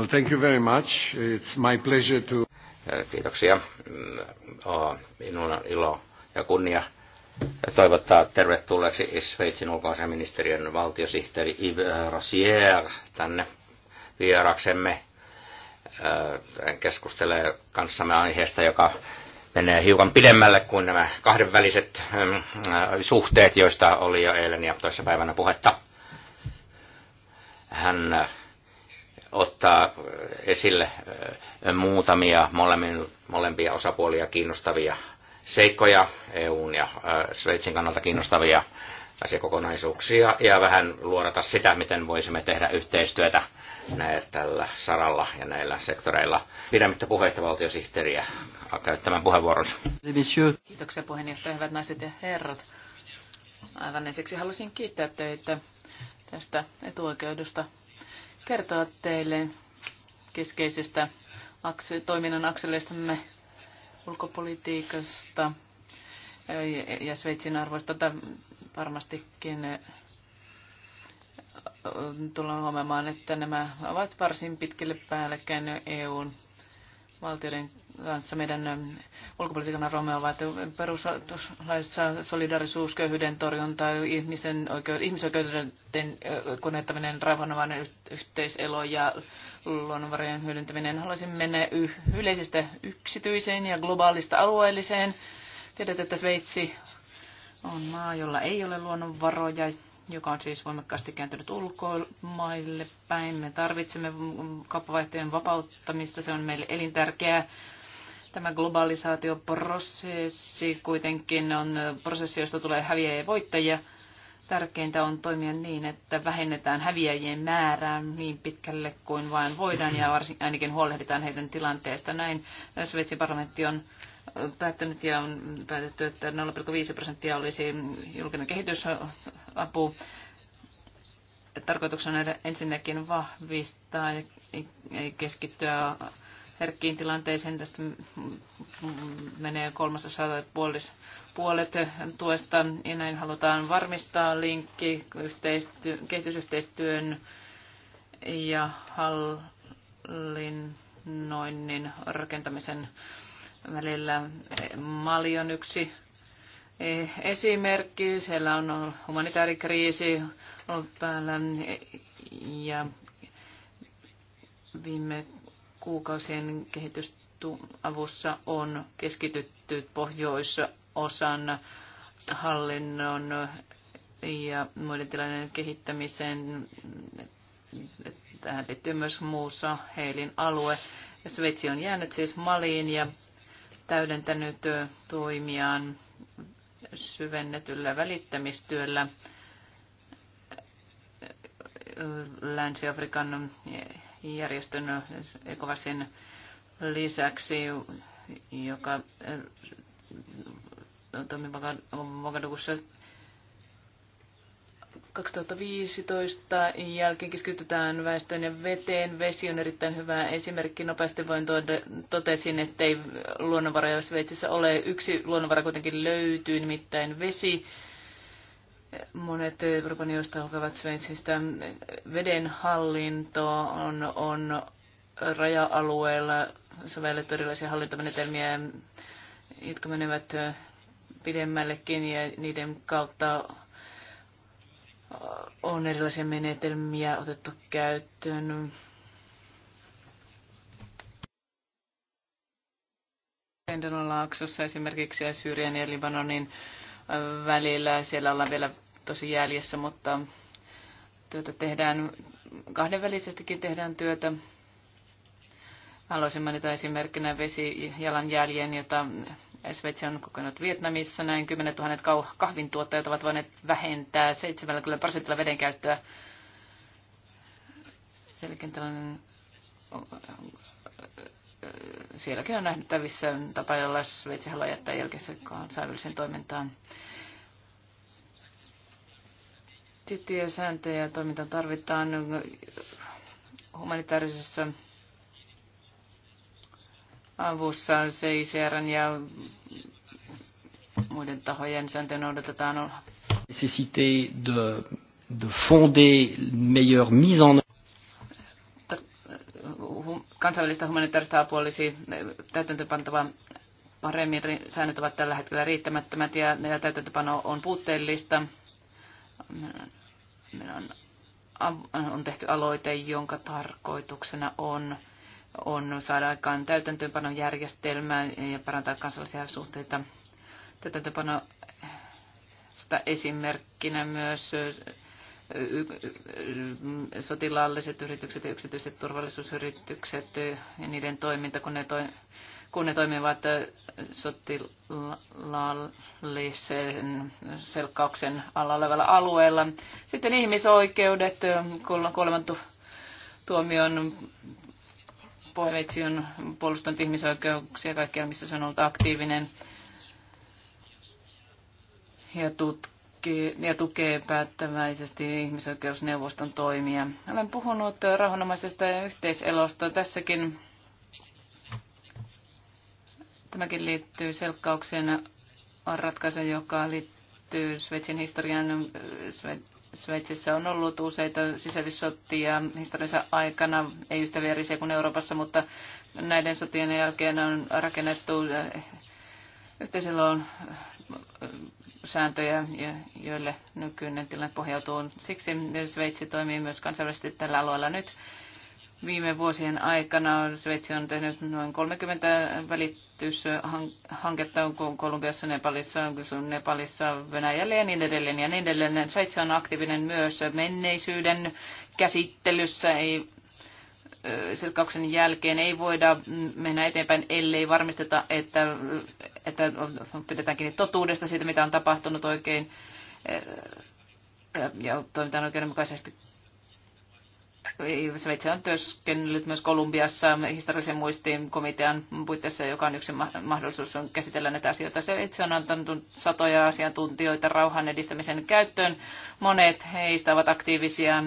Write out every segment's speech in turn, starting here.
Well, thank you very much. It's my pleasure to... Äh, kiitoksia. Mm, minun on ilo ja kunnia toivottaa tervetulleeksi Sveitsin ulkoasiaministeriön valtiosihteeri Yves Rossier tänne vieraksemme. Äh, hän keskustelee kanssamme aiheesta, joka menee hiukan pidemmälle kuin nämä kahdenväliset mm, äh, suhteet, joista oli jo eilen ja toissapäivänä puhetta. Hän ottaa esille muutamia molempia osapuolia kiinnostavia seikkoja, EUn ja Sveitsin kannalta kiinnostavia asiakokonaisuuksia ja vähän luodata sitä, miten voisimme tehdä yhteistyötä näillä tällä saralla ja näillä sektoreilla. Pidämättä puheita valtiosihteeriä käyttämään puheenvuoronsa. Kiitoksia puheenjohtaja, hyvät naiset ja herrat. Aivan ensiksi haluaisin kiittää teitä tästä etuoikeudesta kertoa teille keskeisestä toiminnan akseleistamme ulkopolitiikasta ja Sveitsin arvoista. Varmastikin tullaan huomaamaan, että nämä ovat varsin pitkälle päällekkäin EUn valtioiden kanssa meidän ulkopolitiikan romme ovat perustuslaissa solidarisuus, köyhyyden torjunta, ihmisen oikeud- ihmisoikeuden kunnioittaminen, rauhanomainen yhteiselo ja luonnonvarojen hyödyntäminen. Haluaisin mennä y- yleisestä yksityiseen ja globaalista alueelliseen. Tiedät, että Sveitsi on maa, jolla ei ole luonnonvaroja joka on siis voimakkaasti kääntynyt ulkomaille päin. Me tarvitsemme kauppavaihtojen vapauttamista, se on meille elintärkeää. Tämä globalisaatioprosessi kuitenkin on prosessi, josta tulee häviäjiä ja voittajia. Tärkeintä on toimia niin, että vähennetään häviäjien määrää niin pitkälle kuin vain voidaan ja varsin, ainakin huolehditaan heidän tilanteesta. Näin Sveitsin parlamentti on päättänyt ja on päätetty, että 0,5 prosenttia olisi julkinen kehitysapu. Tarkoituksena on ensinnäkin vahvistaa ja keskittyä herkkiin tilanteisiin. Tästä menee kolmasosa puolis, puolet tuesta ja näin halutaan varmistaa linkki yhteistyö, kehitysyhteistyön ja hallinnoinnin rakentamisen välillä. Mali on yksi eh, esimerkki. Siellä on humanitaarikriisi ollut päällä ja viime kuukausien kehitysavussa on keskitytty pohjoisosan hallinnon ja muiden tilanteiden kehittämiseen. Tähän liittyy myös muussa Heilin alue. Sveitsi on jäänyt siis Maliin ja täydentänyt toimiaan syvennetyllä välittämistyöllä Länsi-Afrikan järjestön ECOWASin lisäksi, joka äh, toimi Vagadugussa 2015 jälkeen keskitytään väestöön ja veteen. Vesi on erittäin hyvä esimerkki. Nopeasti voin tuoda, totesin, ei luonnonvaroja Sveitsissä ole. Yksi luonnonvara kuitenkin löytyy, nimittäin vesi. Monet Euroopan joista hokevat Sveitsistä. vedenhallinto on, on raja-alueella sovellettu erilaisia hallintomenetelmiä, jotka menevät pidemmällekin ja niiden kautta on erilaisia menetelmiä otettu käyttöön. Endonon laaksossa esimerkiksi ja Syyrian ja Libanonin välillä. Siellä ollaan vielä tosi jäljessä, mutta työtä tehdään, kahdenvälisestikin tehdään työtä. Haluaisin mainita esimerkkinä vesijalanjäljen, jota Sveitsi on kokenut Vietnamissa. Näin 10 000 kahvintuottajat ovat voineet vähentää 70 prosentilla veden käyttöä. Sielläkin tällainen sielläkin on nähtävissä tapa, jolla Sveitsi haluaa jättää jälkessä kansainväliseen toimintaan. Tiettyjä sääntöjä ja toiminta tarvitaan humanitaarisessa avussa CICR ja muiden tahojen sääntöjä noudatetaan olla. de, de fonder meilleure mise en kansainvälistä humanitaarista apua olisi täytäntöpantava paremmin. Säännöt ovat tällä hetkellä riittämättömät ja, ja täytäntöpano on puutteellista on, on tehty aloite, jonka tarkoituksena on, on saada aikaan täytäntöönpanon järjestelmää ja parantaa kansallisia suhteita. Täytäntöönpano sitä esimerkkinä myös sotilaalliset yritykset ja yksityiset turvallisuusyritykset ja niiden toiminta, kun ne toi, kun ne toimivat sotilaallisen selkkauksen alla olevalla alueella. Sitten ihmisoikeudet, kuolemantu tuomion Pohjaveitsi on puolustanut ihmisoikeuksia kaikkialla, missä se on ollut aktiivinen ja, tutki, ja tukee päättäväisesti ihmisoikeusneuvoston toimia. Olen puhunut rauhanomaisesta yhteiselosta tässäkin Tämäkin liittyy selkkaukseen ratkaisuun, joka liittyy Sveitsin historian. Sveitsissä on ollut useita sisällissotia historiansa aikana, ei yhtä verisiä kuin Euroopassa, mutta näiden sotien jälkeen on rakennettu eh, yhteisellä on eh, sääntöjä, joille nykyinen tilanne pohjautuu. Siksi Sveitsi toimii myös kansainvälisesti tällä alueella nyt. Viime vuosien aikana Sveitsi on tehnyt noin 30 välit kehityshanketta on Kolumbiassa, Nepalissa, Nepalissa, Venäjällä ja niin edelleen ja niin edelleen. Sveitsi on aktiivinen myös menneisyyden käsittelyssä, ei selkauksen jälkeen ei voida mennä eteenpäin, ellei varmisteta, että, että pidetään kiinni totuudesta siitä, mitä on tapahtunut oikein ja toimitaan oikeudenmukaisesti Sveitsi on työskennellyt myös Kolumbiassa historiallisen muistiin komitean puitteissa, joka on yksi mahdollisuus on käsitellä näitä asioita. Se itse on antanut satoja asiantuntijoita rauhan edistämisen käyttöön. Monet heistä ovat aktiivisia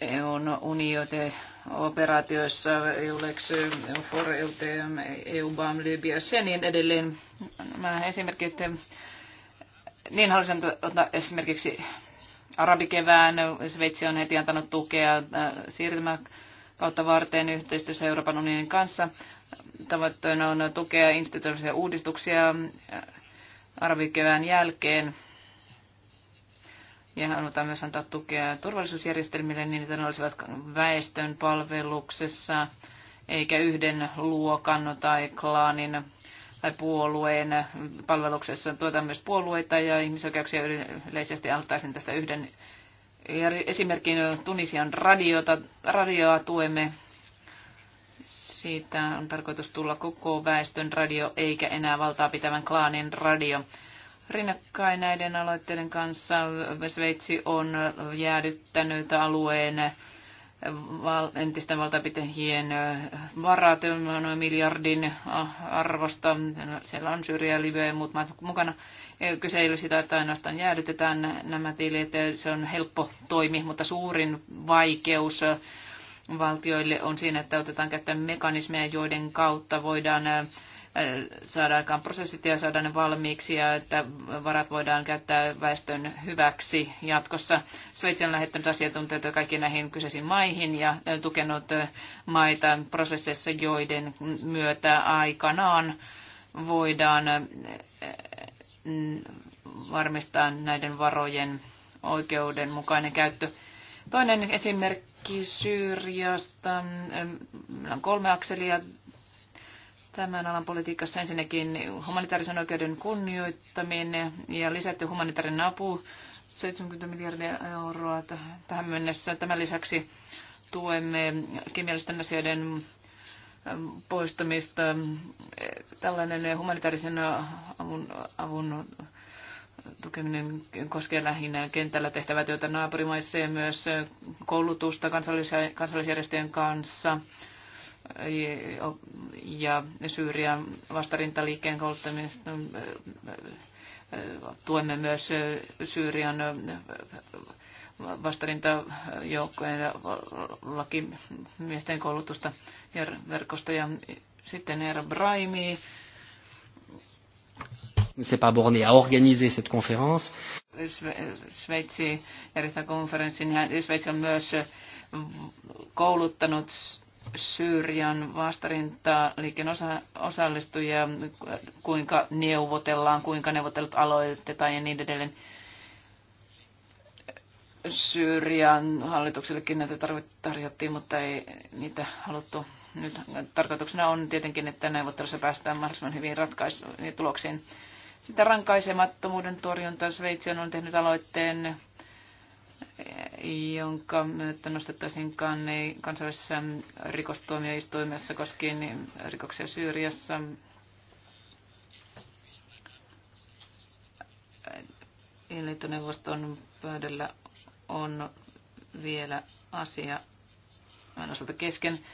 EUn unioite operaatioissa, EULEX, EUFOR, EUTM, EUBAM, Libyassa ja niin edelleen. Nämä esimerkit, niin haluaisin ottaa esimerkiksi arabikevään. Sveitsi on heti antanut tukea äh, siirtymä kautta varten yhteistyössä Euroopan unionin kanssa. Tavoitteena on tukea institutionaalisia uudistuksia äh, arabikevään jälkeen. Ja halutaan myös antaa tukea turvallisuusjärjestelmille niin, että ne olisivat väestön palveluksessa, eikä yhden luokan tai klaanin tai puolueen palveluksessa tuetaan myös puolueita ja ihmisoikeuksia yleisesti antaisin tästä yhden esimerkin Tunisian radiota, radioa tuemme. Siitä on tarkoitus tulla koko väestön radio, eikä enää valtaa pitävän klaanin radio. Rinnakkain näiden aloitteiden kanssa Sveitsi on jäädyttänyt alueen val, entisten valtapitehien varat, noin miljardin arvosta. Siellä on Syyria, Libya ja muut maat mukana. Kyse ei ole sitä, että ainoastaan jäädytetään nämä tilit. Se on helppo toimi, mutta suurin vaikeus valtioille on siinä, että otetaan käyttöön mekanismeja, joiden kautta voidaan saada aikaan prosessit ja saada ne valmiiksi ja että varat voidaan käyttää väestön hyväksi jatkossa. Sveitsi on lähettänyt asiantuntijoita kaikkiin näihin kyseisiin maihin ja tukenut maita prosesseissa, joiden myötä aikanaan voidaan varmistaa näiden varojen oikeudenmukainen käyttö. Toinen esimerkki Syyriasta. Meillä on kolme akselia tämän alan politiikassa ensinnäkin humanitaarisen oikeuden kunnioittaminen ja lisätty humanitaarinen apu 70 miljardia euroa tähän mennessä. Tämän lisäksi tuemme kemiallisten asioiden ähm, poistamista. Tällainen humanitaarisen avun, avun tukeminen koskee lähinnä kentällä tehtävää työtä naapurimaissa ja myös koulutusta kansallis- kansallisjärjestöjen kanssa ja Syyrian vastarintaliikkeen kouluttamista. Tuemme myös Syyrian vastarintajoukkojen lakimiesten koulutusta ja verkosta. Ja sitten Herra Braimi. C'est pas borné à organiser cette conférence. Sveitsi järjestää konferenssin. Sveitsi on myös kouluttanut Syyrian vastarintaa liikkeen osa, osallistujia, kuinka neuvotellaan, kuinka neuvottelut aloitetaan ja niin edelleen. Syyrian hallituksellekin näitä tarjottiin, mutta ei niitä haluttu. Nyt tarkoituksena on tietenkin, että neuvottelussa päästään mahdollisimman hyvin ratkaisuihin tuloksiin. Sitten rankaisemattomuuden torjunta. Sveitsi on tehnyt aloitteen jonka myötä nostettaisiin kannei kansallisessa rikostuomioistuimessa koskien rikoksia Syyriassa. Liittoneuvoston pöydällä on vielä asia aina osalta kesken.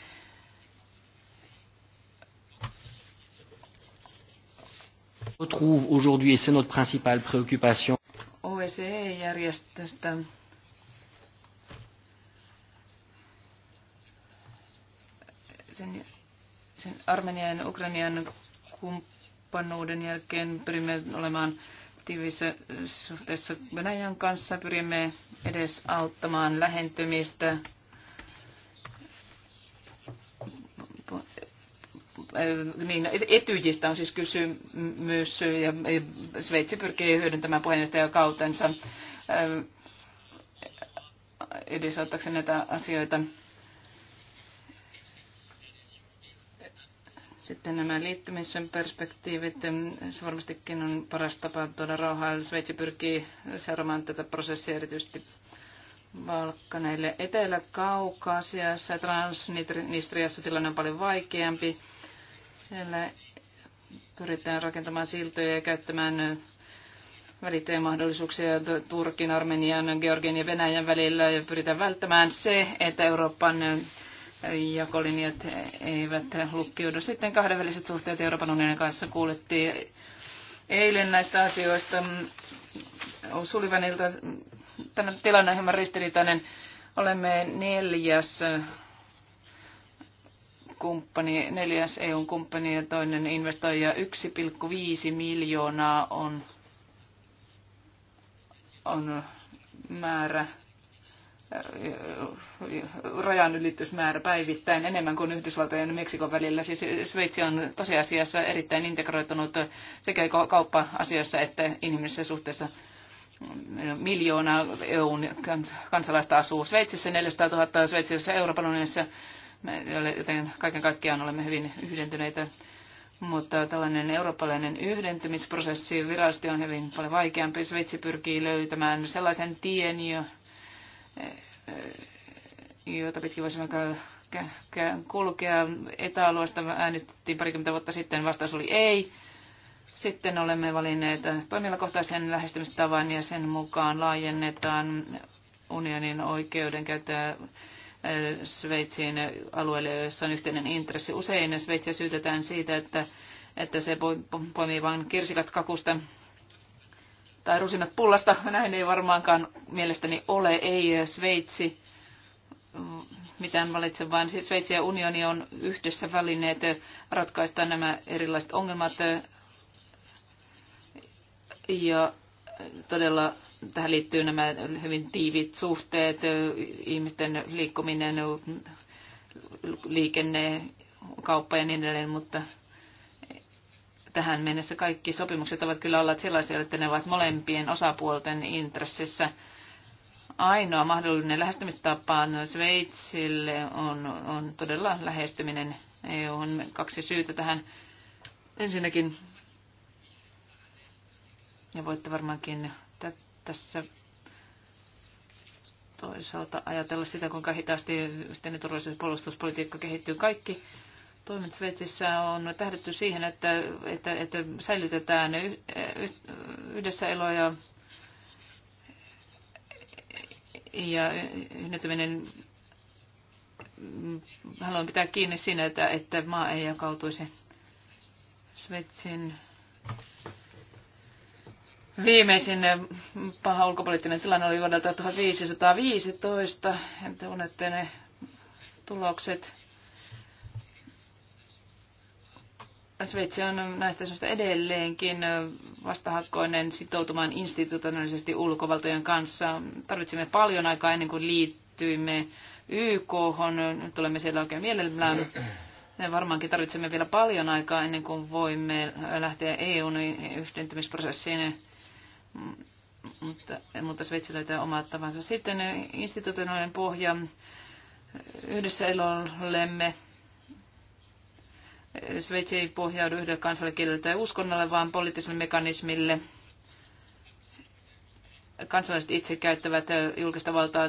retrouve aujourd'hui, et c'est notre principale préoccupation, OECE-järjestöstä sen, sen Armenian ja Ukrainian kumppanuuden jälkeen pyrimme olemaan tiivissä suhteessa Venäjän kanssa. Pyrimme edes auttamaan lähentymistä niin etyjistä on siis kysymys ja Sveitsi pyrkii hyödyntämään puheenjohtajakautensa edesauttaakseen näitä asioita. Sitten nämä liittymisen perspektiivit, se varmastikin on paras tapa tuoda rauhaa. Sveitsi pyrkii seuraamaan tätä prosessia erityisesti Valkkaneille. etelä kaukasiassa ja Transnistriassa tilanne on paljon vaikeampi. Siellä pyritään rakentamaan siltoja ja käyttämään välittäjän mahdollisuuksia Turkin, Armenian, Georgian ja Venäjän välillä ja pyritään välttämään se, että Euroopan jakolinjat eivät lukkiudu. Sitten kahdenväliset suhteet Euroopan unionin kanssa kuulettiin eilen näistä asioista. Sulivanilta tämä tilanne on hieman ristiriitainen. Olemme neljäs kumppani, neljäs EUn kumppani ja toinen investoija 1,5 miljoonaa on, on määrä rajanylitysmäärä päivittäin enemmän kuin Yhdysvaltojen ja Meksikon välillä. Siis Sveitsi on tosiasiassa erittäin integroitunut sekä kauppa-asioissa että inhimillisissä suhteessa. Miljoona EUn kansalaista asuu Sveitsissä, 400 000 Sveitsissä Euroopan unionissa, joten kaiken kaikkiaan olemme hyvin yhdentyneitä. Mutta tällainen eurooppalainen yhdentymisprosessi virallisesti on hyvin paljon vaikeampi. Sveitsi pyrkii löytämään sellaisen tien, joita pitkin voisimme kulkea. Etäalueesta äänestettiin parikymmentä vuotta sitten, vastaus oli ei. Sitten olemme valinneet toimialakohtaisen lähestymistavan ja sen mukaan laajennetaan unionin oikeudenkäyttöä Sveitsin alueelle, jossa on yhteinen intressi. Usein Sveitsiä syytetään siitä, että, että se poimii vain kirsikat kakusta tai rusinat pullasta. Näin ei varmaankaan mielestäni ole, ei Sveitsi mitään valitse, vaan siis Sveitsi ja unioni on yhdessä välineet ratkaista nämä erilaiset ongelmat. Ja todella tähän liittyy nämä hyvin tiivit suhteet, ihmisten liikkuminen, liikenne, kauppa ja niin edelleen, mutta tähän mennessä kaikki sopimukset ovat kyllä olleet sellaisia, että ne ovat molempien osapuolten intressissä. Ainoa mahdollinen lähestymistapa Sveitsille on, on todella lähestyminen. EU on kaksi syytä tähän. Ensinnäkin, ja voitte varmaankin tässä toisaalta ajatella sitä, kuinka hitaasti yhteinen turvallisuus- ja puolustuspolitiikka kehittyy. Kaikki toimet Sveitsissä on tähdetty siihen, että, että, että säilytetään e, yhdessä eloja ja yhdentäminen. Haluan pitää kiinni siinä, että, että maa ei jakautuisi Sveitsin Viimeisin paha ulkopoliittinen tilanne oli vuodelta 1515. En tunnette ne tulokset. Sveitsi on näistä syystä edelleenkin vastahakkoinen sitoutumaan instituutionaalisesti ulkovaltojen kanssa. Tarvitsemme paljon aikaa ennen kuin liittyimme YK. -hon. Nyt olemme siellä oikein mielellään. Me varmaankin tarvitsemme vielä paljon aikaa ennen kuin voimme lähteä EUn yhdentymisprosessiin. Mutta, mutta Sveitsi löytää omat tavansa. Sitten institutionaalinen pohja yhdessä elollemme Sveitsi ei pohjaudu yhdelle kansallikielelle tai uskonnolle, vaan poliittiselle mekanismille. Kansalaiset itse käyttävät julkista valtaa.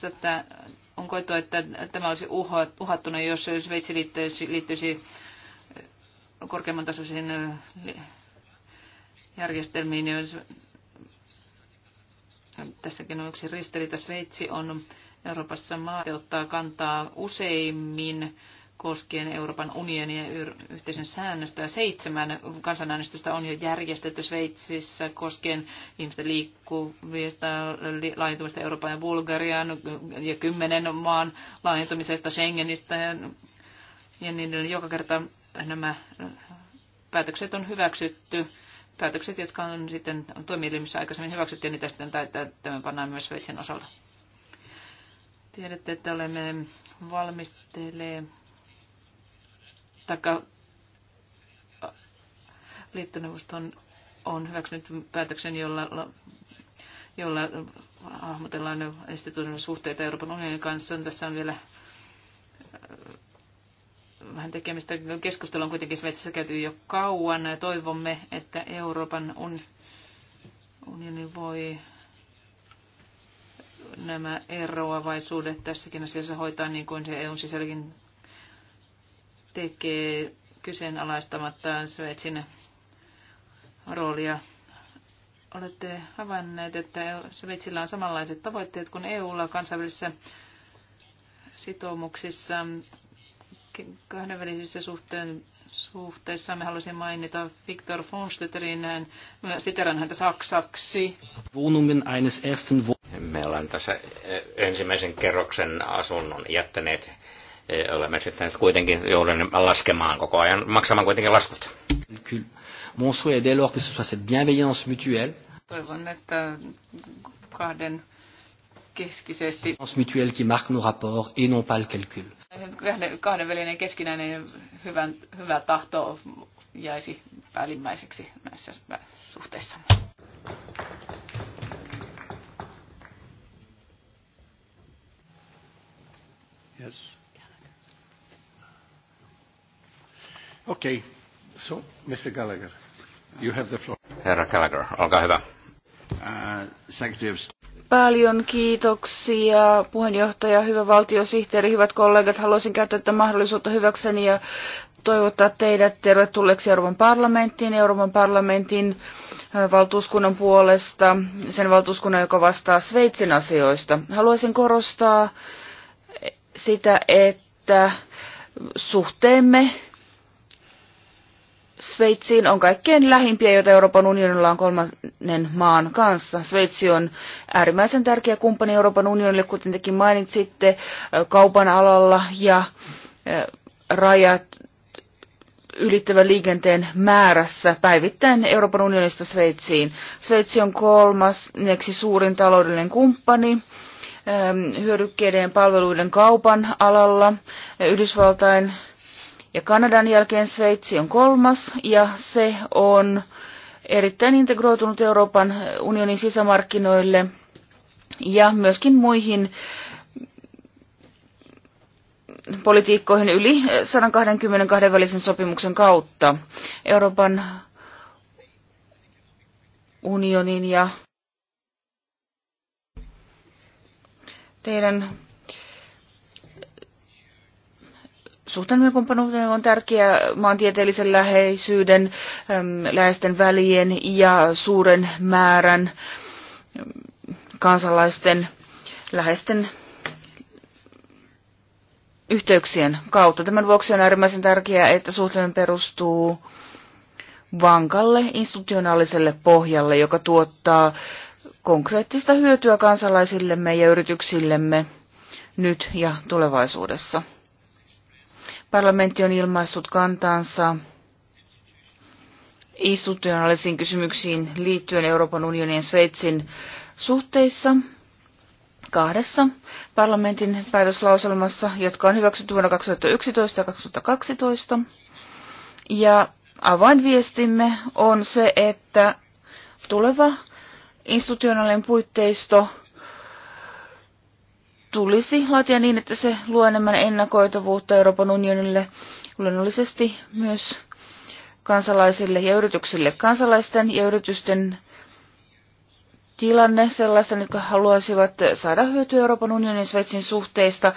Tätä on koettu, että tämä olisi uhattuna, jos Sveitsi liittyisi, liittyisi korkeamman tasoisiin järjestelmiin. Tässäkin on yksi ristiriita. Sveitsi on Euroopassa maa, ottaa kantaa useimmin koskien Euroopan unionin ja yhteisön säännöstöä. Seitsemän kansanäänestystä on jo järjestetty Sveitsissä koskien ihmisten liikkuvista laajentumista Euroopan ja Bulgariaan ja kymmenen maan laajentumisesta Schengenistä ja niin joka kerta nämä päätökset on hyväksytty. Päätökset, jotka on sitten toimielimissä aikaisemmin hyväksytty ja niitä sitten tämä pannaan myös Sveitsin osalta. Tiedätte, että olemme valmistelee taikka liittoneuvosto on, on hyväksynyt päätöksen, jolla, jolla hahmotellaan instituutioiden suhteita Euroopan unionin kanssa. Tässä on vielä vähän tekemistä. Keskustelu on kuitenkin Sveitsissä käyty jo kauan. Toivomme, että Euroopan unioni voi nämä eroavaisuudet tässäkin asiassa hoitaa niin kuin se EUn sisälläkin tekee kyseenalaistamattaan Sveitsin roolia. Olette havainneet, että Sveitsillä on samanlaiset tavoitteet kuin EUlla kansainvälisissä sitoumuksissa. Kahdenvälisissä suhteen, suhteissa me haluaisin mainita Viktor von Stöterin, siteran häntä saksaksi. Me ollaan tässä eh, ensimmäisen kerroksen asunnon jättäneet olemme sitten kuitenkin joudun laskemaan koko ajan, maksamaan kuitenkin laskut. Mon souhait dès lors que ce soit cette bienveillance mutuelle. Toivon, että kahden keskisesti. mutuelle qui marque nos rapports et non pas le calcul. Kahdenvälinen keskinäinen hyvän, hyvä tahto jäisi päällimmäiseksi näissä suhteissa. Yes. okay. so Mr. Gallagher, you have the floor. Herra Gallagher, olkaa hyvä. Uh, Paljon kiitoksia puheenjohtaja, hyvä valtiosihteeri, hyvät kollegat. Haluaisin käyttää tätä mahdollisuutta hyväkseni ja toivottaa teidät tervetulleeksi Euroopan parlamenttiin, Euroopan parlamentin äh, valtuuskunnan puolesta, sen valtuuskunnan, joka vastaa Sveitsin asioista. Haluaisin korostaa sitä, että suhteemme Sveitsiin on kaikkein lähimpiä, joita Euroopan unionilla on kolmannen maan kanssa. Sveitsi on äärimmäisen tärkeä kumppani Euroopan unionille, kuten tekin mainitsitte, kaupan alalla ja rajat ylittävän liikenteen määrässä päivittäin Euroopan unionista Sveitsiin. Sveitsi on kolmanneksi suurin taloudellinen kumppani hyödykkeiden ja palveluiden kaupan alalla. Yhdysvaltain ja Kanadan jälkeen Sveitsi on kolmas ja se on erittäin integroitunut Euroopan unionin sisämarkkinoille ja myöskin muihin politiikkoihin yli 122 välisen sopimuksen kautta. Euroopan unionin ja teidän suhtamme kumppanuuteen on tärkeä maantieteellisen läheisyyden, läheisten välien ja suuren määrän kansalaisten läheisten yhteyksien kautta. Tämän vuoksi on äärimmäisen tärkeää, että suhteen perustuu vankalle institutionaaliselle pohjalle, joka tuottaa konkreettista hyötyä kansalaisillemme ja yrityksillemme nyt ja tulevaisuudessa. Parlamentti on ilmaissut kantansa institutionaalisiin kysymyksiin liittyen Euroopan unionin ja Sveitsin suhteissa kahdessa parlamentin päätöslauselmassa, jotka on hyväksytty vuonna 2011 ja 2012. Ja avainviestimme on se, että tuleva institutionaalinen puitteisto – tulisi laatia niin, että se luo enemmän ennakoitavuutta Euroopan unionille, luonnollisesti myös kansalaisille ja yrityksille. Kansalaisten ja yritysten tilanne sellaisten, jotka haluaisivat saada hyötyä Euroopan unionin ja Sveitsin suhteista,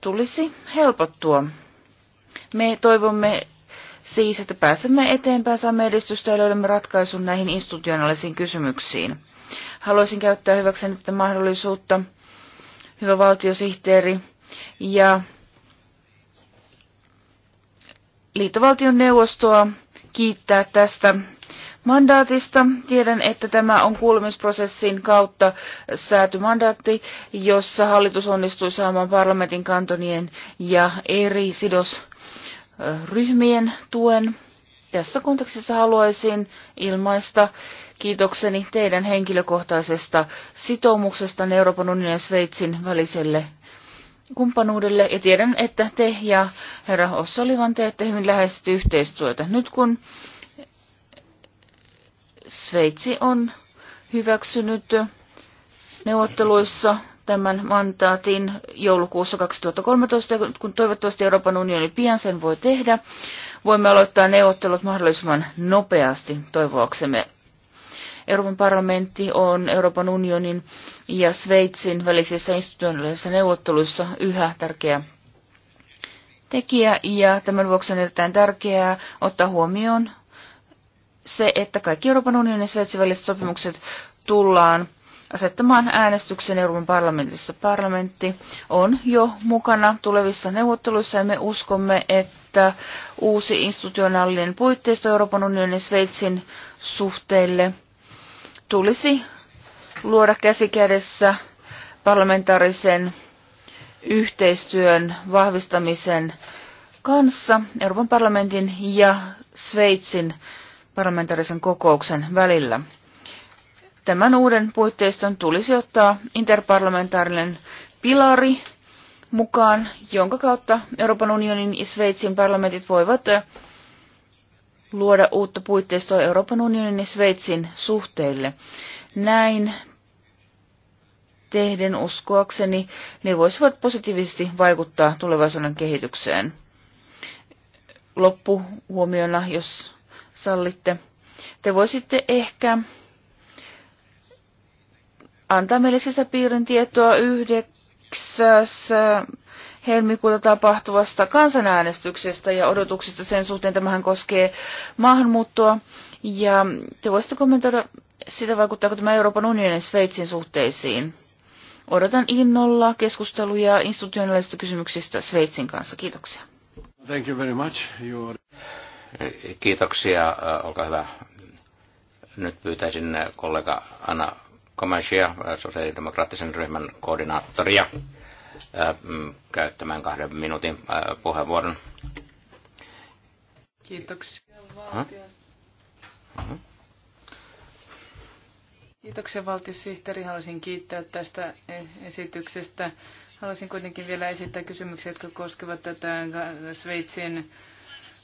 tulisi helpottua. Me toivomme siis, että pääsemme eteenpäin, saamme edistystä ja löydämme ratkaisun näihin institutionaalisiin kysymyksiin. Haluaisin käyttää hyväkseni tätä mahdollisuutta, hyvä valtiosihteeri, ja liittovaltion neuvostoa kiittää tästä mandaatista. Tiedän, että tämä on kuulemisprosessin kautta sääty mandaatti, jossa hallitus onnistui saamaan parlamentin kantonien ja eri sidosryhmien tuen. Tässä kontekstissa haluaisin ilmaista kiitokseni teidän henkilökohtaisesta sitoumuksesta Euroopan unionin ja Sveitsin väliselle kumppanuudelle ja tiedän, että te ja herra Ossolivan teette hyvin läheisesti yhteistyötä. Nyt kun Sveitsi on hyväksynyt neuvotteluissa tämän mandaatin joulukuussa 2013, kun toivottavasti Euroopan unioni pian sen voi tehdä voimme aloittaa neuvottelut mahdollisimman nopeasti toivoaksemme. Euroopan parlamentti on Euroopan unionin ja Sveitsin välisissä institutionaalisissa neuvotteluissa yhä tärkeä tekijä ja tämän vuoksi on erittäin tärkeää ottaa huomioon se, että kaikki Euroopan unionin ja Sveitsin väliset sopimukset tullaan asettamaan äänestyksen Euroopan parlamentissa. Parlamentti on jo mukana tulevissa neuvotteluissa ja me uskomme, että että uusi institutionaalinen puitteisto Euroopan unionin ja Sveitsin suhteille tulisi luoda käsikädessä parlamentaarisen yhteistyön vahvistamisen kanssa Euroopan parlamentin ja Sveitsin parlamentaarisen kokouksen välillä. Tämän uuden puitteiston tulisi ottaa interparlamentaarinen pilari mukaan, jonka kautta Euroopan unionin ja Sveitsin parlamentit voivat eh, luoda uutta puitteistoa Euroopan unionin ja Sveitsin suhteille. Näin tehden uskoakseni ne voisivat positiivisesti vaikuttaa tulevaisuuden kehitykseen. Loppuhuomiona, jos sallitte, te voisitte ehkä antaa meille sisäpiirin tietoa yhdeksi. XS eh, helmikuuta tapahtuvasta kansanäänestyksestä ja odotuksista sen suhteen. Tämähän koskee maahanmuuttoa. Ja te voisitte kommentoida sitä, vaikuttaako tämä Euroopan unionin Sveitsin suhteisiin. Odotan innolla keskusteluja institutionaalisista kysymyksistä Sveitsin kanssa. Kiitoksia. Thank you very much. You are... Kiitoksia. Olkaa hyvä. Nyt pyytäisin kollega Anna Komesia, äh, sosiaalidemokraattisen ryhmän koordinaattoria, äh, mm, käyttämään kahden minuutin äh, puheenvuoron. Kiitoksia valtiosihteeri. Mhm. Kiitoksia valtiosihteeri. Haluaisin kiittää tästä e- esityksestä. Haluaisin kuitenkin vielä esittää kysymyksiä, jotka koskevat tätä Sveitsin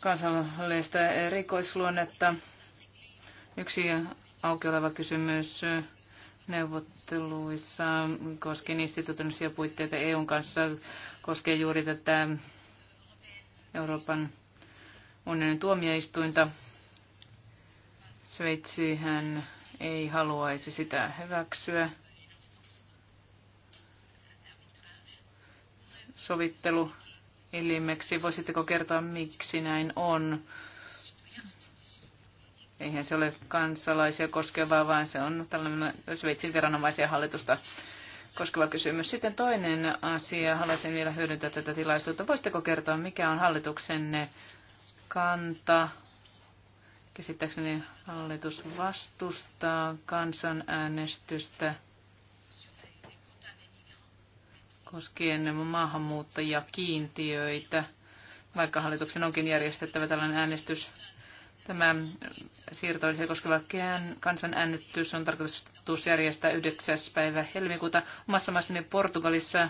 kansallista erikoisluonnetta. Yksi auki oleva kysymys neuvotteluissa koskien institutionisia puitteita EUn kanssa, koskee juuri tätä Euroopan unionin tuomioistuinta. hän ei haluaisi sitä hyväksyä. Sovittelu elimeksi. Voisitteko kertoa, miksi näin on? Eihän se ole kansalaisia koskevaa, vaan se on tällainen Sveitsin viranomaisia hallitusta koskeva kysymys. Sitten toinen asia, haluaisin vielä hyödyntää tätä tilaisuutta. Voisitteko kertoa, mikä on hallituksenne kanta? Käsittääkseni hallitus vastustaa kansanäänestystä koskien maahanmuuttajia kiintiöitä, vaikka hallituksen onkin järjestettävä tällainen äänestys Tämä siirtolaisia koskeva kansanäänestys on tarkoitus järjestää 9. päivä helmikuuta omassa maassani Portugalissa.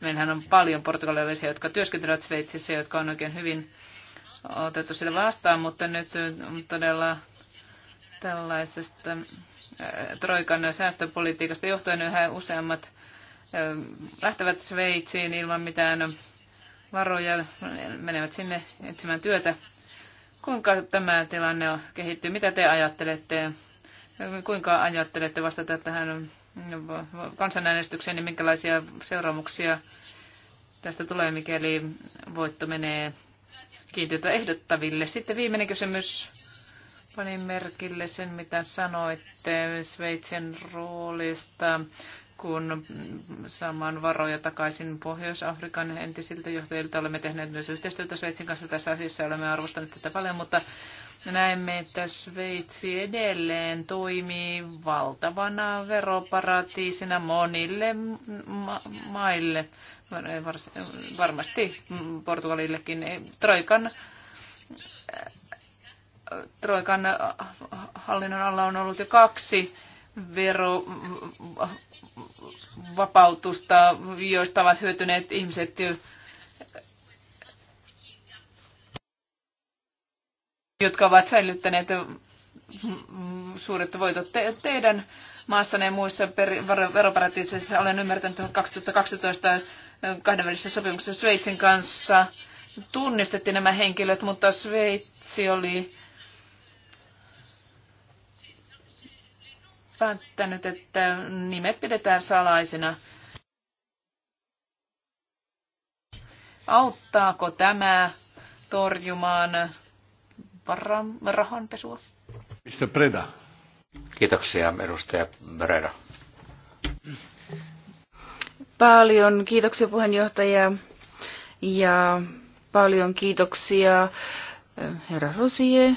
Meillähän on paljon portugalilaisia, jotka työskentelevät Sveitsissä, jotka on oikein hyvin otettu sille vastaan, mutta nyt on todella tällaisesta äh, troikan säästöpolitiikasta johtuen yhä useammat äh, lähtevät Sveitsiin ilman mitään varoja, menevät sinne etsimään työtä Kuinka tämä tilanne kehittyy? Mitä te ajattelette? Kuinka ajattelette vastata tähän kansanäänestykseen ja minkälaisia seuraamuksia tästä tulee, mikäli voitto menee kiintiötä ehdottaville? Sitten viimeinen kysymys. Panin merkille sen, mitä sanoitte Sveitsin roolista kun saamaan varoja takaisin Pohjois-Afrikan entisiltä johtajilta. Olemme tehneet myös yhteistyötä Sveitsin kanssa tässä asiassa, ja olemme arvostaneet tätä paljon, mutta näemme, että Sveitsi edelleen toimii valtavana veroparatiisina monille ma- maille, varmasti Portugalillekin, Troikan Troikan hallinnon alla on ollut jo kaksi verovapautusta, joista ovat hyötyneet ihmiset jotka ovat säilyttäneet suuret voitot te- teidän maassanne ja muissa per- veroparatiiseissa. Olen ymmärtänyt, että 2012 kahdenvälisessä sopimuksessa Sveitsin kanssa tunnistettiin nämä henkilöt, mutta Sveitsi oli päättänyt, että nimet pidetään salaisena. Auttaako tämä torjumaan rahanpesua? Mr. Preda. Kiitoksia, edustaja breda. Paljon kiitoksia puheenjohtaja ja paljon kiitoksia eh, herra Rosier.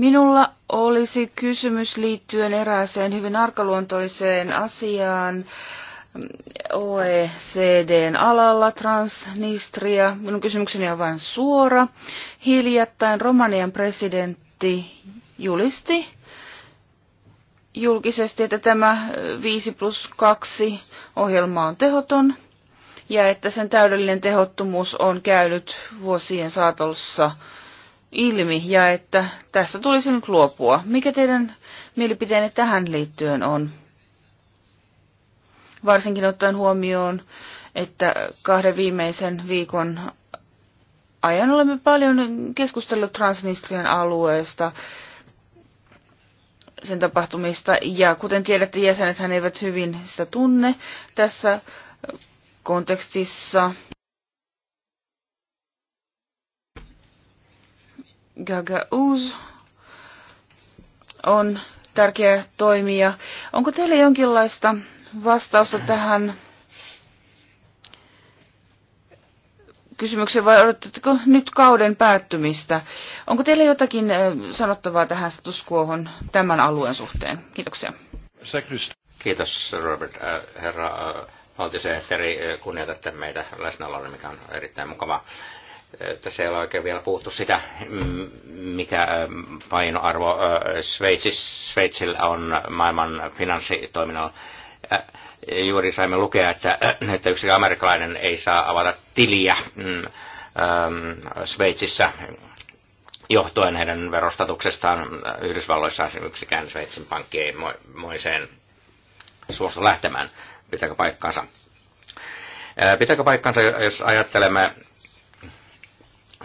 Minulla olisi kysymys liittyen erääseen hyvin arkaluontoiseen asiaan OECDn alalla, Transnistria. Minun kysymykseni on vain suora. Hiljattain Romanian presidentti julisti julkisesti, että tämä 5 plus 2 ohjelma on tehoton ja että sen täydellinen tehottomuus on käynyt vuosien saatossa ilmi ja että tässä tulisi nyt luopua. Mikä teidän mielipiteenne tähän liittyen on? Varsinkin ottaen huomioon, että kahden viimeisen viikon ajan olemme paljon keskustelleet Transnistrian alueesta, sen tapahtumista, ja kuten tiedätte, jäsenethän eivät hyvin sitä tunne tässä kontekstissa. Gagauz on tärkeä toimija. Onko teillä jonkinlaista vastausta tähän kysymykseen vai odotatteko nyt kauden päättymistä? Onko teillä jotakin sanottavaa tähän statuskuohon tämän alueen suhteen? Kiitoksia. Kiitos Robert. Herra valtiosehteri, kunnioitatte meitä läsnäololle, mikä on erittäin mukavaa tässä ei ole oikein vielä puhuttu sitä, mm, mikä painoarvo Sveitsissä, Sveitsillä on maailman finanssitoiminnalla. Juuri saimme lukea, että, että yksi amerikkalainen ei saa avata tiliä mm, Sveitsissä johtuen heidän verostatuksestaan Yhdysvalloissa yksikään Sveitsin pankki ei moiseen suostu lähtemään. Pitääkö paikkaansa? Pitääkö paikkansa, jos ajattelemme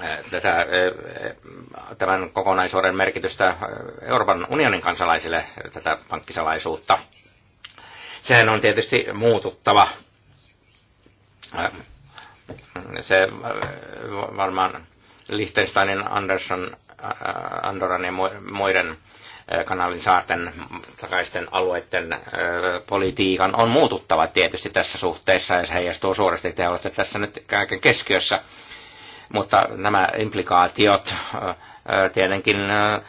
Äh, tätä, äh, äh, tämän kokonaisuuden merkitystä Euroopan unionin kansalaisille, tätä pankkisalaisuutta. Sehän on tietysti muututtava. Se varmaan Liechtensteinin, Anderson, Andoran ja muiden kanalin saarten takaisten alueiden politiikan on muututtava tietysti tässä suhteessa ja se heijastuu suuresti. Te olette tässä nyt kaiken keskiössä mutta nämä implikaatiot äh, äh, tietenkin äh,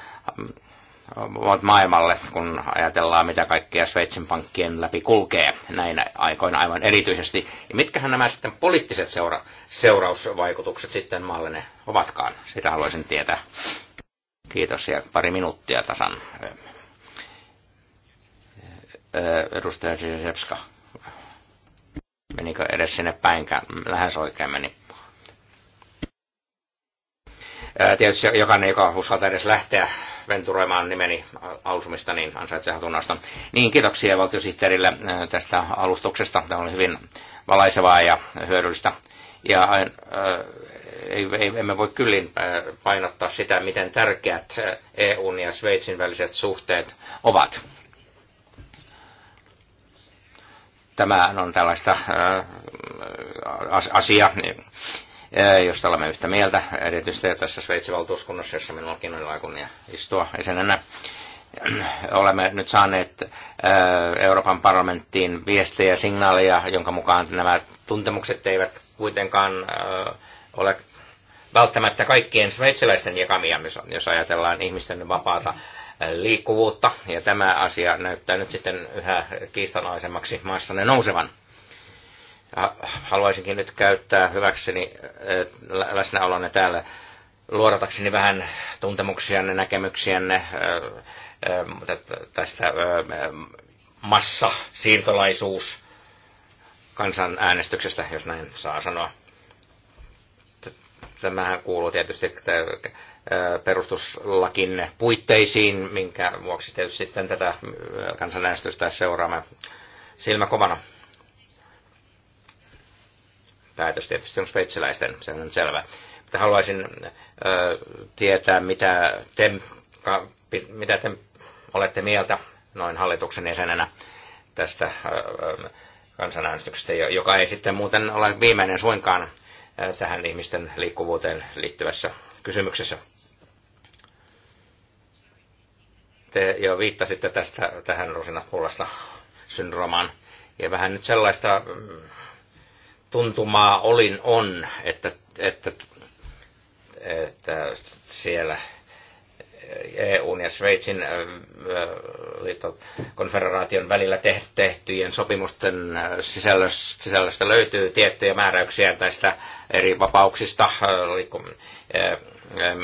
ovat maailmalle, kun ajatellaan, mitä kaikkea Sveitsin pankkien läpi kulkee näinä aikoina aivan erityisesti. Ja mitkähän nämä sitten poliittiset seura- seurausvaikutukset sitten maalle ne ovatkaan? Sitä haluaisin tietää. Kiitos ja pari minuuttia tasan. Edustaja Zizepska. Menikö edes sinne päinkään? Lähes oikein meni. Tietysti jokainen, joka uskaltaa edes lähteä venturoimaan nimeni alusumista, niin ansaitsee hatunnoston. Niin, kiitoksia valtiosihteerille tästä alustuksesta. Tämä oli hyvin valaisevaa ja hyödyllistä. Ja äh, ei, emme voi kyllin painottaa sitä, miten tärkeät EUn ja Sveitsin väliset suhteet ovat. Tämä on tällaista äh, asiaa. Eh, josta olemme yhtä mieltä, erityisesti tässä Sveitsin valtuuskunnassa, jossa minullakin on kunnia istua jäsenenä. Olemme nyt saaneet eh, Euroopan parlamenttiin viestejä ja signaaleja, jonka mukaan nämä tuntemukset eivät kuitenkaan eh, ole välttämättä kaikkien sveitsiläisten jakamia, jos ajatellaan ihmisten vapaata liikkuvuutta. Ja tämä asia näyttää nyt sitten yhä kiistanaisemmaksi maassanne nousevan haluaisinkin nyt käyttää hyväkseni eh, läsnäolonne täällä luodatakseni vähän tuntemuksianne, näkemyksiänne eh, eh, tästä massa siirtolaisuus kansanäänestyksestä, jos näin saa sanoa. Tämähän kuuluu tietysti perustuslakin puitteisiin, minkä vuoksi tietysti sitten tätä kansanäänestystä seuraamme silmäkovana päätös tietysti on sveitsiläisten, se on selvä. Mutta haluaisin ö, tietää, mitä te, ka, mitä te olette mieltä noin hallituksen jäsenenä tästä ö, kansanäänestyksestä, joka ei sitten muuten ole viimeinen suinkaan tähän ihmisten liikkuvuuteen liittyvässä kysymyksessä. Te jo viittasitte tästä, tähän rusinat pullasta syndromaan. Ja vähän nyt sellaista mm, tuntumaa olin on, että, että, että siellä EUn ja Sveitsin konfederaation välillä tehtyjen sopimusten sisällöstä löytyy tiettyjä määräyksiä tästä eri vapauksista.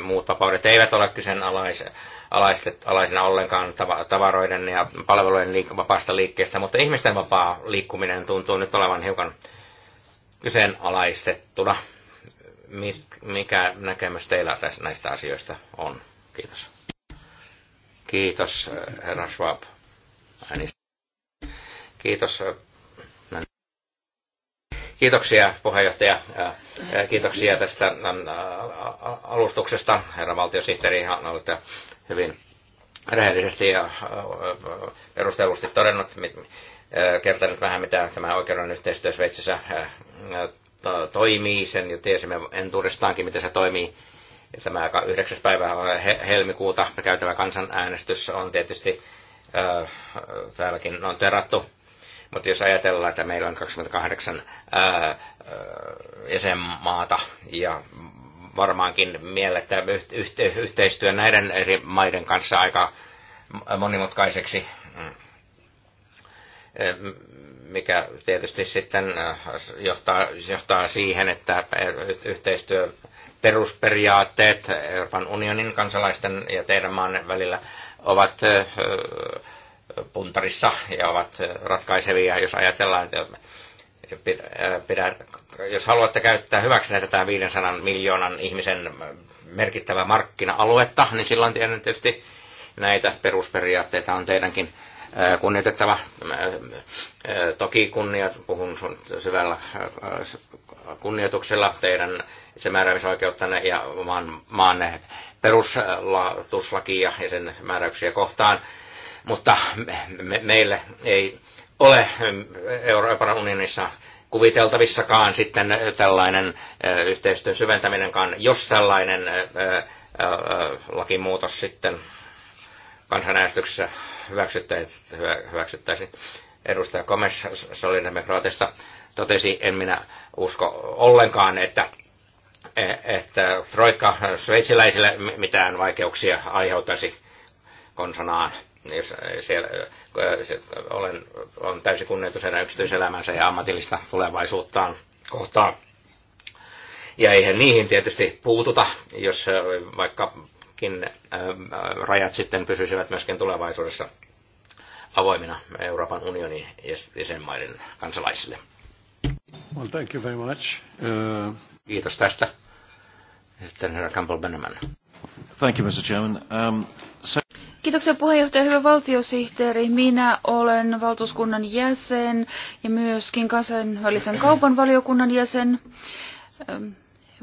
Muut vapaudet eivät ole kyseenalaisina ollenkaan tavaroiden ja palvelujen vapaasta liikkeestä, mutta ihmisten vapaa liikkuminen tuntuu nyt olevan hiukan kyseenalaistettuna. Mikä näkemys teillä näistä asioista on? Kiitos. Kiitos, eh, herra Schwab. Kiitos. Eh, kiitoksia puheenjohtaja. Eh, kiitoksia tästä mm, alustuksesta, herra valtiosihteeri. Olette hyvin rehellisesti ja perustellusti todennut, kertonut vähän, mitä tämä oikeuden yhteistyö Sveitsissä toimii. Sen jo tiesimme entuudestaankin, miten se toimii. Tämä 9. päivä helmikuuta käytävä kansanäänestys on tietysti täälläkin on terattu. Mutta jos ajatellaan, että meillä on 28 jäsenmaata ja varmaankin miellettä yhteistyö näiden eri maiden kanssa aika monimutkaiseksi Eh, mikä tietysti sitten eh, johtaa, johtaa siihen, että eh, yhteistyö perusperiaatteet Euroopan unionin kansalaisten ja teidän maan välillä ovat puntarissa ja ovat ratkaisevia, jos ajatellaan, että pidä, jos haluatte käyttää hyväksi tätä 500 miljoonan ihmisen merkittävää markkina-aluetta, niin silloin tietysti näitä perusperiaatteita on teidänkin kunnioitettava. Toki kunnia, puhun sun syvällä kunnioituksella teidän itsemääräämisoikeuttanne ja maan, maan perustuslakia ja sen määräyksiä kohtaan, mutta me, meille ei ole Euroopan unionissa kuviteltavissakaan sitten tällainen yhteistyön syventäminenkaan, jos tällainen lakimuutos sitten kansanäänestyksessä hyväksyttäisiin. Edustaja Komes Solidemokraatista totesi, en minä usko ollenkaan, että, että troika sveitsiläisille mitään vaikeuksia aiheuttaisi konsanaan. Jos siellä, se, olen, on täysin kunnioitus heidän yksityiselämänsä ja ammatillista tulevaisuuttaan kohtaan. Ja eihän niihin tietysti puututa, jos vaikka nämäkin äh, rajat sitten pysyisivät myöskin tulevaisuudessa avoimina Euroopan unionin jäsenmaiden kansalaisille. Well, thank you very much. Uh... Kiitos tästä. Sitten herra Campbell Benneman. Thank you, Mr. Chairman. Um, so... Kiitoksia puheenjohtaja, hyvä valtiosihteeri. Minä olen valtuuskunnan jäsen ja myöskin kansainvälisen kaupan valiokunnan jäsen. Um,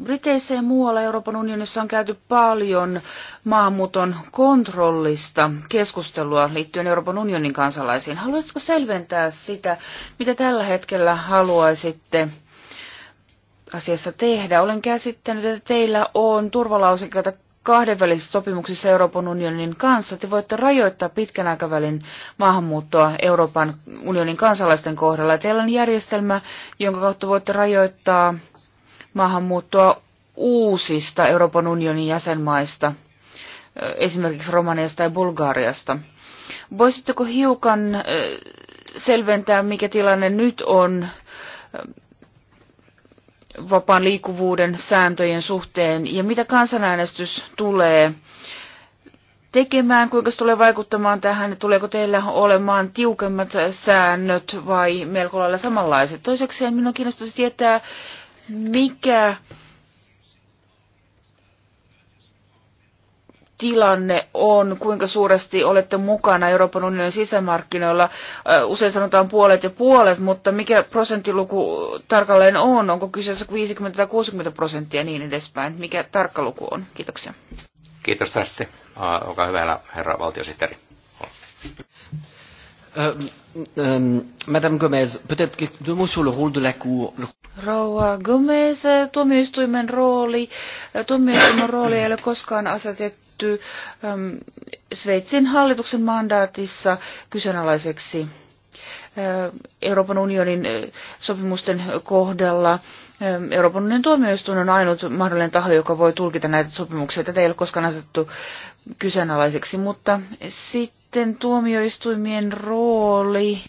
Briteissä ja muualla Euroopan unionissa on käyty paljon maahanmuuton kontrollista keskustelua liittyen Euroopan unionin kansalaisiin. Haluaisitko selventää sitä, mitä tällä hetkellä haluaisitte asiassa tehdä? Olen käsittänyt, että teillä on turvalausikkeita kahdenvälisissä sopimuksissa Euroopan unionin kanssa. Te voitte rajoittaa pitkän aikavälin maahanmuuttoa Euroopan unionin kansalaisten kohdalla. Teillä on järjestelmä, jonka kautta voitte rajoittaa maahanmuuttoa uusista Euroopan unionin jäsenmaista, esimerkiksi Romaniasta ja Bulgariasta. Voisitteko hiukan selventää, mikä tilanne nyt on vapaan liikkuvuuden sääntöjen suhteen ja mitä kansanäänestys tulee tekemään, kuinka se tulee vaikuttamaan tähän, tuleeko teillä olemaan tiukemmat säännöt vai melko lailla samanlaiset. Toisekseen minua kiinnostaisi tietää, mikä tilanne on, kuinka suuresti olette mukana Euroopan unionin sisämarkkinoilla. Usein sanotaan puolet ja puolet, mutta mikä prosenttiluku tarkalleen on? Onko kyseessä 50 tai 60 prosenttia niin edespäin? Mikä tarkka luku on? Kiitoksia. Kiitos tästä. Olkaa hyvä, herra valtiosihteeri. Euh, euh, Madame Gomez, peut-être deux mots sur le rôle de la Cour. Rouva Gomez, tuomioistuimen rooli. Äh, tuomioistuimen rooli ei ole koskaan asetettu ähm, Sveitsin hallituksen mandaatissa kyseenalaiseksi äh, Euroopan unionin äh, sopimusten kohdalla. Euroopan unionin tuomioistuin on ainut mahdollinen taho, joka voi tulkita näitä sopimuksia. Tätä ei ole koskaan asetettu kyseenalaiseksi, mutta sitten tuomioistuimien rooli.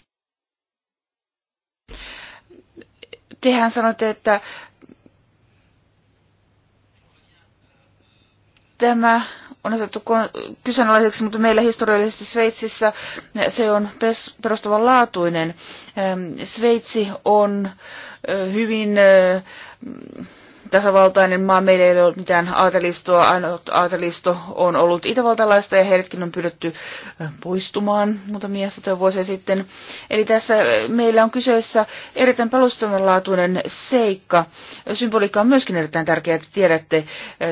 Tehän sanoitte, että tämä on asettu kyseenalaiseksi, mutta meillä historiallisesti Sveitsissä se on perustavanlaatuinen. Sveitsi on hyvin tasavaltainen maa. Meillä ei ole mitään aatelistoa. Ainut aatelisto on ollut itävaltalaista ja heidätkin on pyydetty poistumaan muutamia satoja vuosia sitten. Eli tässä meillä on kyseessä erittäin palustavanlaatuinen seikka. Symboliikka on myöskin erittäin tärkeää, että tiedätte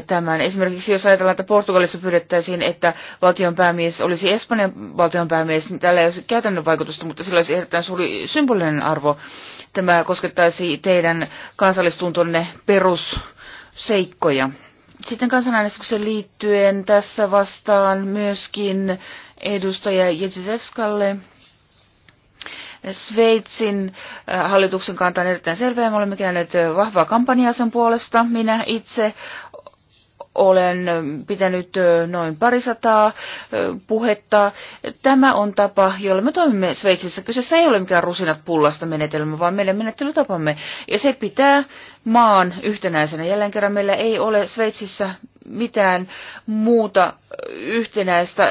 tämän. Esimerkiksi jos ajatellaan, että Portugalissa pyydettäisiin, että valtion päämies olisi Espanjan valtion päämies, niin tällä ei olisi käytännön vaikutusta, mutta sillä olisi erittäin suuri symbolinen arvo. Tämä koskettaisi teidän kansallistuntonne perusseikkoja. Sitten kansanäänestykseen liittyen tässä vastaan myöskin edustaja Jedzisevskalle. Sveitsin äh, hallituksen kanta on erittäin selvä ja me olemme käyneet äh, vahvaa kampanjaa sen puolesta. Minä itse olen pitänyt noin parisataa puhetta. Tämä on tapa, jolla me toimimme Sveitsissä. Kyseessä ei ole mikään rusinat pullasta menetelmä, vaan meidän menettelytapamme. Ja se pitää maan yhtenäisenä. Jälleen kerran meillä ei ole Sveitsissä mitään muuta yhtenäistä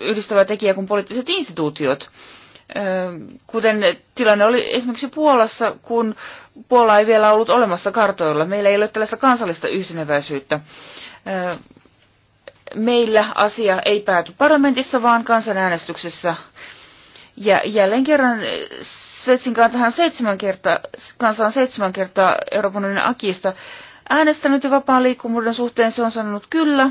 yhdistävää tekijää kuin poliittiset instituutiot kuten tilanne oli esimerkiksi Puolassa, kun Puola ei vielä ollut olemassa kartoilla. Meillä ei ole tällaista kansallista yhteneväisyyttä. Meillä asia ei pääty parlamentissa, vaan kansanäänestyksessä. Ja jälleen kerran Sveitsin kantahan seitsemän kertaa, kansa on seitsemän kertaa Euroopan unionin akista äänestänyt ja vapaan liikkuvuuden suhteen se on sanonut kyllä.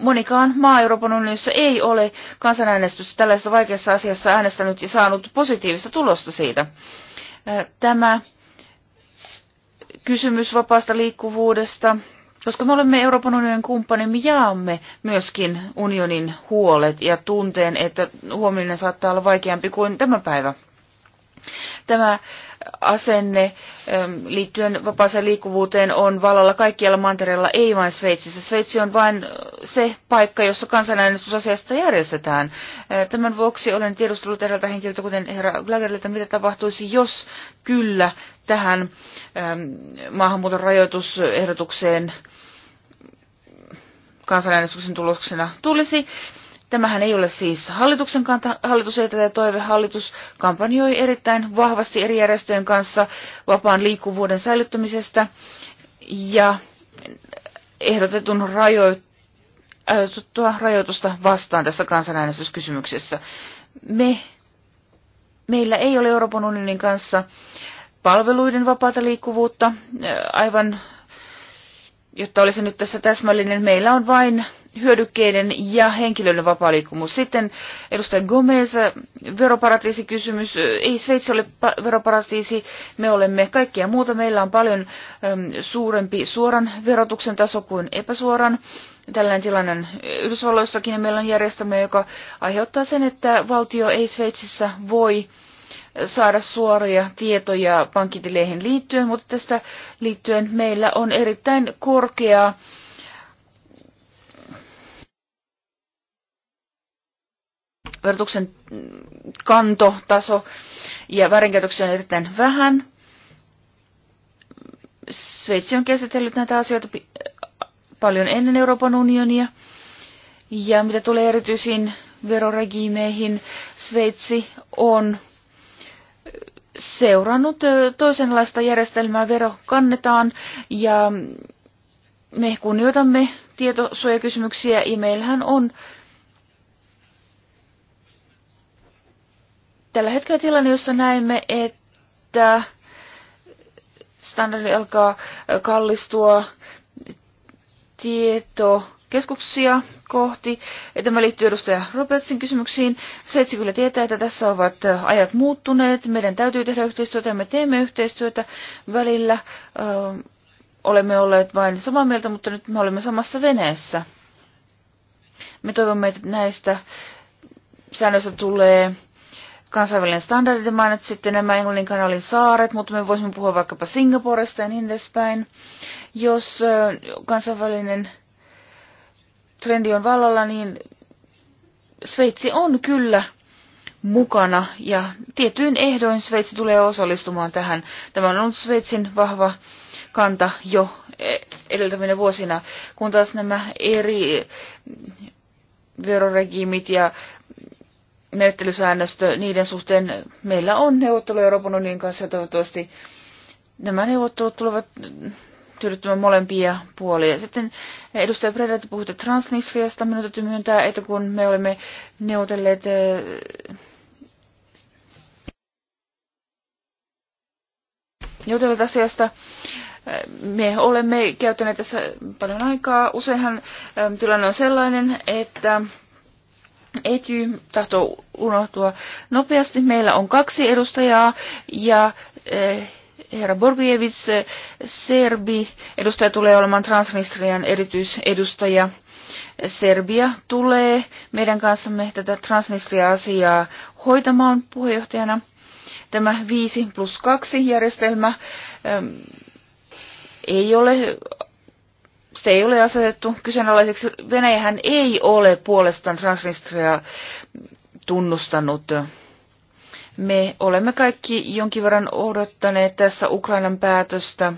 Monikaan maa Euroopan unionissa ei ole kansanäänestys tällaisessa vaikeassa asiassa äänestänyt ja saanut positiivista tulosta siitä. Tämä kysymys vapaasta liikkuvuudesta, koska me olemme Euroopan unionin kumppani, me jaamme myöskin unionin huolet ja tunteen, että huominen saattaa olla vaikeampi kuin tämä päivä. Tämä asenne ähm, liittyen vapaaseen liikkuvuuteen on vallalla kaikkialla mantereella, ei vain Sveitsissä. Sveitsi on vain äh, se paikka, jossa kansanäänestysasiasta järjestetään. Äh, tämän vuoksi olen tiedustellut eräältä henkilöltä, kuten herra Glagerilta, mitä tapahtuisi, jos kyllä tähän ähm, maahanmuuton rajoitusehdotukseen kansanäänestyksen tuloksena tulisi. Tämähän ei ole siis hallituksen kanta, hallitus ei tätä toive, hallitus kampanjoi erittäin vahvasti eri järjestöjen kanssa vapaan liikkuvuuden säilyttämisestä ja ehdotetun rajoit, rajoitusta vastaan tässä kansanäänestyskysymyksessä. Me, meillä ei ole Euroopan unionin kanssa palveluiden vapaata liikkuvuutta, aivan, jotta olisi nyt tässä täsmällinen, meillä on vain hyödykkeiden ja henkilöiden vapaaliikkumus. Sitten edustaja Gomez, veroparatiisikysymys. Ei Sveitsi ole veroparatiisi, me olemme kaikkia muuta. Meillä on paljon äm, suurempi suoran verotuksen taso kuin epäsuoran. Tällainen tilanne Yhdysvalloissakin ja meillä on järjestelmä, joka aiheuttaa sen, että valtio ei Sveitsissä voi saada suoria tietoja pankkitileihin liittyen, mutta tästä liittyen meillä on erittäin korkea verotuksen kantotaso ja väärinkäytöksiä on erittäin vähän. Sveitsi on käsitellyt näitä asioita paljon ennen Euroopan unionia. Ja mitä tulee erityisiin veroregiimeihin, Sveitsi on seurannut toisenlaista järjestelmää. Vero kannetaan ja me kunnioitamme tietosuojakysymyksiä ja meillähän on tällä hetkellä tilanne, jossa näemme, että standardi alkaa kallistua tietokeskuksia kohti. Tämä liittyy edustaja Robertsin kysymyksiin. Seitsi kyllä tietää, että tässä ovat ajat muuttuneet. Meidän täytyy tehdä yhteistyötä ja me teemme yhteistyötä välillä. Ähm, olemme olleet vain samaa mieltä, mutta nyt me olemme samassa veneessä. Me toivomme, että näistä säännöistä tulee kansainvälinen standardi, te mainitsitte nämä Englannin kanalin saaret, mutta me voisimme puhua vaikkapa Singaporesta ja niin edespäin. Jos kansainvälinen trendi on vallalla, niin Sveitsi on kyllä mukana ja tietyin ehdoin Sveitsi tulee osallistumaan tähän. Tämä on ollut Sveitsin vahva kanta jo e- edeltävinä vuosina, kun taas nämä eri veroregiimit ja menettelysäännöstö niiden suhteen. Meillä on neuvottelu Euroopan unionin kanssa ja toivottavasti nämä neuvottelut tulevat tyydyttämään molempia puolia. Sitten edustaja Preda, te puhutte Transnistriasta. Minun täytyy myöntää, että kun me olemme neuvotelleet Jutellut eh, asiasta, eh, me olemme käyttäneet tässä paljon aikaa. Useinhan eh, tilanne on sellainen, että Ety tahtoo unohtua nopeasti. Meillä on kaksi edustajaa ja eh, herra Borgievits, eh, Serbi, edustaja tulee olemaan Transnistrian erityisedustaja. Serbia tulee meidän kanssamme tätä Transnistria-asiaa hoitamaan puheenjohtajana. Tämä 5 plus 2 järjestelmä eh, ei ole se ei ole asetettu kyseenalaiseksi. Venäjähän ei ole puolestaan Transnistria tunnustanut. Me olemme kaikki jonkin verran odottaneet tässä Ukrainan päätöstä.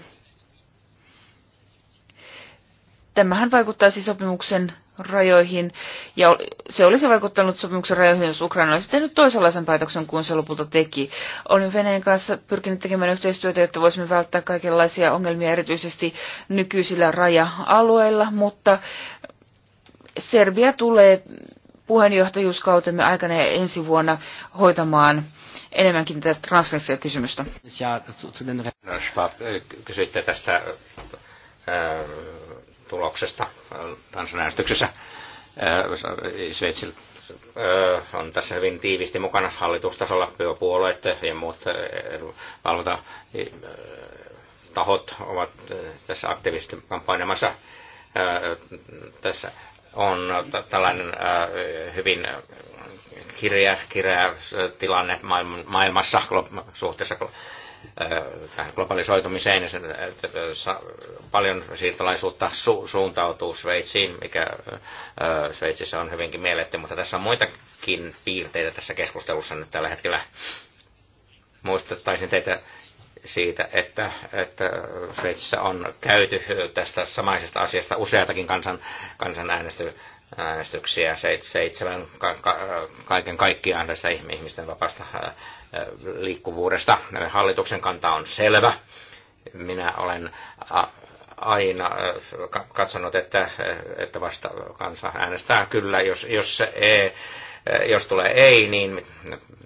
Tämähän vaikuttaisi siis sopimuksen rajoihin, ja se olisi vaikuttanut sopimuksen rajoihin, jos Ukraina olisi tehnyt toisenlaisen päätöksen kuin se lopulta teki. Olemme Venäjän kanssa pyrkinyt tekemään yhteistyötä, jotta voisimme välttää kaikenlaisia ongelmia, erityisesti nykyisillä raja-alueilla, mutta Serbia tulee puheenjohtajuuskautemme aikana ja ensi vuonna hoitamaan enemmänkin no, eh, tästä transfeksia eh, kysymystä. Kysyitte tästä tuloksesta äh, kansanäänestyksessä. Äh, Sveitsi äh, on tässä hyvin tiivisti mukana hallitustasolla puolueet ja muut valvota tahot ovat tässä aktiivisesti kampanjamassa. Tässä on tällainen hyvin kirja, kirja tilanne maailmassa suhteessa Äh, tähän globalisoitumiseen, paljon siirtolaisuutta su- suuntautuu Sveitsiin, mikä äh, Sveitsissä on hyvinkin mielletty, mutta tässä on muitakin piirteitä tässä keskustelussa nyt tällä hetkellä. Muistuttaisin teitä siitä, että, että Sveitsissä on käyty tästä samaisesta asiasta useatakin kansan, kansanäänestyksiä, seitsemän ka, ka, kaiken kaikkiaan tästä ihmisten vapaasta äh, liikkuvuudesta. Hallituksen kanta on selvä. Minä olen aina katsonut, että, että vasta kansa äänestää kyllä, jos, jos se ei, jos tulee ei, niin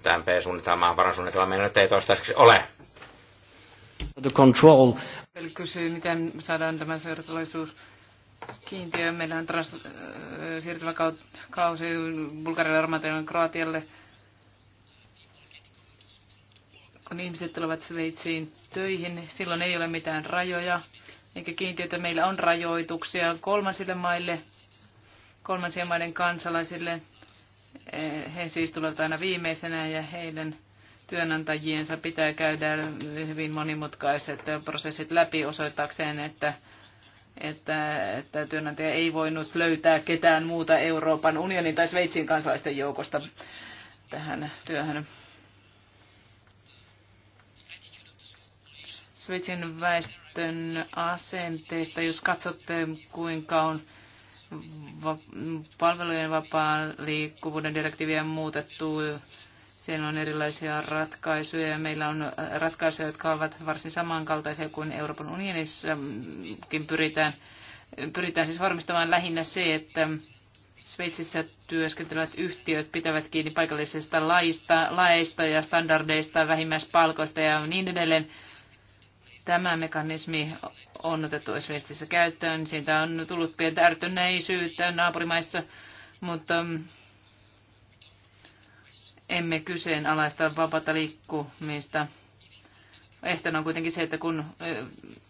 tämän P-suunnitelmaa, varasuunnitelmaa meillä nyt ei toistaiseksi ole. The control. Kysyy, miten saadaan tämä seurantalaisuus kiintiö. Meillä on trans, siirtymäkausi Bulgarialle, Romanialle, Kroatialle kun ihmiset tulevat Sveitsiin töihin, silloin ei ole mitään rajoja, eikä kiintiötä. Meillä on rajoituksia kolmansille maille, kolmansien maiden kansalaisille. Eh, he siis tulevat aina viimeisenä ja heidän työnantajiensa pitää käydä hyvin monimutkaiset prosessit läpi osoittaakseen, että, että, että työnantaja ei voinut löytää ketään muuta Euroopan unionin tai Sveitsin kansalaisten joukosta tähän työhön. Sveitsin väestön asenteista, jos katsotte kuinka on va- palvelujen vapaan liikkuvuuden direktiiviä muutettu, siellä on erilaisia ratkaisuja ja meillä on äh, ratkaisuja, jotka ovat varsin samankaltaisia kuin Euroopan unionissakin pyritään, pyritään siis varmistamaan lähinnä se, että Sveitsissä työskentelevät yhtiöt pitävät kiinni paikallisista laista, laeista ja standardeista, vähimmäispalkoista ja niin edelleen Tämä mekanismi on otettu Sveitsissä käyttöön. Siitä on tullut pientä ärtyneisyyttä naapurimaissa, mutta mm, emme kyseenalaista vapaata liikkumista. Ehtona on kuitenkin se, että kun,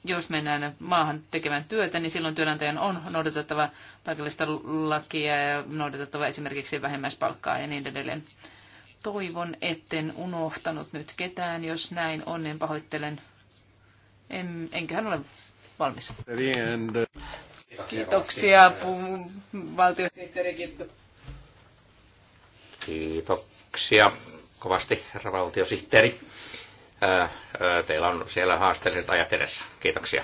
jos mennään maahan tekemään työtä, niin silloin työnantajan on noudatettava paikallista lakia ja noudatettava esimerkiksi vähemmäispalkkaa ja niin edelleen. Toivon, etten unohtanut nyt ketään. Jos näin on, niin pahoittelen en, enköhän ole valmis. Kiitoksia, valtiosihteeri Kittu. Kiitoksia kovasti, herra valtiosihteeri. Teillä on siellä haasteelliset ajat edessä. Kiitoksia.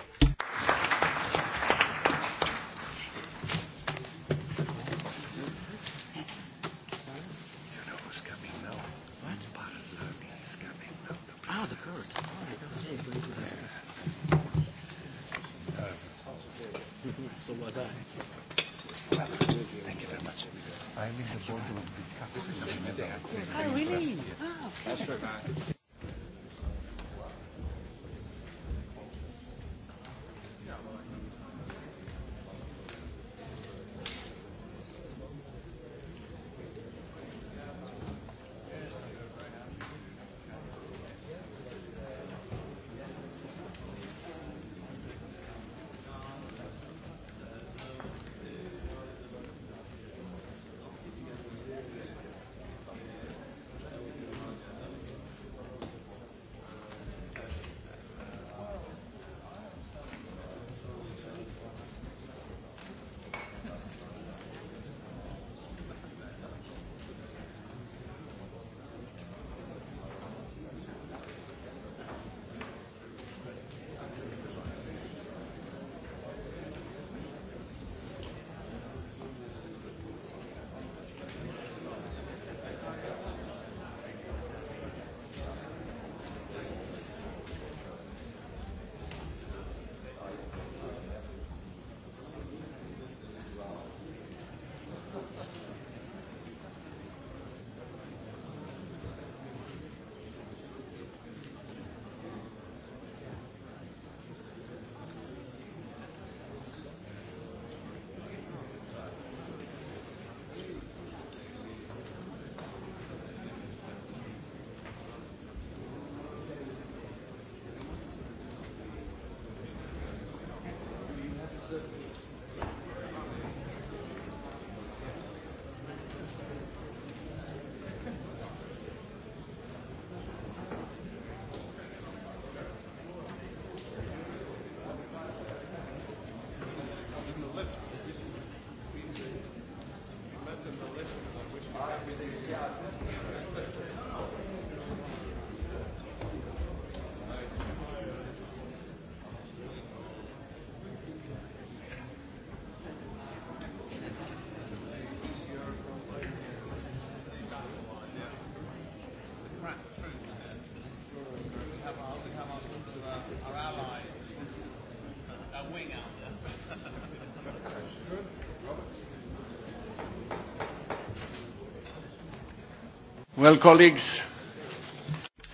Well, colleagues.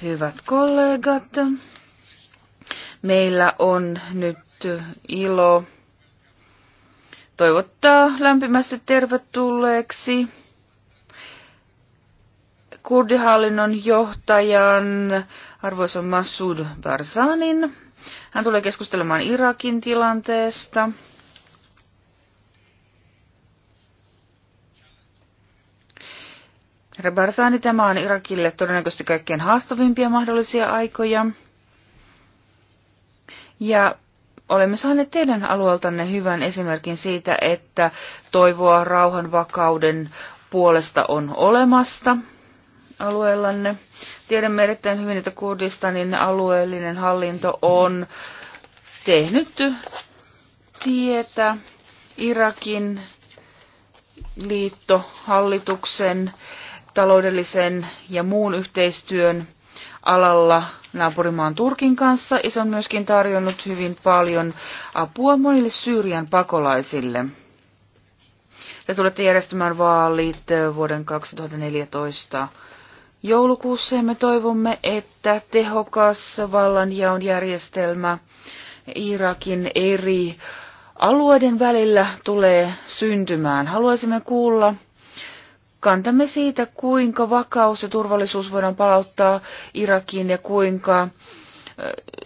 Hyvät kollegat, meillä on nyt ilo toivottaa lämpimästi tervetulleeksi kurdihallinnon johtajan arvoisa Massoud Barzanin. Hän tulee keskustelemaan Irakin tilanteesta. Herra Barzani, tämä on Irakille todennäköisesti kaikkein haastavimpia mahdollisia aikoja. Ja olemme saaneet teidän alueeltanne hyvän esimerkin siitä, että toivoa rauhan vakauden puolesta on olemasta alueellanne. Tiedämme erittäin hyvin, että Kurdistanin alueellinen hallinto on tehnyt tietä Irakin liittohallituksen taloudellisen ja muun yhteistyön alalla naapurimaan Turkin kanssa ja se on myöskin tarjonnut hyvin paljon apua monille Syyrian pakolaisille. Te tulette järjestämään vaalit eh, vuoden 2014 joulukuussa ja me toivomme, että tehokas vallanjaon järjestelmä Irakin eri alueiden välillä tulee syntymään. Haluaisimme kuulla kantamme siitä, kuinka vakaus ja turvallisuus voidaan palauttaa Irakiin ja kuinka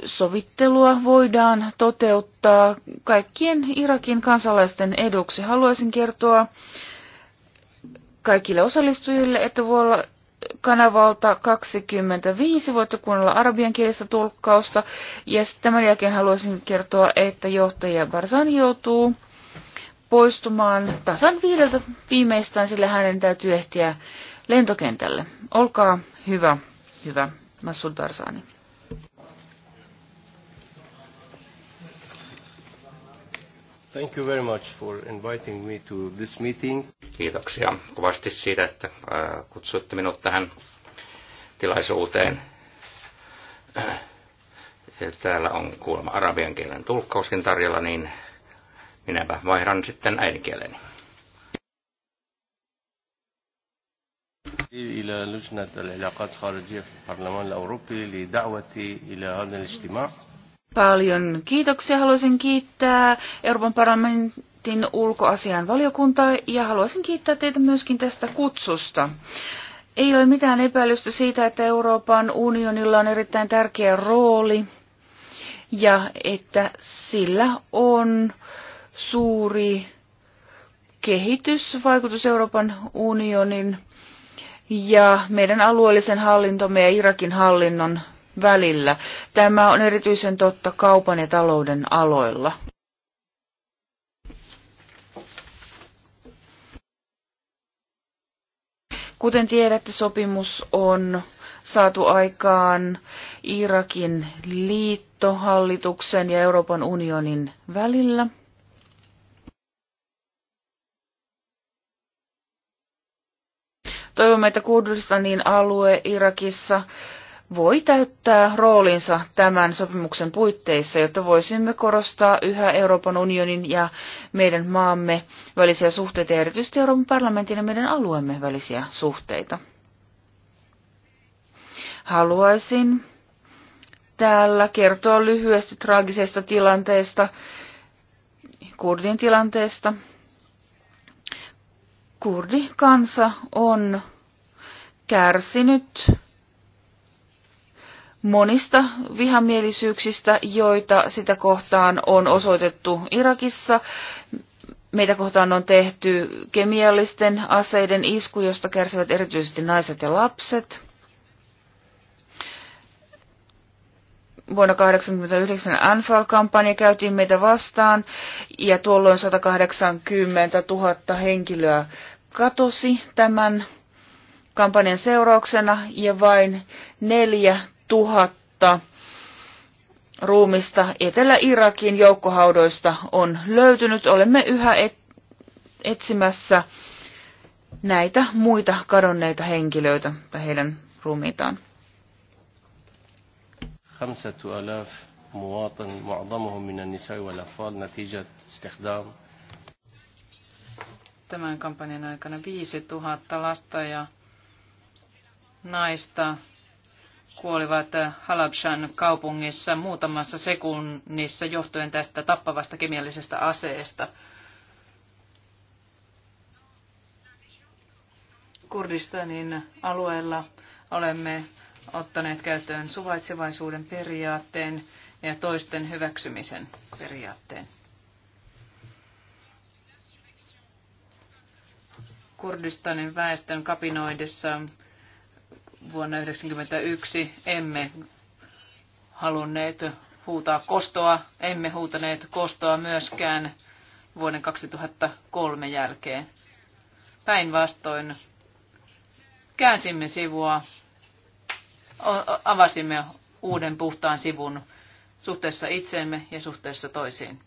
sovittelua voidaan toteuttaa kaikkien Irakin kansalaisten eduksi. Haluaisin kertoa kaikille osallistujille, että olla kanavalta 25 voitte kuunnella arabian kielistä tulkkausta. Ja sitten tämän jälkeen haluaisin kertoa, että johtaja Barzan joutuu poistumaan tasan viideltä viimeistään, sillä hänen täytyy ehtiä lentokentälle. Olkaa hyvä, hyvä Massoud Barzani. Thank you very much for inviting me to this meeting. Kiitoksia kovasti siitä, että kutsuitte minut tähän tilaisuuteen. Täällä on kuulemma arabian kielen tulkkauskin tarjolla, niin minäpä vaihdan sitten äidinkieleni. إلى لجنة العلاقات الخارجية في البرلمان الأوروبي لدعوتي إلى هذا الاجتماع. Paljon kiitoksia. Haluaisin kiittää Euroopan parlamentin ulkoasian valiokuntaa ja haluaisin kiittää teitä myöskin tästä kutsusta. Ei ole mitään epäilystä siitä, että Euroopan unionilla on erittäin tärkeä rooli ja että sillä on äh, suuri kehitysvaikutus Euroopan unionin ja meidän alueellisen hallintomme ja Irakin hallinnon välillä. Tämä on erityisen totta kaupan ja talouden aloilla. Kuten tiedätte, sopimus on saatu aikaan Irakin liittohallituksen ja Euroopan unionin välillä – Toivomme, että Kurdistanin alue Irakissa voi täyttää roolinsa tämän sopimuksen puitteissa, jotta voisimme korostaa yhä Euroopan unionin ja meidän maamme välisiä suhteita ja erityisesti Euroopan parlamentin ja meidän alueemme välisiä suhteita. Haluaisin täällä kertoa lyhyesti traagisesta tilanteesta, kurdin tilanteesta, kurdikansa on kärsinyt monista vihamielisyyksistä, joita sitä kohtaan on osoitettu Irakissa. Meitä kohtaan on tehty kemiallisten aseiden isku, josta kärsivät erityisesti naiset ja lapset. vuonna 1989 Anfal-kampanja käytiin meitä vastaan ja tuolloin 180 000 henkilöä katosi tämän kampanjan seurauksena ja vain 4 000 ruumista Etelä-Irakin joukkohaudoista on löytynyt. Olemme yhä et, etsimässä näitä muita kadonneita henkilöitä tai heidän ruumiitaan. خمسة ألاف مواطن معظمهم من النساء والأطفال نتيجة استخدام Tämän kampanjan aikana 5000 lasta ja naista kuolivat Halabshan kaupungissa muutamassa sekunnissa johtuen tästä tappavasta kemiallisesta aseesta. Kurdistanin alueella olemme ottaneet käyttöön suvaitsevaisuuden periaatteen ja toisten hyväksymisen periaatteen. Kurdistanin väestön kapinoidessa vuonna 1991 emme halunneet huutaa kostoa, emme huutaneet kostoa myöskään vuoden 2003 jälkeen. Päinvastoin käänsimme sivua avasimme uuden puhtaan sivun suhteessa itseemme ja suhteessa toisiin.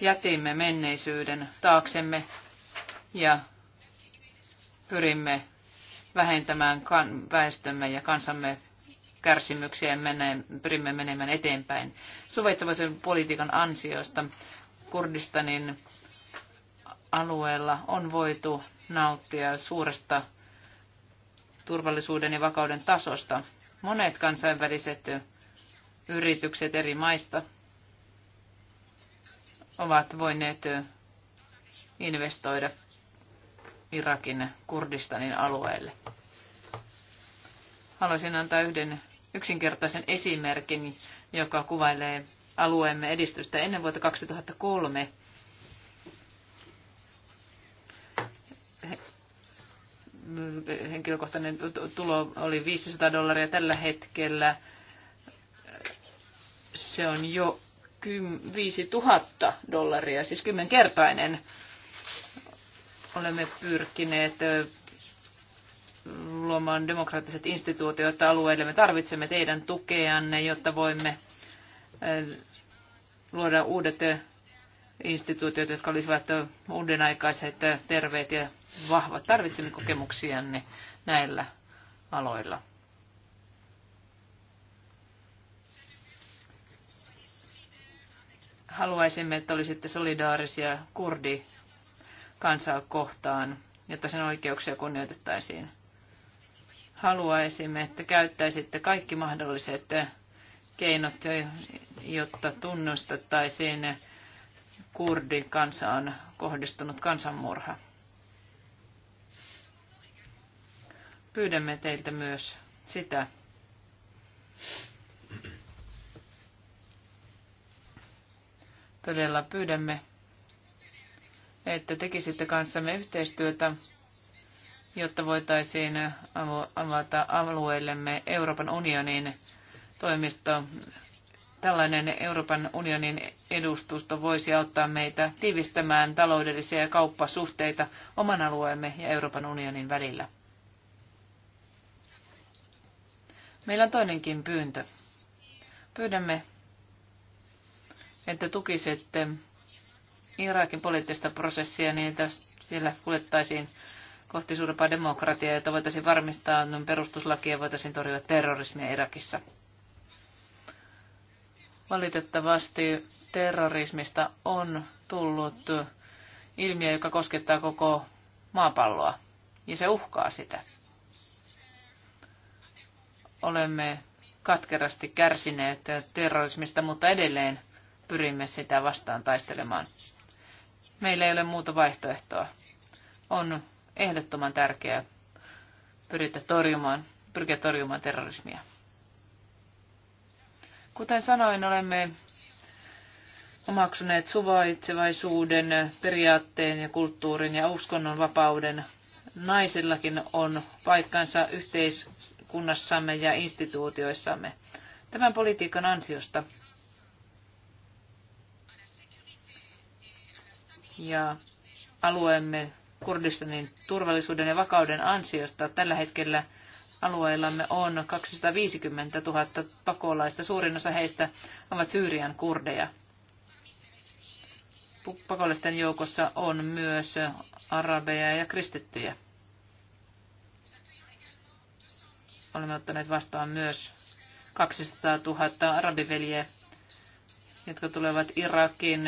Jätimme menneisyyden taaksemme ja pyrimme vähentämään kan- väestömme ja kansamme kärsimyksiä ja mene- pyrimme menemään eteenpäin. Suvaitsevaisen politiikan ansiosta Kurdistanin alueella on voitu nauttia suuresta turvallisuuden ja vakauden tasosta. Monet kansainväliset yritykset eri maista ovat voineet investoida Irakin Kurdistanin alueelle. Haluaisin antaa yhden yksinkertaisen esimerkin, joka kuvailee alueemme edistystä. Ennen vuotta 2003 henkilökohtainen tulo oli 500 dollaria tällä hetkellä. Se on jo 5000 dollaria, siis kymmenkertainen. Olemme pyrkineet luomaan demokraattiset instituutiot alueille. Me tarvitsemme teidän tukeanne, jotta voimme luoda uudet instituutiot, jotka olisivat uudenaikaiset, terveet ja vahva. Tarvitsemme kokemuksianne näillä aloilla. Haluaisimme, että olisitte solidaarisia kurdi kansaa kohtaan, jotta sen oikeuksia kunnioitettaisiin. Haluaisimme, että käyttäisitte kaikki mahdolliset keinot, jotta tunnustettaisiin kurdi kansaan kohdistunut kansanmurha. Pyydämme teiltä myös sitä. Todella pyydämme, että tekisitte kanssamme yhteistyötä, jotta voitaisiin avata alueellemme Euroopan unionin toimisto tällainen Euroopan unionin edustusto voisi auttaa meitä tiivistämään taloudellisia ja kauppasuhteita oman alueemme ja Euroopan unionin välillä. Meillä on toinenkin pyyntö. Pyydämme, että tukisitte Irakin poliittista prosessia niin, että siellä kuljettaisiin kohti suurempaa demokratiaa, jota voitaisiin varmistaa perustuslakia ja voitaisiin torjua terrorismia Irakissa. Valitettavasti terrorismista on tullut ilmiö, joka koskettaa koko maapalloa, ja se uhkaa sitä. Olemme katkerasti kärsineet terrorismista, mutta edelleen pyrimme sitä vastaan taistelemaan. Meillä ei ole muuta vaihtoehtoa. On ehdottoman tärkeää pyrkiä torjumaan, pyrkiä torjumaan terrorismia. Kuten sanoin, olemme omaksuneet suvaitsevaisuuden, periaatteen ja kulttuurin ja uskonnon vapauden naisillakin on paikkansa yhteiskunnassamme ja instituutioissamme. Tämän politiikan ansiosta ja alueemme Kurdistanin turvallisuuden ja vakauden ansiosta tällä hetkellä alueellamme on 250 000 pakolaista. Suurin osa heistä ovat Syyrian kurdeja. Pakolaisten joukossa on myös arabeja ja kristittyjä. olemme ottaneet vastaan myös 200 000 arabiveljeä, jotka tulevat Irakin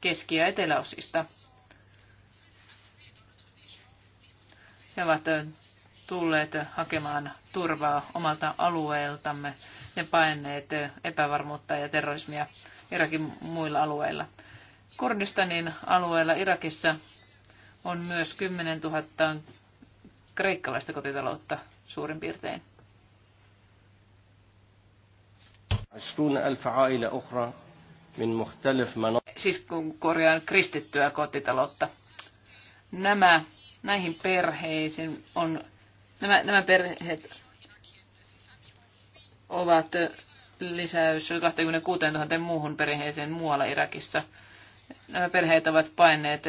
keski- ja eteläosista. He ovat tulleet hakemaan turvaa omalta alueeltamme ja paineet epävarmuutta ja terrorismia Irakin muilla alueilla. Kurdistanin alueella Irakissa on myös 10 000 kreikkalaista kotitaloutta suurin piirtein. Siis kun korjaan kristittyä kotitaloutta. Nämä, näihin perheisiin on, nämä, nämä perheet ovat lisäys 26 000 muuhun perheeseen muualla Irakissa. Nämä perheet ovat paineet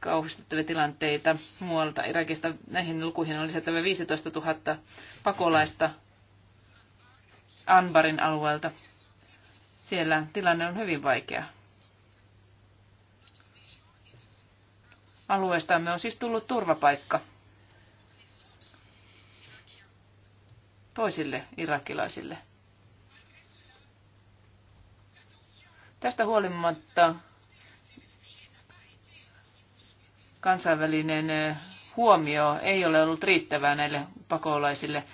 kauhistuttavia tilanteita muualta Irakista. Näihin lukuihin on lisättävä 15 000 pakolaista Anbarin alueelta. Siellä tilanne on hyvin vaikea. Alueestamme on siis tullut turvapaikka toisille irakilaisille. Tästä huolimatta kansainvälinen huomio ei ole ollut riittävää näille pakolaisille.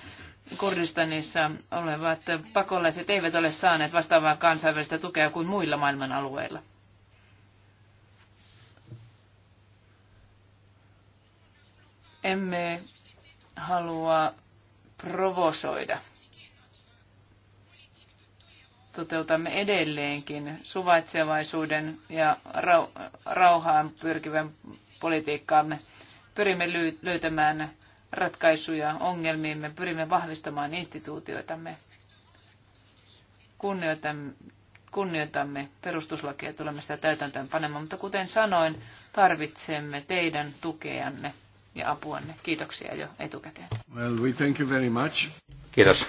Kurdistanissa olevat pakolaiset eivät ole saaneet vastaavaa kansainvälistä tukea kuin muilla maailman alueilla. Emme halua provosoida. Toteutamme edelleenkin suvaitsevaisuuden ja rauhaan pyrkivän politiikkaamme. Pyrimme löytämään ratkaisuja ongelmiin. Me pyrimme vahvistamaan instituutioitamme. Kunnioitamme, kunnioitamme perustuslakia ja tulemme sitä täytäntöön panemaan. Mutta kuten sanoin, tarvitsemme teidän tukeanne ja apuanne. Kiitoksia jo etukäteen. Well, we thank you very much. Kiitos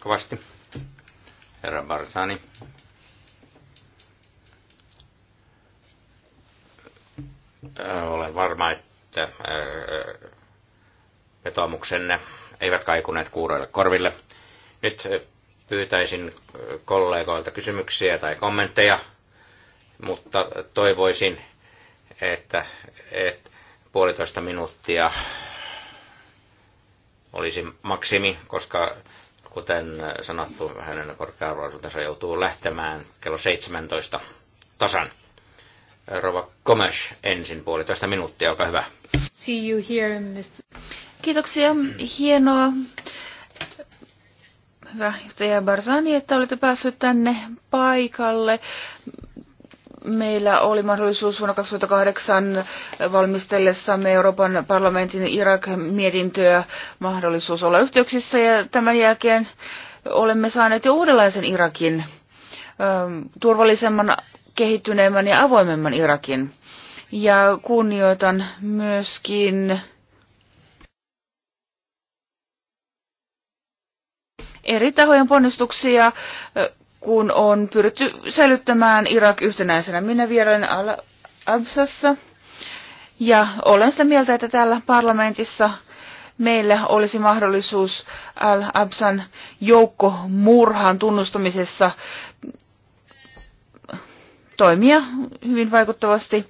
kovasti, herra Barzani. Olen varma, että äh, vetomuksenne eivät kaikuneet kuuroille korville. Nyt pyytäisin kollegoilta kysymyksiä tai kommentteja, mutta toivoisin, että, että puolitoista minuuttia olisi maksimi, koska kuten sanottu, hänen korkearvoisuutensa joutuu lähtemään kello 17 tasan. Rova Komes ensin puolitoista minuuttia, olkaa hyvä. See you here, Mr. Kiitoksia. Hienoa. Hyvä johtaja Barzani, että olette päässeet tänne paikalle. Meillä oli mahdollisuus vuonna 2008 valmistellessamme Euroopan parlamentin Irak-mietintöä mahdollisuus olla yhteyksissä ja tämän jälkeen olemme saaneet jo uudenlaisen Irakin, ähm, turvallisemman, kehittyneemmän ja avoimemman Irakin. Ja kunnioitan myöskin eri tahojen ponnistuksia, kun on pyritty säilyttämään Irak yhtenäisenä. Minä al Absassa ja olen sitä mieltä, että täällä parlamentissa meillä olisi mahdollisuus Al-Absan joukkomurhan tunnustamisessa toimia hyvin vaikuttavasti.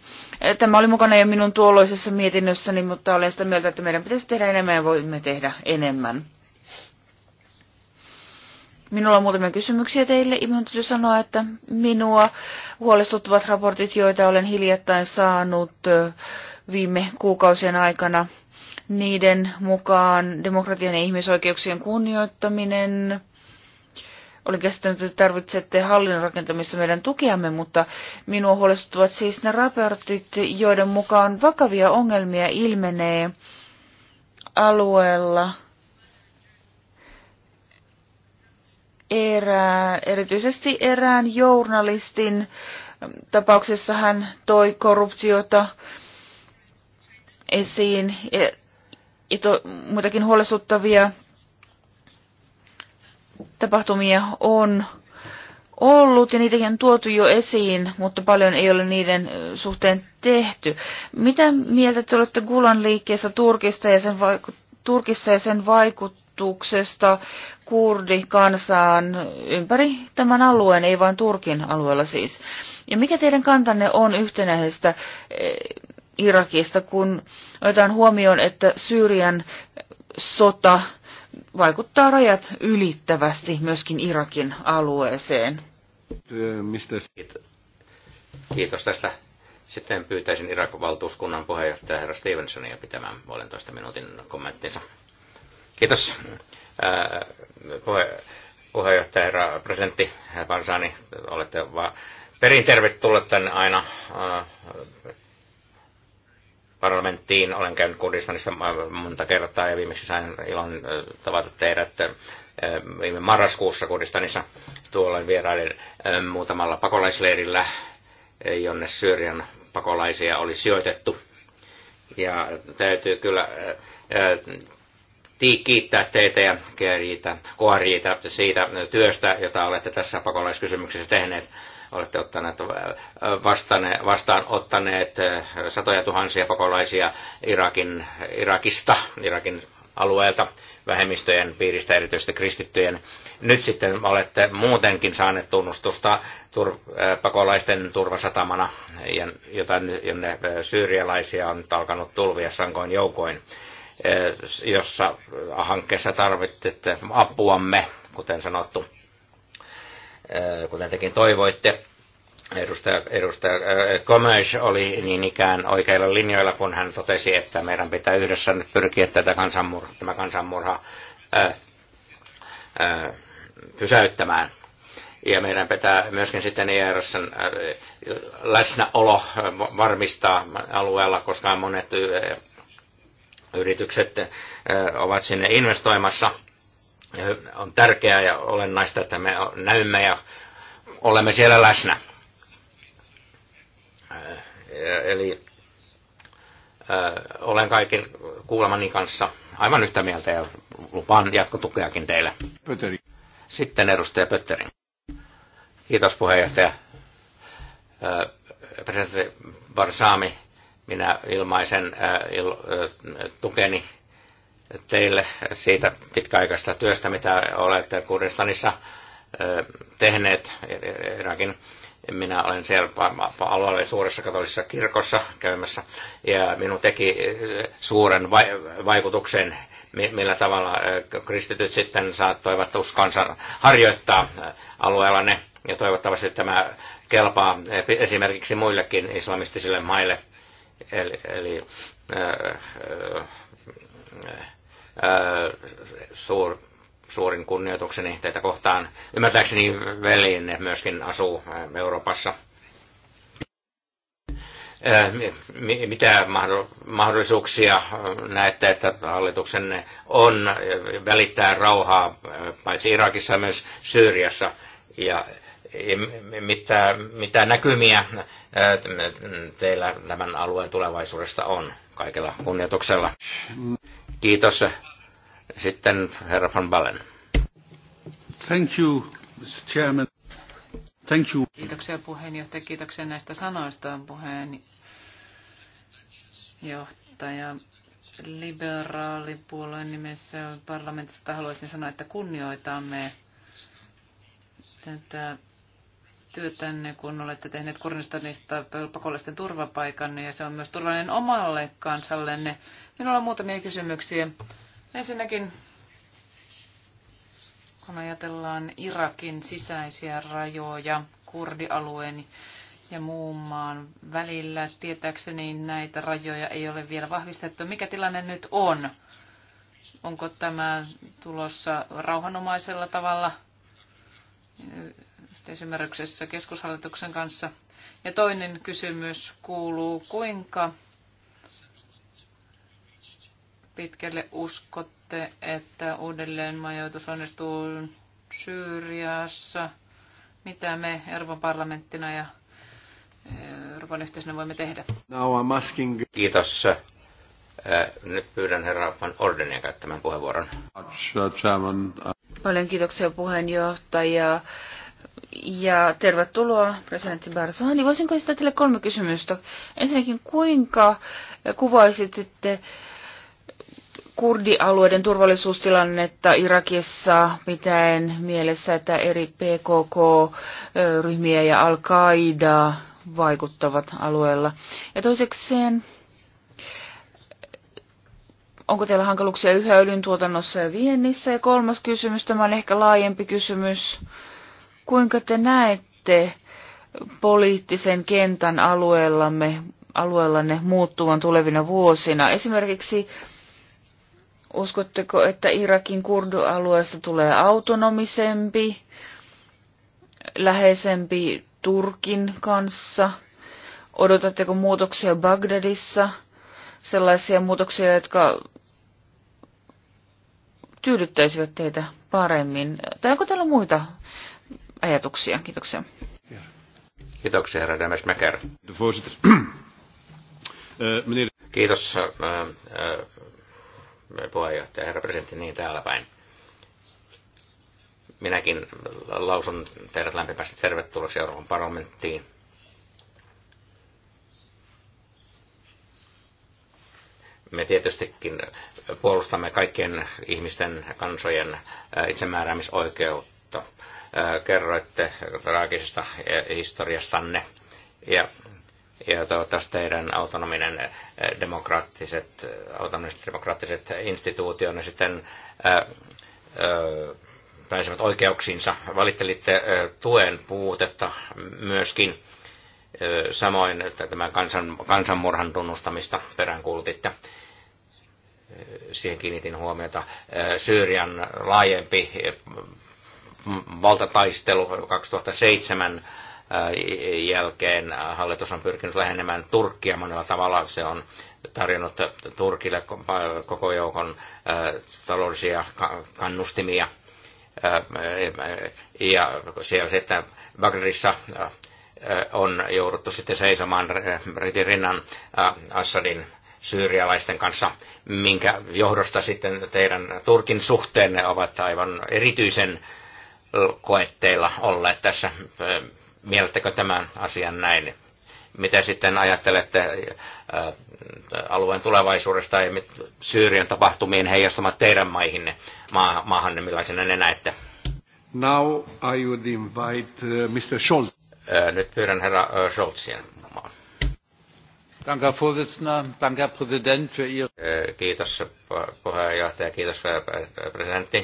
Tämä oli mukana jo minun tuolloisessa mietinnössäni, mutta olen sitä mieltä, että meidän pitäisi tehdä enemmän ja voimme tehdä enemmän. Minulla on muutamia kysymyksiä teille. Minun täytyy sanoa, että minua huolestuttavat raportit, joita olen hiljattain saanut viime kuukausien aikana. Niiden mukaan demokratian ja ihmisoikeuksien kunnioittaminen. Olin käsittänyt, että tarvitsette hallinnon rakentamissa meidän tukeamme, mutta minua huolestuttavat siis ne raportit, joiden mukaan vakavia ongelmia ilmenee alueella – erää, erityisesti erään journalistin ähm, tapauksessa hän toi korruptiota esiin ja, ja to, muitakin huolestuttavia tapahtumia on ollut ja niitäkin on tuotu jo esiin, mutta paljon ei ole niiden suhteen tehty. Mitä mieltä te olette Gulan liikkeessä Turkista ja sen, vaiku- Turkissa ja sen vaikut- vaikutuksesta kurdikansaan ympäri tämän alueen, ei vain Turkin alueella siis. Ja mikä teidän kantanne on yhtenäisestä eh, Irakista, kun otetaan huomioon, että Syyrian sota vaikuttaa rajat ylittävästi myöskin Irakin alueeseen? Kiitos tästä. Sitten pyytäisin Irak-valtuuskunnan puheenjohtaja herra Stevensonia pitämään puolentoista minuutin kommenttinsa. Kiitos puheenjohtaja herra presidentti Varsani. Olette vaan perin tervetulleet tänne aina parlamenttiin. Olen käynyt Kurdistanissa monta kertaa ja viimeksi sain ilon tavata teidät viime marraskuussa Kurdistanissa. Tuolla vierailin muutamalla pakolaisleirillä, jonne Syyrian pakolaisia oli sijoitettu. Ja täytyy kyllä kiittää teitä ja Kieriitä, Kuoriita siitä työstä, jota olette tässä pakolaiskysymyksessä tehneet. Olette ottaneet, vastane, vastaan ottaneet satoja tuhansia pakolaisia Irakin, Irakista, Irakin alueelta, vähemmistöjen piiristä, erityisesti kristittyjen. Nyt sitten olette muutenkin saaneet tunnustusta tur, pakolaisten turvasatamana, jota, jonne syyrialaisia on alkanut tulvia sankoin joukoin Eh, jossa eh, hankkeessa tarvitsette apuamme, kuten sanottu, eh, kuten tekin toivoitte. Edustaja, edustaja Gomes oli niin ikään oikeilla linjoilla, kun hän totesi, että meidän pitää yhdessä nyt pyrkiä tätä kansanmurha, tämä kansanmurha ää, ää, pysäyttämään. Ja meidän pitää myöskin sitten IRS e läsnäolo varmistaa alueella, koska monet yritykset ovat sinne investoimassa. On tärkeää ja olennaista, että me näymme ja olemme siellä läsnä. Eli olen kaiken kuulemani kanssa aivan yhtä mieltä ja lupaan jatkotukeakin teille. Pötteri. Sitten edustaja Pötteri. Kiitos puheenjohtaja. Presidentti Barsami, minä ilmaisen äh, äh, tukeni teille siitä pitkäaikaista työstä, mitä olette Kurdistanissa äh, tehneet Irakin minä olen siellä alueella suuressa katolisessa kirkossa käymässä, ja minun teki suuren vaikutuksen, millä tavalla kristityt sitten saattoivat uskonsa harjoittaa alueella ne, ja toivottavasti tämä kelpaa esimerkiksi muillekin islamistisille maille – Eli, eli ää, äh, ää, äh, suur, suurin kunnioitukseni teitä kohtaan. Ymmärtääkseni veljenne myöskin asuu äh, Euroopassa. Mitä mahdollisuuksia näette, että hallituksenne on välittää rauhaa paitsi Irakissa myös Syyriassa? ja mitä, mitä näkymiä teillä tämän alueen tulevaisuudesta on kaikella kunnioituksella. Kiitos. Sitten herra van Ballen. Thank you, Mr. Chairman. Thank you. Kiitoksia puheenjohtaja, kiitoksia näistä sanoista puheenjohtaja. Liberaalipuolueen nimessä parlamentista haluaisin sanoa, että kunnioitamme tätä työtänne, kun olette tehneet Kurdistanista pakollisten turvapaikan, ja se on myös turvallinen omalle kansallenne. Minulla on muutamia kysymyksiä. Ensinnäkin, kun ajatellaan Irakin sisäisiä rajoja kurdialueen ja muun maan välillä, tietääkseni näitä rajoja ei ole vielä vahvistettu. Mikä tilanne nyt on? Onko tämä tulossa rauhanomaisella tavalla – yhteisymmärryksessä keskushallituksen kanssa. Ja toinen kysymys kuuluu, kuinka pitkälle uskotte, että uudelleen majoitus onnistuu Syyriassa? Mitä me Euroopan parlamenttina ja eh, Euroopan yhteisönä voimme tehdä? Kiitos. Eh, nyt pyydän herra Van Ordenia käyttämään puheenvuoron. Paljon kiitoksia puheenjohtaja. Ja tervetuloa presidentti Barzani. Voisinko esittää teille kolme kysymystä? Ensinnäkin, kuinka kuvaisitte kurdialueiden turvallisuustilannetta Irakissa pitäen mielessä, että eri PKK-ryhmiä ja Al-Qaida vaikuttavat alueella. Ja toisekseen, onko teillä hankaluuksia yhä öljyntuotannossa ja viennissä? Ja kolmas kysymys, tämä on ehkä laajempi kysymys. Kuinka te näette poliittisen kentän alueellamme, alueellanne muuttuvan tulevina vuosina? Esimerkiksi uskotteko, että Irakin kurdualueesta tulee autonomisempi, läheisempi Turkin kanssa? Odotatteko muutoksia Bagdadissa? sellaisia muutoksia, jotka tyydyttäisivät teitä paremmin. Tai onko täällä muita ajatuksia? Kiitoksia. Kiitoksia, herra Demes-Mäker. Kiitos, äh, äh, puheenjohtaja, herra presidentti, niin täällä päin. Minäkin lausun teidät lämpimästi tervetulleeksi Euroopan parlamenttiin. me tietystikin puolustamme kaikkien ihmisten kansojen itsemääräämisoikeutta. Kerroitte traagisesta historiastanne ja, ja toivottavasti teidän autonominen demokraattiset, autonomiset demokraattiset instituutioon sitten ää, ää, pääsevät oikeuksiinsa. Valittelitte tuen puutetta myöskin samoin että tämän kansan, kansanmurhan tunnustamista peräänkuulutitte siihen kiinnitin huomiota, Syyrian laajempi valtataistelu 2007 jälkeen hallitus on pyrkinyt lähenemään Turkkia monella tavalla. Se on tarjonnut Turkille koko joukon taloudellisia kannustimia. Ja siellä sitten Bagdadissa on jouduttu sitten seisomaan Ritirinnan Assadin syyrialaisten kanssa, minkä johdosta sitten teidän Turkin suhteenne ovat aivan erityisen koetteilla olleet tässä. Mielettekö tämän asian näin? Mitä sitten ajattelette äh, alueen tulevaisuudesta ja Syyrian tapahtumien heijastamat teidän maihinne, maahanne, millaisena ne näette? Now I would invite äh, Mr. Scholz. Äh, nyt pyydän herra Scholzien herr präsident danke herr präsident für ihre. kiitos puheenjohtaja kiitos presidentti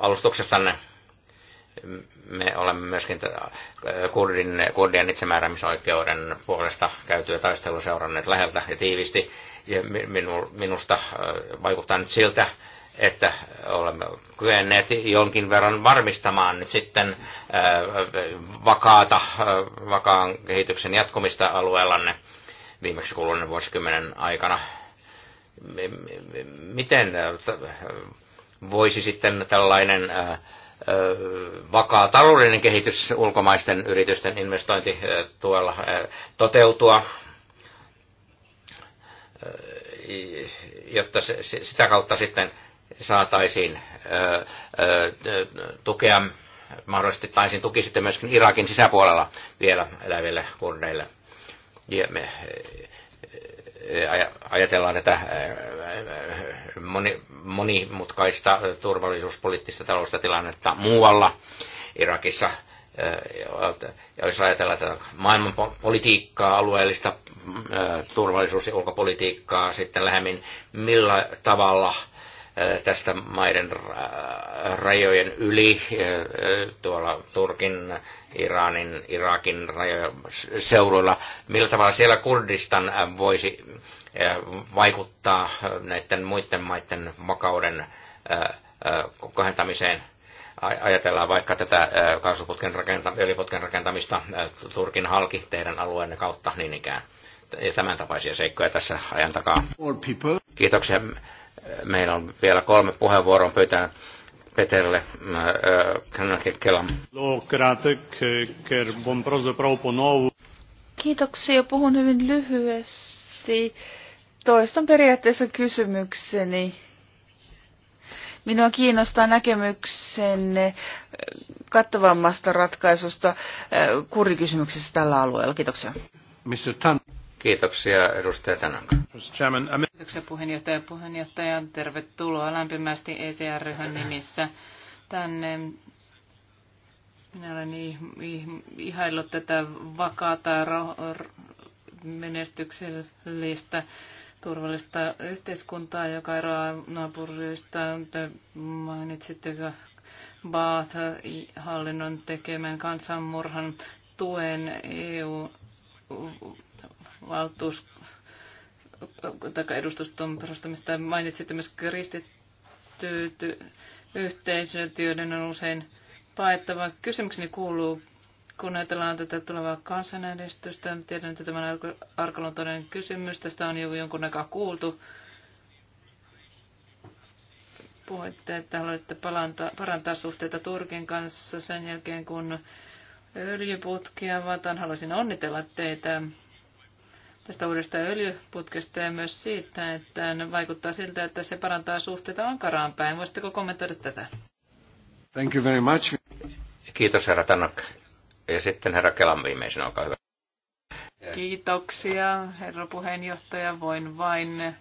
alustuksestanne. Me olemme myöskin kurdin, kurdien itsemääräämisoikeuden puolesta käytyä taistelua seuranneet läheltä ja tiivisti. Ja minusta vaikuttaa nyt siltä, että olemme kyenneet jonkin verran varmistamaan nyt sitten äh, vakaata, äh, vakaan kehityksen jatkumista alueellanne viimeksi kuluneen vuosikymmenen aikana. Miten äh, voisi sitten tällainen vakaa taloudellinen kehitys ulkomaisten yritysten investointituella toteutua, jotta se, sitä kautta sitten saataisiin tukea, mahdollisesti taisin tuki sitten myöskin Irakin sisäpuolella vielä eläville kurdeille. Ja me, ajatellaan tätä monimutkaista turvallisuuspoliittista talousta tilannetta muualla Irakissa. Ja jos ajatellaan tätä maailman politiikkaa, alueellista turvallisuus- ja ulkopolitiikkaa sitten lähemmin, millä tavalla – tästä maiden rajojen yli tuolla Turkin, Iranin, Irakin rajojen seuduilla. Millä tavalla siellä Kurdistan voisi vaikuttaa näiden muiden maiden vakauden kohentamiseen? Ajatellaan vaikka tätä kaasuputken rakentamista, rakentamista Turkin halki teidän alueenne kautta niin ikään. Ja tämän tapaisia seikkoja tässä ajan takaa. Kiitoksia Meillä on vielä kolme puheenvuoron pyytää Peterille äh, äh, Kelam. Kiitoksia. Puhun hyvin lyhyesti. Toistan periaatteessa kysymykseni. Minua kiinnostaa näkemyksenne äh, kattavammasta ratkaisusta kurikysymyksessä tällä alueella. Kiitoksia. Mr. Tan. Kiitoksia edustaja Tänanka. Kiitoksia puheenjohtaja. Puheenjohtaja, tervetuloa lämpimästi ECR-ryhmän äh. nimissä tänne. Minä olen ihaillut tätä vakaata, menestyksellistä, turvallista yhteiskuntaa, joka eroaa naapurista. Mainitsitte Baat-hallinnon tekemän kansanmurhan tuen EU valtuus, tai edustuston perustamista mainitsitte myös kristityt yhteisöt, joiden on usein paettava. Kysymykseni kuuluu, kun ajatellaan tätä tulevaa kansanäänestystä, tiedän, että tämä arkaluontoinen kysymys, tästä on jo jonkun aikaa kuultu. Puhuitte, että haluatte palantaa, parantaa suhteita Turkin kanssa sen jälkeen, kun öljyputkia avataan. Haluaisin onnitella teitä tästä uudesta öljyputkesta ja myös siitä, että vaikuttaa siltä, että se parantaa suhteita Ankaraan päin. Voisitteko kommentoida tätä? Thank you very much. Kiitos herra Tanak. Ja sitten herra Kelan viimeisenä, olkaa hyvä. Kiitoksia herra puheenjohtaja. Voin vain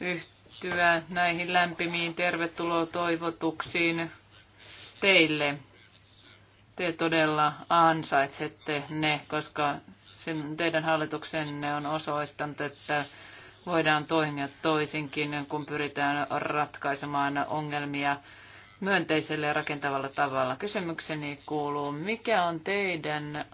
yhtyä näihin lämpimiin tervetuloa toivotuksiin teille. Te todella ansaitsette ne, koska sen, teidän hallituksenne on osoittanut, että voidaan toimia toisinkin, kun pyritään ratkaisemaan ongelmia myönteisellä ja rakentavalla tavalla. Kysymykseni kuuluu, mikä on teidän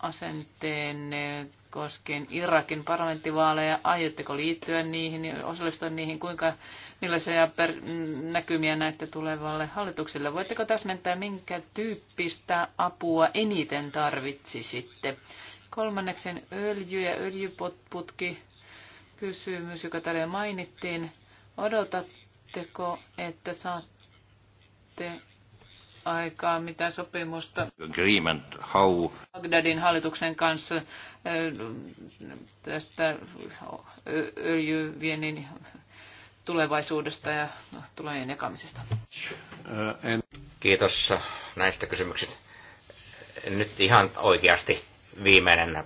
asenteenne koskien Irakin parlamenttivaaleja? Aiotteko liittyä niihin, osallistua niihin? Kuinka, millaisia per, näkymiä näette tulevalle hallitukselle? Voitteko täsmentää, minkä tyyppistä apua eniten tarvitsisitte? Kolmanneksen öljy ja öljyputki kysymys, joka täällä jo mainittiin. Odotatteko, että saatte aikaa mitä sopimusta Agreement, how... Bagdadin hallituksen kanssa tästä öljyviennin tulevaisuudesta ja tulojen jakamisesta. Kiitos näistä kysymyksistä. Nyt ihan oikeasti viimeinen äh,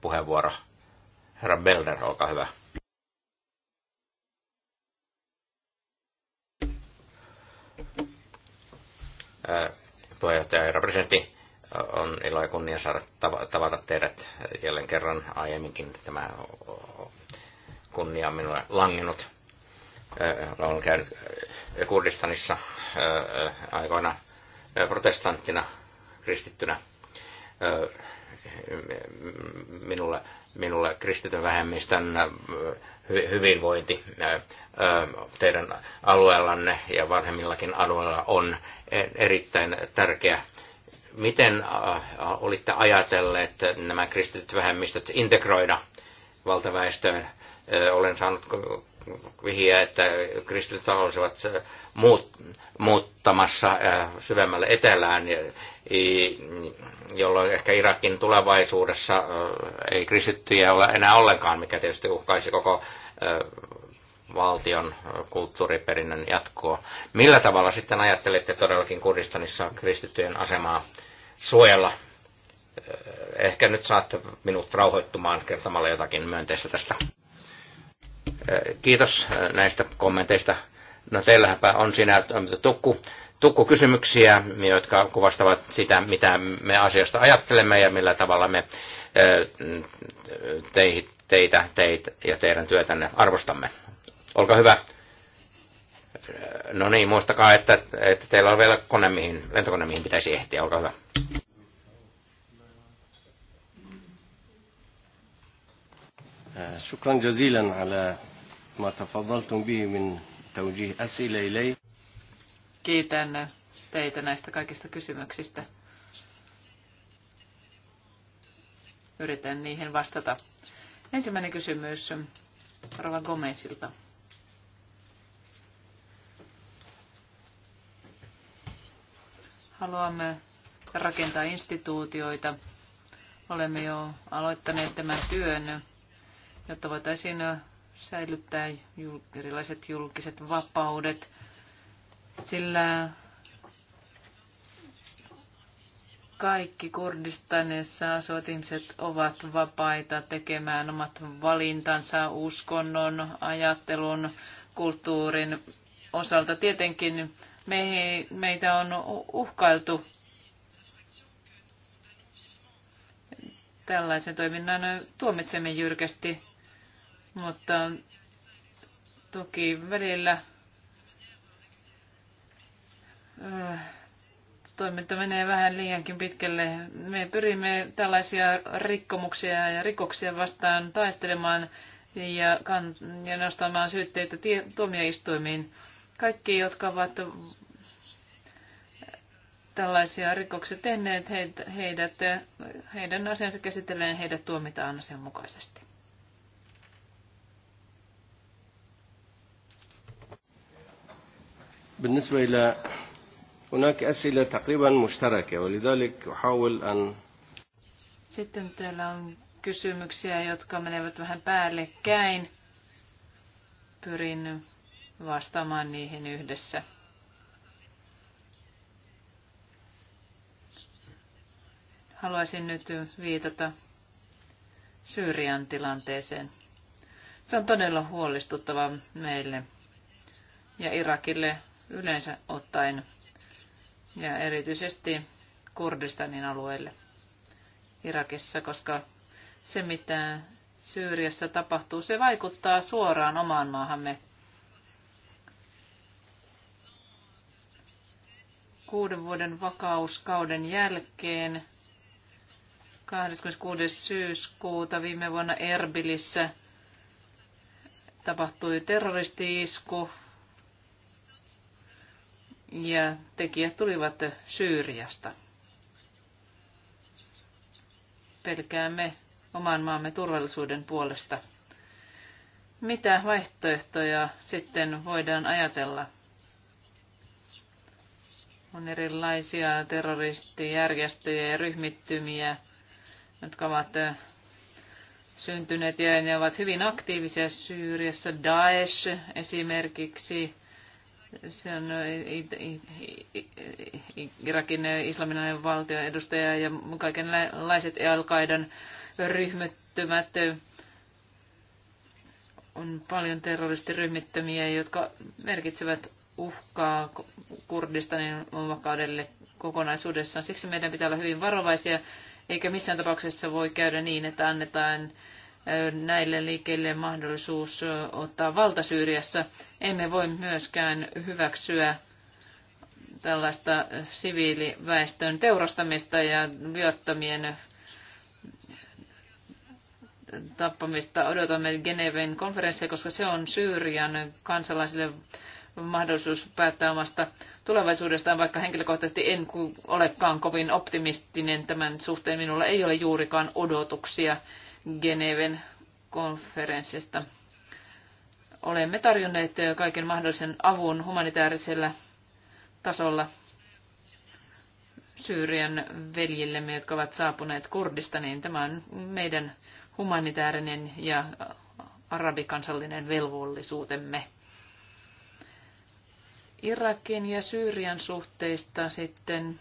puheenvuoro. Herra Belder, olkaa hyvä. Äh, puheenjohtaja, ja presidentti, äh, on ilo ja kunnia saada tavata teidät jälleen kerran aiemminkin. Tämä kunnia on minulle langennut. Olen käynyt Kurdistanissa aikoina protestanttina, kristittynä minulle, minulle kristityn vähemmistön äh, hyvinvointi äh, äh, teidän alueellanne ja vanhemmillakin alueella on e, erittäin tärkeä. Miten olitte ajatelleet nämä kristityt vähemmistöt integroida valtaväestöön? Olen saanut vihiä, että kristityt olisivat muut, muuttamassa äh, syvemmälle etelään, jolloin ehkä Irakin tulevaisuudessa äh, ei kristittyjä ole enää ollenkaan, mikä tietysti uhkaisi koko äh, valtion kulttuuriperinnön jatkoa. Millä tavalla sitten ajattelette todellakin Kurdistanissa kristittyjen asemaa suojella? Ehkä nyt saatte minut rauhoittumaan kertomalla jotakin myönteistä tästä. Kiitos näistä kommenteista. No teillähänpä on siinä tukku, tukku kysymyksiä, jotka kuvastavat sitä, mitä me asiasta ajattelemme ja millä tavalla me eh, teihin, teitä, teitä ja teidän työtänne arvostamme. Olkaa hyvä. No niin, muistakaa, että, että teillä on vielä kone, mihin, lentokone, mihin pitäisi ehtiä. Olkaa hyvä. Shukran jazilan ala ما تفضلتم به من توجيه أسئلة إلي Kiitän teitä näistä kaikista kysymyksistä. Yritän niihin vastata. Ensimmäinen kysymys Rova Gomezilta. Haluamme rakentaa instituutioita. Olemme jo aloittaneet tämän työn, jotta voitaisiin säilyttää erilaiset julkiset vapaudet, sillä kaikki Kurdistanissa asuvat ihmiset ovat vapaita tekemään omat valintansa uskonnon, ajattelun, kulttuurin osalta. Tietenkin me, meitä on uhkailtu tällaisen toiminnan tuomitsemme jyrkästi. Mutta toki välillä äh, toiminta menee vähän liiankin pitkälle. Me pyrimme tällaisia rikkomuksia ja rikoksia vastaan taistelemaan ja, kan- ja nostamaan syytteitä tie- tuomioistuimiin. Kaikki, jotka ovat tällaisia rikoksia tehneet, heidät, heidän asiansa käsitellään heidät tuomitaan asianmukaisesti. بالنسبة إلى هناك أسئلة تقريبا مشتركة ولذلك أحاول أن Sitten täällä on kysymyksiä, jotka menevät vähän päällekkäin. Pyrin vastaamaan niihin yhdessä. Haluaisin nyt viitata Syyrian tilanteeseen. Se on todella huolestuttava meille ja Irakille yleensä ottaen ja erityisesti Kurdistanin alueelle Irakissa, koska se mitä Syyriassa tapahtuu, se vaikuttaa suoraan omaan maahamme. Kuuden vuoden vakauskauden jälkeen 26. syyskuuta viime vuonna Erbilissä tapahtui terroristi-isku, ja tekijät tulivat Syyriasta. Pelkäämme oman maamme turvallisuuden puolesta. Mitä vaihtoehtoja sitten voidaan ajatella? On erilaisia terroristijärjestöjä ja ryhmittymiä, jotka ovat syntyneet ja ne ovat hyvin aktiivisia Syyriassa. Daesh esimerkiksi se on Irakin islamilainen valtio edustaja ja kaikenlaiset Al-Qaidan ryhmittymät. On paljon terroristiryhmittömiä, jotka merkitsevät uhkaa Kurdistanin vakaudelle kokonaisuudessaan. Siksi meidän pitää olla hyvin varovaisia, eikä missään tapauksessa voi käydä niin, että annetaan näille liikkeille mahdollisuus ottaa valta Syyriassa. Emme voi myöskään hyväksyä tällaista siviiliväestön teurastamista ja viottamien tappamista. Odotamme Geneven konferenssia, koska se on Syyrian kansalaisille mahdollisuus päättää omasta tulevaisuudestaan, vaikka henkilökohtaisesti en olekaan kovin optimistinen tämän suhteen. Minulla ei ole juurikaan odotuksia Geneven konferenssista. Olemme tarjonneet kaiken mahdollisen avun humanitaarisella tasolla Syyrian veljillemme, jotka ovat saapuneet niin Tämä on meidän humanitaarinen ja arabikansallinen velvollisuutemme. Irakin ja Syyrian suhteista sitten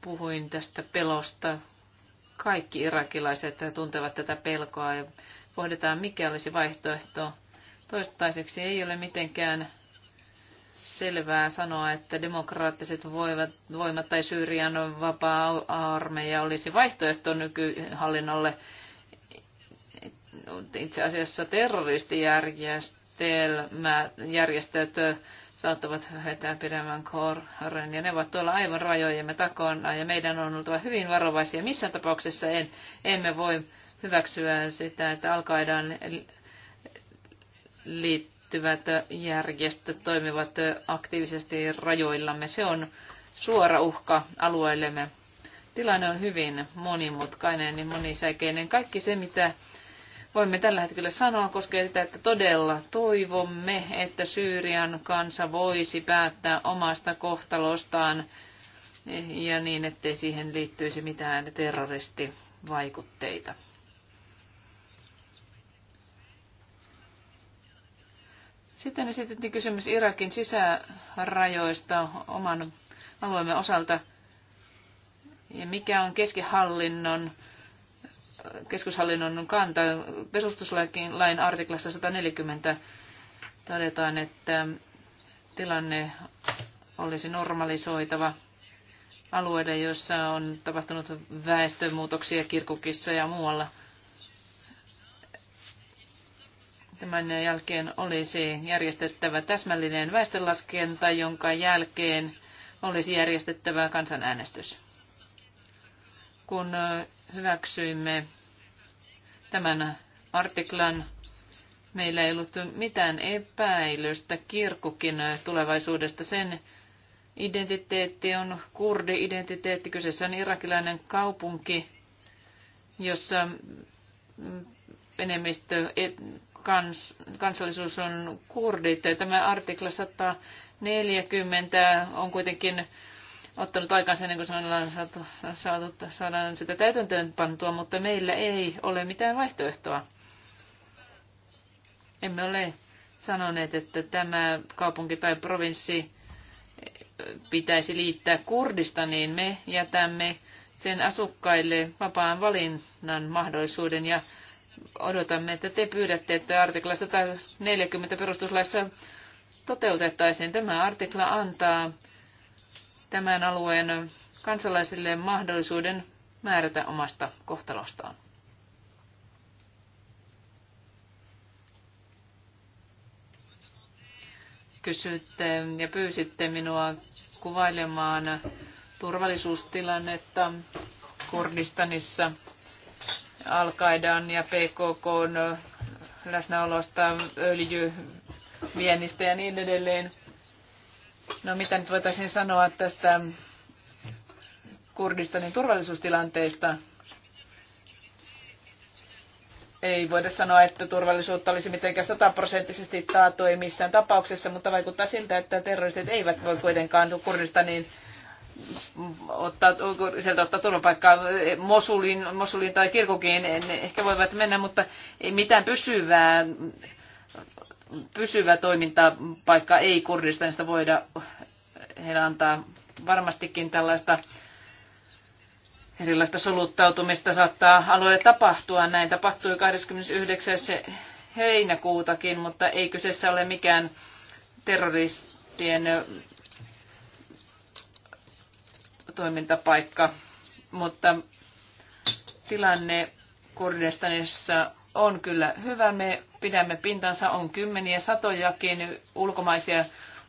puhuin tästä pelosta kaikki irakilaiset tuntevat tätä pelkoa ja pohditaan, mikä olisi vaihtoehto. Toistaiseksi ei ole mitenkään selvää sanoa, että demokraattiset voivat, voimat tai Syyrian vapaa-armeija olisi vaihtoehto nykyhallinnolle. Itse asiassa terroristijärjestelmät järjestöt saattavat hätää pidemmän korren, ja ne ovat tuolla aivan rajojemme takana, ja meidän on oltava hyvin varovaisia. Missään tapauksessa en, emme voi hyväksyä sitä, että alkaidaan liittyvät järjestöt toimivat aktiivisesti rajoillamme. Se on suora uhka alueellemme. Tilanne on hyvin monimutkainen ja monisäikeinen. Kaikki se, mitä voimme tällä hetkellä sanoa, koskee sitä, että todella toivomme, että Syyrian kansa voisi päättää omasta kohtalostaan ja niin, ettei siihen liittyisi mitään terroristivaikutteita. Sitten esitettiin kysymys Irakin sisärajoista oman alueemme osalta. Ja mikä on keskihallinnon keskushallinnon kanta. Perustuslain artiklassa 140 todetaan, että tilanne olisi normalisoitava alueille, jossa on tapahtunut väestönmuutoksia kirkukissa ja muualla. Tämän jälkeen olisi järjestettävä täsmällinen väestönlaskenta, jonka jälkeen olisi järjestettävä kansanäänestys. Kun hyväksyimme tämän artiklan, meillä ei ollut mitään epäilystä kirkukin tulevaisuudesta. Sen identiteetti on kurdi-identiteetti. Kyseessä on irakilainen kaupunki, jossa enemmistö kans, kansallisuus on kurdit. Tämä artikla 140 on kuitenkin ottanut aikaa sen, kun se on saatu, saatu, saadaan sitä täytäntöön pantua, mutta meillä ei ole mitään vaihtoehtoa. Emme ole sanoneet, että tämä kaupunki tai provinssi pitäisi liittää Kurdista, niin me jätämme sen asukkaille vapaan valinnan mahdollisuuden ja odotamme, että te pyydätte, että artikla 140 perustuslaissa toteutettaisiin. Tämä artikla antaa tämän alueen kansalaisille mahdollisuuden määrätä omasta kohtalostaan. Kysytte ja pyysitte minua kuvailemaan turvallisuustilannetta Kurdistanissa al ja PKK läsnäolosta, öljyviennistä ja niin edelleen. No mitä nyt voitaisiin sanoa tästä Kurdistanin turvallisuustilanteesta? Ei voida sanoa, että turvallisuutta olisi mitenkään sataprosenttisesti taattu, ei missään tapauksessa, mutta vaikuttaa siltä, että terroristit eivät voi kuitenkaan Kurdistaniin ottaa, sieltä ottaa turvapaikkaa Mosulin, Mosulin tai Kirkukiin, ehkä voivat mennä, mutta ei mitään pysyvää pysyvä toimintapaikka ei Kurdistanista voida heillä antaa varmastikin tällaista erilaista soluttautumista saattaa alueelle tapahtua. Näin tapahtui 29. heinäkuutakin, mutta ei kyseessä ole mikään terroristien toimintapaikka, mutta tilanne Kurdistanissa on kyllä hyvä. Me pidämme pintansa, on kymmeniä, satojakin ulkomaisia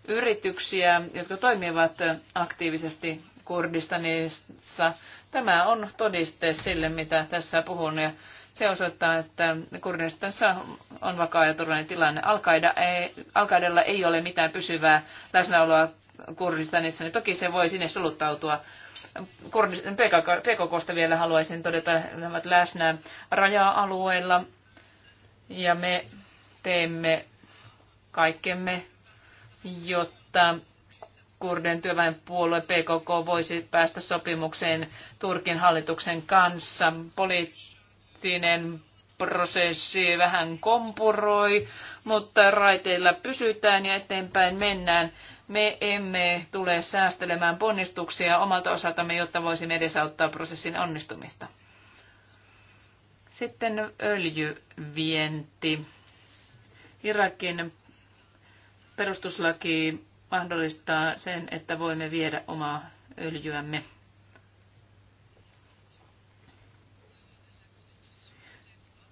yrityksiä, jotka toimivat aktiivisesti Kurdistanissa. Tämä on todiste sille, mitä tässä puhun. Ja se osoittaa, että Kurdistanissa on vakaa ja turvallinen tilanne. al ei ole mitään pysyvää läsnäoloa Kurdistanissa, niin toki se voi sinne soluttautua PKKsta vielä haluaisin todeta, että ovat läsnä raja-alueilla ja me teemme kaikkemme, jotta Kurden työväenpuolue PKK voisi päästä sopimukseen Turkin hallituksen kanssa. Poliittinen prosessi vähän kompuroi, mutta raiteilla pysytään ja eteenpäin mennään. Me emme tule säästelemään ponnistuksia omalta osaltamme, jotta voisimme edesauttaa prosessin onnistumista. Sitten öljyvienti. Irakin perustuslaki mahdollistaa sen, että voimme viedä omaa öljyämme.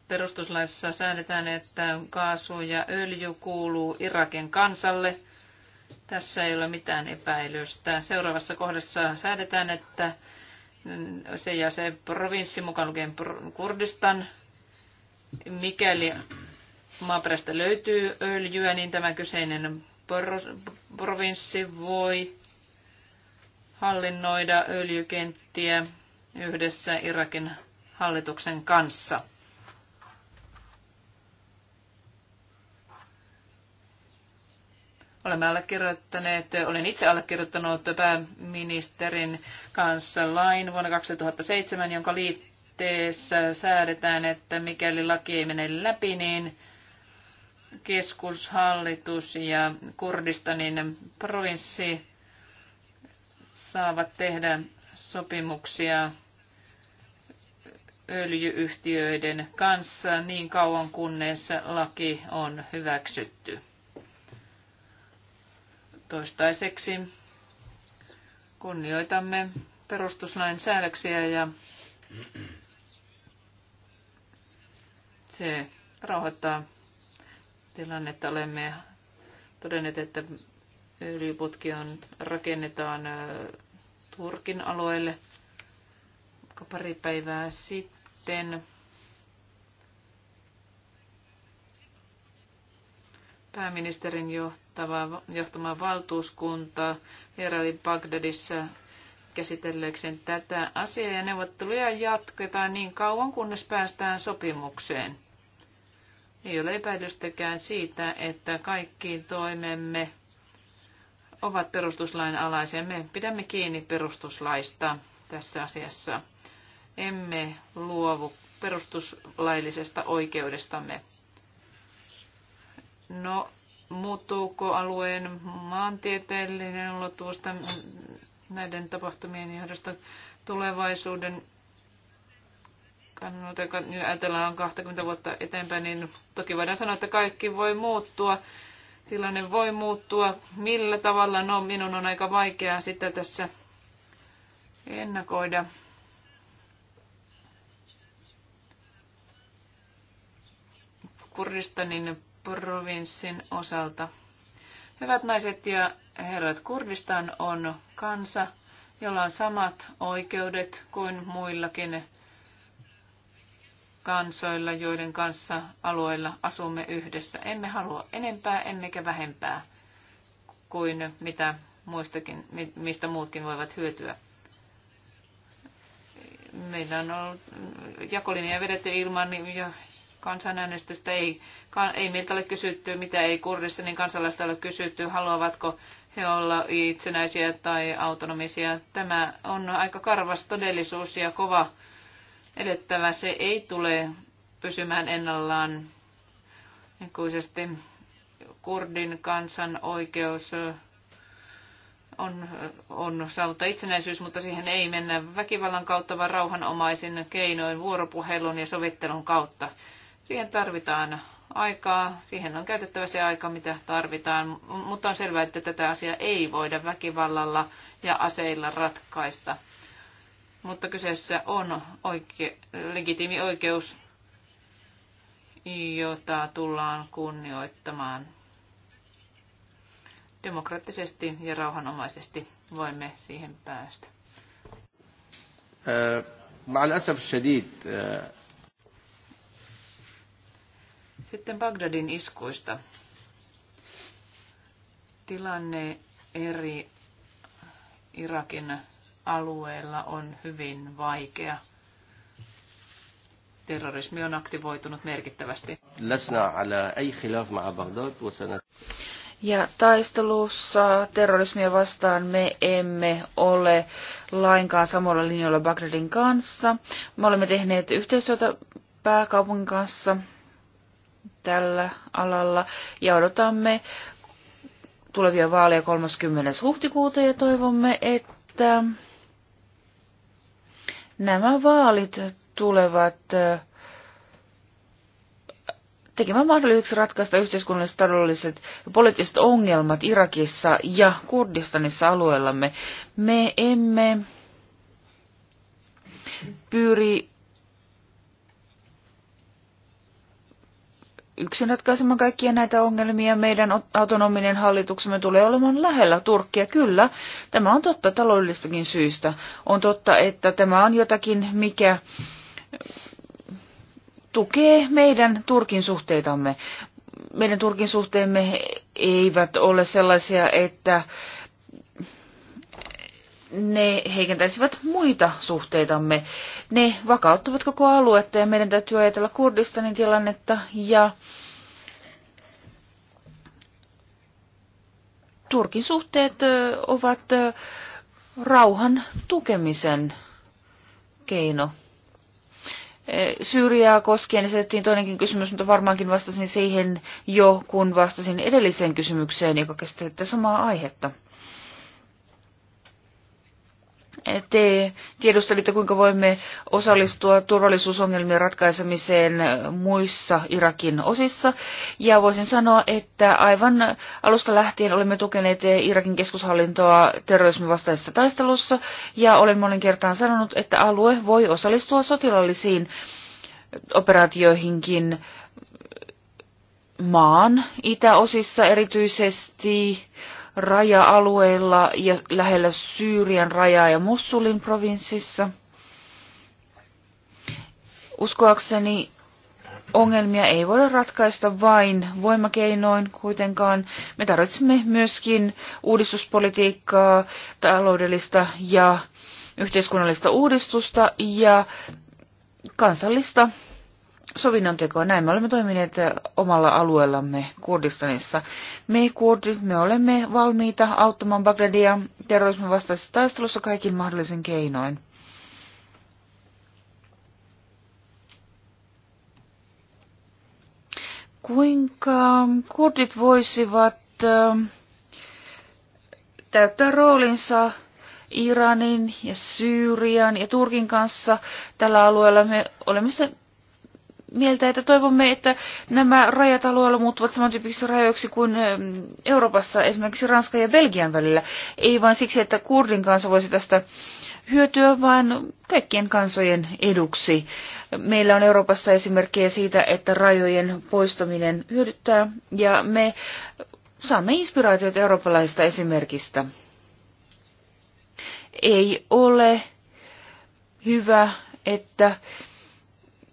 Perustuslaissa säädetään, että kaasu ja öljy kuuluu Irakin kansalle – tässä ei ole mitään epäilystä. Seuraavassa kohdassa säädetään, että se ja se provinssi, mukaan lukien Kurdistan, mikäli maaperästä löytyy öljyä, niin tämä kyseinen provinssi voi hallinnoida öljykenttiä yhdessä Irakin hallituksen kanssa. Olemme allekirjoittaneet, olen itse allekirjoittanut pääministerin kanssa lain vuonna 2007, jonka liitteessä säädetään, että mikäli laki ei mene läpi, niin keskushallitus ja Kurdistanin provinssi saavat tehdä sopimuksia öljyyhtiöiden kanssa niin kauan kunnes laki on hyväksytty. Toistaiseksi kunnioitamme perustuslain säädöksiä ja se rauhoittaa tilannetta. Olemme todenneet, että öljyputki on, rakennetaan Turkin alueelle pari päivää sitten. Pääministerin johto johtava, johtama valtuuskunta vieraili Bagdadissa käsitelleekseen tätä asiaa ja neuvotteluja jatketaan niin kauan, kunnes päästään sopimukseen. Ei ole epäilystäkään siitä, että kaikki toimemme ovat perustuslain alaisia. Me pidämme kiinni perustuslaista tässä asiassa. Emme luovu perustuslaillisesta oikeudestamme. No, muuttuuko alueen maantieteellinen ulottuvuus näiden tapahtumien johdosta tulevaisuuden kannalta, kun niin ajatellaan 20 vuotta eteenpäin, niin toki voidaan sanoa, että kaikki voi muuttua. Tilanne voi muuttua. Millä tavalla? No, minun on aika vaikeaa sitä tässä ennakoida. Kurdistanin provinssin osalta. Hyvät naiset ja herrat, Kurdistan on kansa, jolla on samat oikeudet kuin muillakin kansoilla, joiden kanssa alueilla asumme yhdessä. Emme halua enempää emmekä vähempää kuin mitä muistakin, mistä muutkin voivat hyötyä. Meillä on ollut jakolinja vedetty ilman kansanäänestystä ei, kan, ei meiltä ole kysytty, mitä ei kurdissa, niin kansalaisilta ole kysytty, haluavatko he olla itsenäisiä tai autonomisia. Tämä on aika karvas todellisuus ja kova edettävä. Se ei tule pysymään ennallaan ikuisesti. Kurdin kansan oikeus on, on saavuttaa itsenäisyys, mutta siihen ei mennä väkivallan kautta, vaan rauhanomaisin keinoin, vuoropuhelun ja sovittelun kautta. Siihen tarvitaan aikaa, siihen on käytettävä se aika, mitä tarvitaan, mutta on selvää, että tätä asiaa ei voida väkivallalla ja aseilla ratkaista. Mutta kyseessä on oike- legitiimi oikeus, jota tullaan kunnioittamaan. Demokraattisesti ja rauhanomaisesti voimme siihen päästä. Äh, sitten Bagdadin iskuista. Tilanne eri Irakin alueella on hyvin vaikea. Terrorismi on aktivoitunut merkittävästi. Ja taistelussa terrorismia vastaan me emme ole lainkaan samalla linjoilla Bagdadin kanssa. Me olemme tehneet yhteistyötä pääkaupungin kanssa tällä alalla ja odotamme tulevia vaaleja 30. huhtikuuta ja toivomme, että nämä vaalit tulevat tekemään mahdolliseksi ratkaista yhteiskunnalliset, taloudelliset ja poliittiset ongelmat Irakissa ja Kurdistanissa alueellamme. Me emme pyri yksin ratkaisemaan kaikkia näitä ongelmia. Meidän autonominen hallituksemme tulee olemaan lähellä Turkkia. Kyllä, tämä on totta taloudellistakin syistä. On totta, että tämä on jotakin, mikä tukee meidän Turkin suhteitamme. Meidän Turkin suhteemme eivät ole sellaisia, että ne heikentäisivät muita suhteitamme. Ne vakauttavat koko aluetta ja meidän täytyy ajatella Kurdistanin tilannetta ja Turkin suhteet ovat rauhan tukemisen keino. Syyriaa koskien esitettiin toinenkin kysymys, mutta varmaankin vastasin siihen jo, kun vastasin edelliseen kysymykseen, joka käsittelee samaa aihetta. Te tiedustelitte, kuinka voimme osallistua turvallisuusongelmien ratkaisemiseen muissa Irakin osissa. Ja voisin sanoa, että aivan alusta lähtien olemme tukeneet Irakin keskushallintoa terrorismin vastaisessa taistelussa. Ja olen monen kertaan sanonut, että alue voi osallistua sotilaallisiin operaatioihinkin maan itäosissa erityisesti raja-alueilla ja lähellä Syyrian rajaa ja Mussulin provinssissa. Uskoakseni ongelmia ei voida ratkaista vain voimakeinoin kuitenkaan. Me tarvitsemme myöskin uudistuspolitiikkaa, taloudellista ja yhteiskunnallista uudistusta ja kansallista tekoa. Näin me olemme toimineet omalla alueellamme Kurdistanissa. Me kurdit, me olemme valmiita auttamaan Bagdadia terrorismin vastaisessa taistelussa kaikin mahdollisen keinoin. Kuinka kurdit voisivat ähm, täyttää roolinsa Iranin ja Syyrian ja Turkin kanssa tällä alueella? Me olemme mieltä, että toivomme, että nämä rajat alueella muuttuvat samantyyppisiksi rajoiksi kuin Euroopassa, esimerkiksi Ranskan ja Belgian välillä. Ei vain siksi, että Kurdin kanssa voisi tästä hyötyä, vaan kaikkien kansojen eduksi. Meillä on Euroopassa esimerkkejä siitä, että rajojen poistaminen hyödyttää, ja me saamme inspiraatiot eurooppalaisista esimerkistä. Ei ole hyvä, että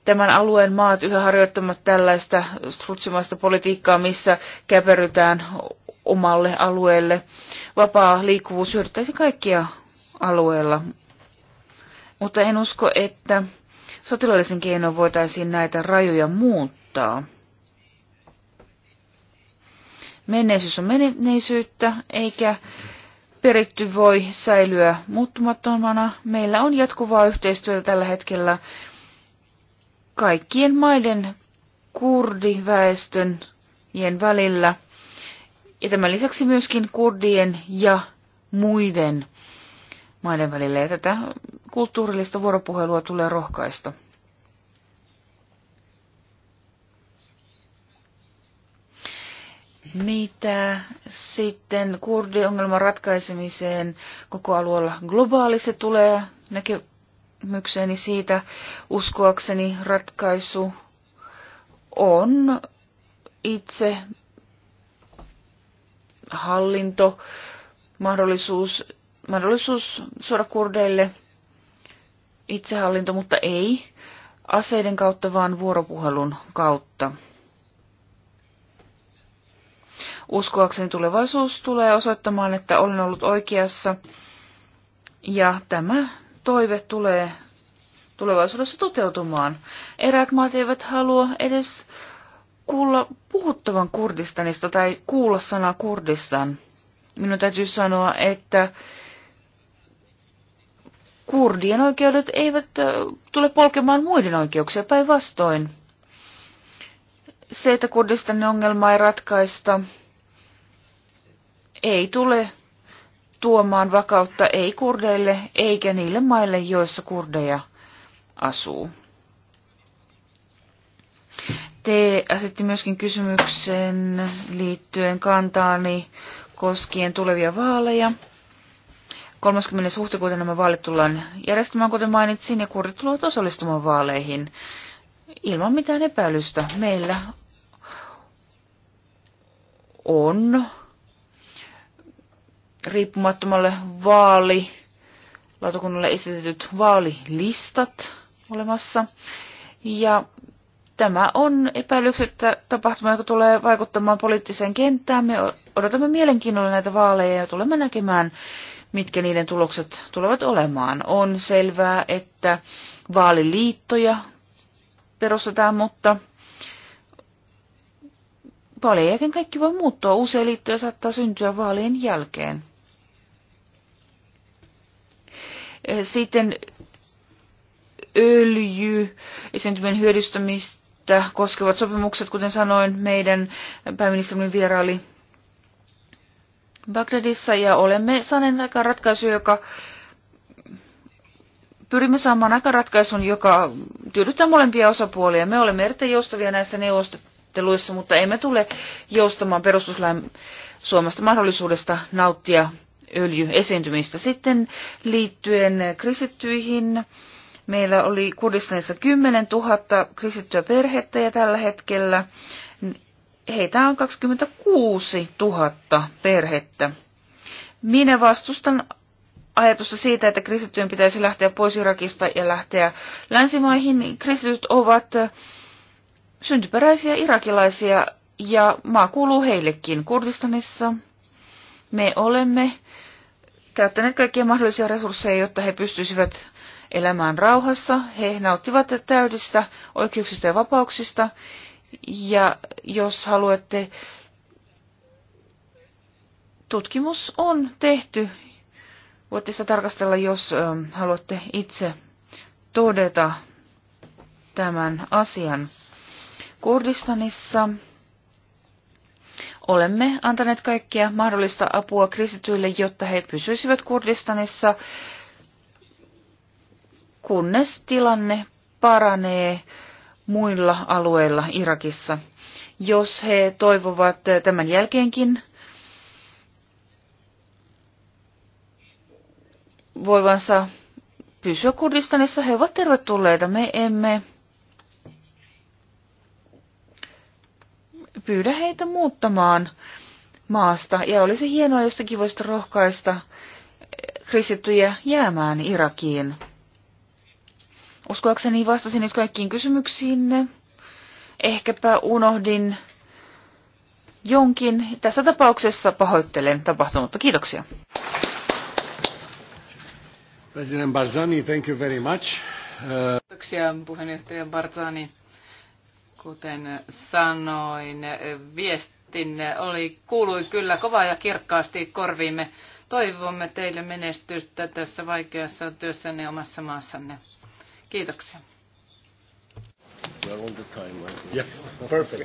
tämän alueen maat yhä harjoittamat tällaista strutsimaista politiikkaa, missä käperytään omalle alueelle. Vapaa liikkuvuus hyödyttäisi kaikkia alueella. Mutta en usko, että sotilaallisen keinoin voitaisiin näitä rajoja muuttaa. Menneisyys on menneisyyttä, eikä peritty voi säilyä muuttumattomana. Meillä on jatkuvaa yhteistyötä tällä hetkellä kaikkien maiden kurdiväestön välillä. Ja tämän lisäksi myöskin kurdien ja muiden maiden välillä. Ja tätä kulttuurillista vuoropuhelua tulee rohkaista. Mitä sitten kurdiongelman ratkaisemiseen koko alueella globaalisti tulee näkö, näkemykseeni siitä uskoakseni ratkaisu on itse hallinto, mahdollisuus, mahdollisuus suora kurdeille itsehallinto, mutta ei aseiden kautta, vaan vuoropuhelun kautta. Uskoakseni tulevaisuus tulee osoittamaan, että olen ollut oikeassa, ja tämä toive tulee tulevaisuudessa toteutumaan. Eräät maat eivät halua edes kuulla puhuttavan Kurdistanista tai kuulla sanaa Kurdistan. Minun täytyy sanoa, että kurdien oikeudet eivät tule polkemaan muiden oikeuksia päinvastoin. Se, että Kurdistanin ongelma ei ratkaista, ei tule tuomaan vakautta ei kurdeille eikä niille maille, joissa kurdeja asuu. Te asetti myöskin kysymyksen liittyen kantaani koskien tulevia vaaleja. 30. huhtikuuta nämä vaalit tullaan järjestämään, kuten mainitsin, ja kurdit tulevat osallistumaan vaaleihin ilman mitään epäilystä. Meillä on riippumattomalle lautakunnalle esitetyt vaalilistat olemassa. Ja tämä on epäilyksettä tapahtuma, joka tulee vaikuttamaan poliittiseen kenttään. Me odotamme mielenkiinnolla näitä vaaleja ja tulemme näkemään, mitkä niiden tulokset tulevat olemaan. On selvää, että vaaliliittoja perustetaan, mutta vaalien jälkeen kaikki voi muuttua. Uusia liittoja saattaa syntyä vaalien jälkeen. Sitten öljy, esiintymien hyödystämistä koskevat sopimukset, kuten sanoin, meidän pääministerimme vieraili Bagdadissa ja olemme saaneet aika ratkaisu, joka pyrimme saamaan aika ratkaisun, joka tyydyttää molempia osapuolia. Me olemme erittäin joustavia näissä neuvosteluissa, mutta emme tule joustamaan perustuslain Suomesta mahdollisuudesta nauttia öljyesiintymistä. Sitten liittyen kristittyihin, meillä oli Kurdistanissa 10 000 kristittyä perhettä ja tällä hetkellä heitä on 26 000 perhettä. Minä vastustan ajatusta siitä, että kristittyjen pitäisi lähteä pois Irakista ja lähteä länsimaihin. Kristityt ovat syntyperäisiä irakilaisia ja maa kuuluu heillekin Kurdistanissa. Me olemme käyttäneet kaikkia mahdollisia resursseja, jotta he pystyisivät elämään rauhassa. He nauttivat täydistä oikeuksista ja vapauksista. Ja jos haluatte, tutkimus on tehty. Voitte sitä tarkastella, jos ähm, haluatte itse todeta tämän asian. Kurdistanissa Olemme antaneet kaikkia mahdollista apua kristityille, jotta he pysyisivät Kurdistanissa, kunnes tilanne paranee muilla alueilla Irakissa. Jos he toivovat tämän jälkeenkin voivansa pysyä Kurdistanissa, he ovat tervetulleita. Me emme pyydä heitä muuttamaan maasta. Ja olisi hienoa, jostakin tekin rohkaista eh, kristittyjä jäämään Irakiin. Uskoakseni vastasin nyt kaikkiin kysymyksiinne. Ehkäpä unohdin jonkin. Tässä tapauksessa pahoittelen tapahtunutta. Kiitoksia. President Barzani, thank you very much. Kiitoksia puheenjohtaja Barzani. Kuten sanoin, viestin oli, kuului kyllä kovaa ja kirkkaasti korviimme. Toivomme teille menestystä tässä vaikeassa työssänne omassa maassanne. Kiitoksia. We're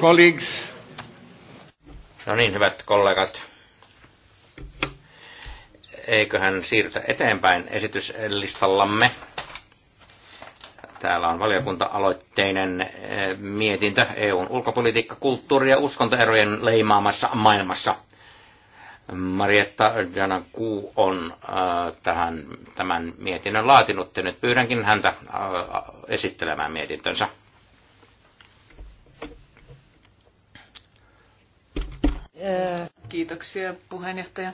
Colleagues. No niin, hyvät kollegat. Eiköhän siirrytä eteenpäin esityslistallamme. Täällä on valiokunta-aloitteinen eh, mietintö EUn ulkopolitiikka, kulttuuri ja uskontoerojen leimaamassa maailmassa. Marietta Janaku on eh, tähän, tämän mietinnön laatinut ja nyt pyydänkin häntä eh, esittelemään mietintönsä. Kiitoksia puheenjohtaja.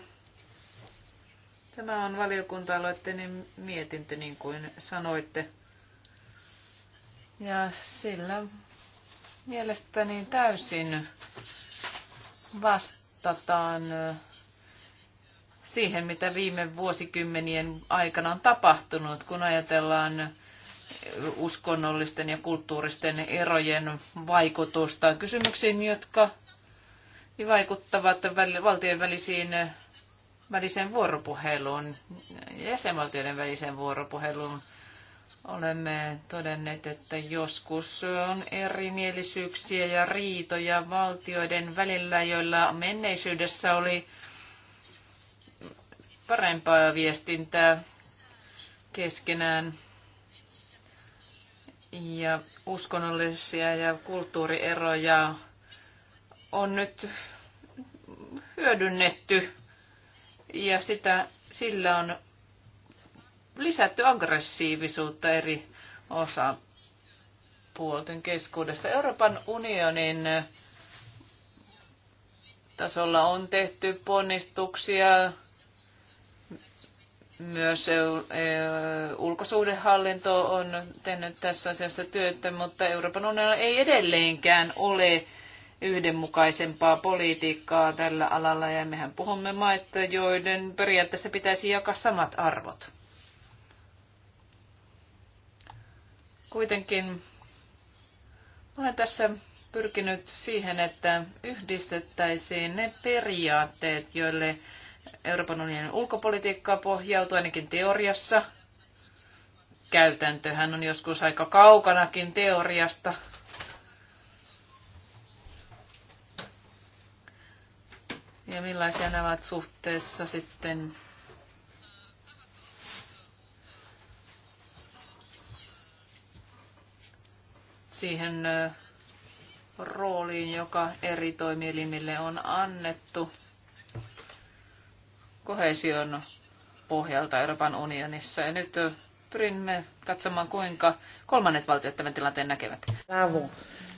Tämä on valiokunta-aloitteinen mietintö, niin kuin sanoitte. Ja sillä mielestäni täysin vastataan siihen, mitä viime vuosikymmenien aikana on tapahtunut, kun ajatellaan uskonnollisten ja kulttuuristen erojen vaikutusta kysymyksiin, jotka vaikuttavat valtion välisiin, äh, väliseen vuoropuheluun, jäsenvaltioiden väliseen vuoropuheluun. Olemme todenneet, että joskus on erimielisyyksiä ja riitoja valtioiden välillä, joilla menneisyydessä oli parempaa viestintää keskenään. Ja uskonnollisia ja kulttuurieroja on nyt hyödynnetty ja sitä, sillä on lisätty aggressiivisuutta eri osapuolten keskuudessa. Euroopan unionin tasolla on tehty ponnistuksia myös e, ulkosuhdehallinto on tehnyt tässä asiassa työtä, mutta Euroopan unionilla ei edelleenkään ole yhdenmukaisempaa politiikkaa tällä alalla ja mehän puhumme maista, joiden periaatteessa pitäisi jakaa samat arvot. Kuitenkin olen tässä pyrkinyt siihen, että yhdistettäisiin ne periaatteet, joille Euroopan unionin ulkopolitiikka pohjautuu ainakin teoriassa. Käytäntöhän on joskus aika kaukanakin teoriasta, ja millaisia nämä ovat suhteessa sitten siihen rooliin, joka eri toimielimille on annettu kohesion pohjalta Euroopan unionissa. Ja nyt pyrimme katsomaan, kuinka kolmannet valtiot tämän tilanteen näkevät. Bravo.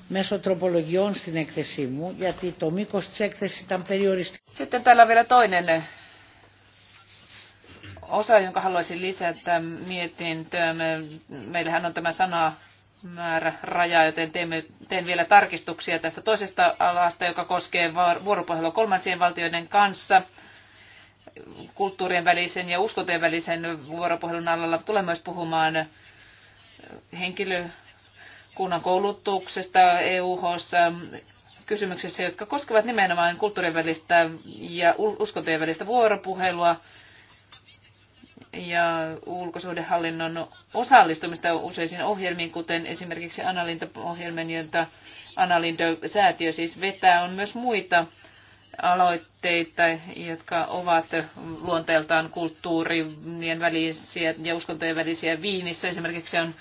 Μέσω τροπολογιών στην έκθεσή μου, γιατί το μήκος της ήταν περιοριστικό. Sitten täällä on vielä toinen osa, jonka haluaisin lisätä mietintöön. Meillähän on tämä sana määrä raja, joten teemme, teen vielä tarkistuksia tästä toisesta alasta, joka koskee vuoropuhelua kolmansien valtioiden kanssa kulttuurien välisen ja uskontojen välisen vuoropuhelun alalla. tulee myös puhumaan henkilökunnan koulutuksesta EUHssa kysymyksissä, jotka koskevat nimenomaan kulttuurien välistä ja uskontojen välistä vuoropuhelua ja ulkosuhdehallinnon osallistumista useisiin ohjelmiin, kuten esimerkiksi Analinta-ohjelmen, jota Analindo-säätiö siis vetää, on myös muita aloitteita, jotka ovat luonteeltaan kulttuurien välisiä ja uskontojen välisiä. Viinissä esimerkiksi on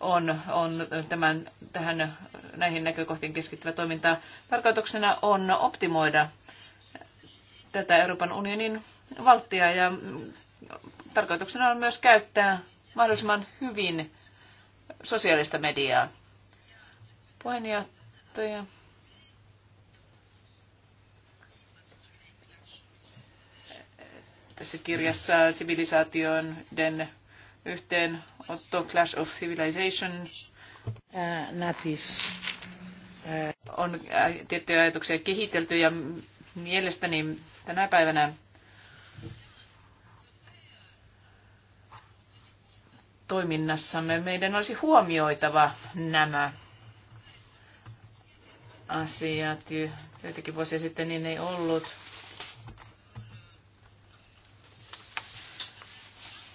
on, on tämän, tähän, näihin näkökohtiin keskittyvä toiminta. Tarkoituksena on optimoida tätä Euroopan unionin valttia ja tarkoituksena on myös käyttää mahdollisimman hyvin sosiaalista mediaa. Puheenjohtaja. Tässä kirjassa sivilisaatioiden yhteen Otto Clash of Civilization. Ää, nätis. Ää. On tiettyjä ajatuksia kehitelty ja mielestäni tänä päivänä toiminnassamme meidän olisi huomioitava nämä asiat. Joitakin vuosia sitten niin ei ollut.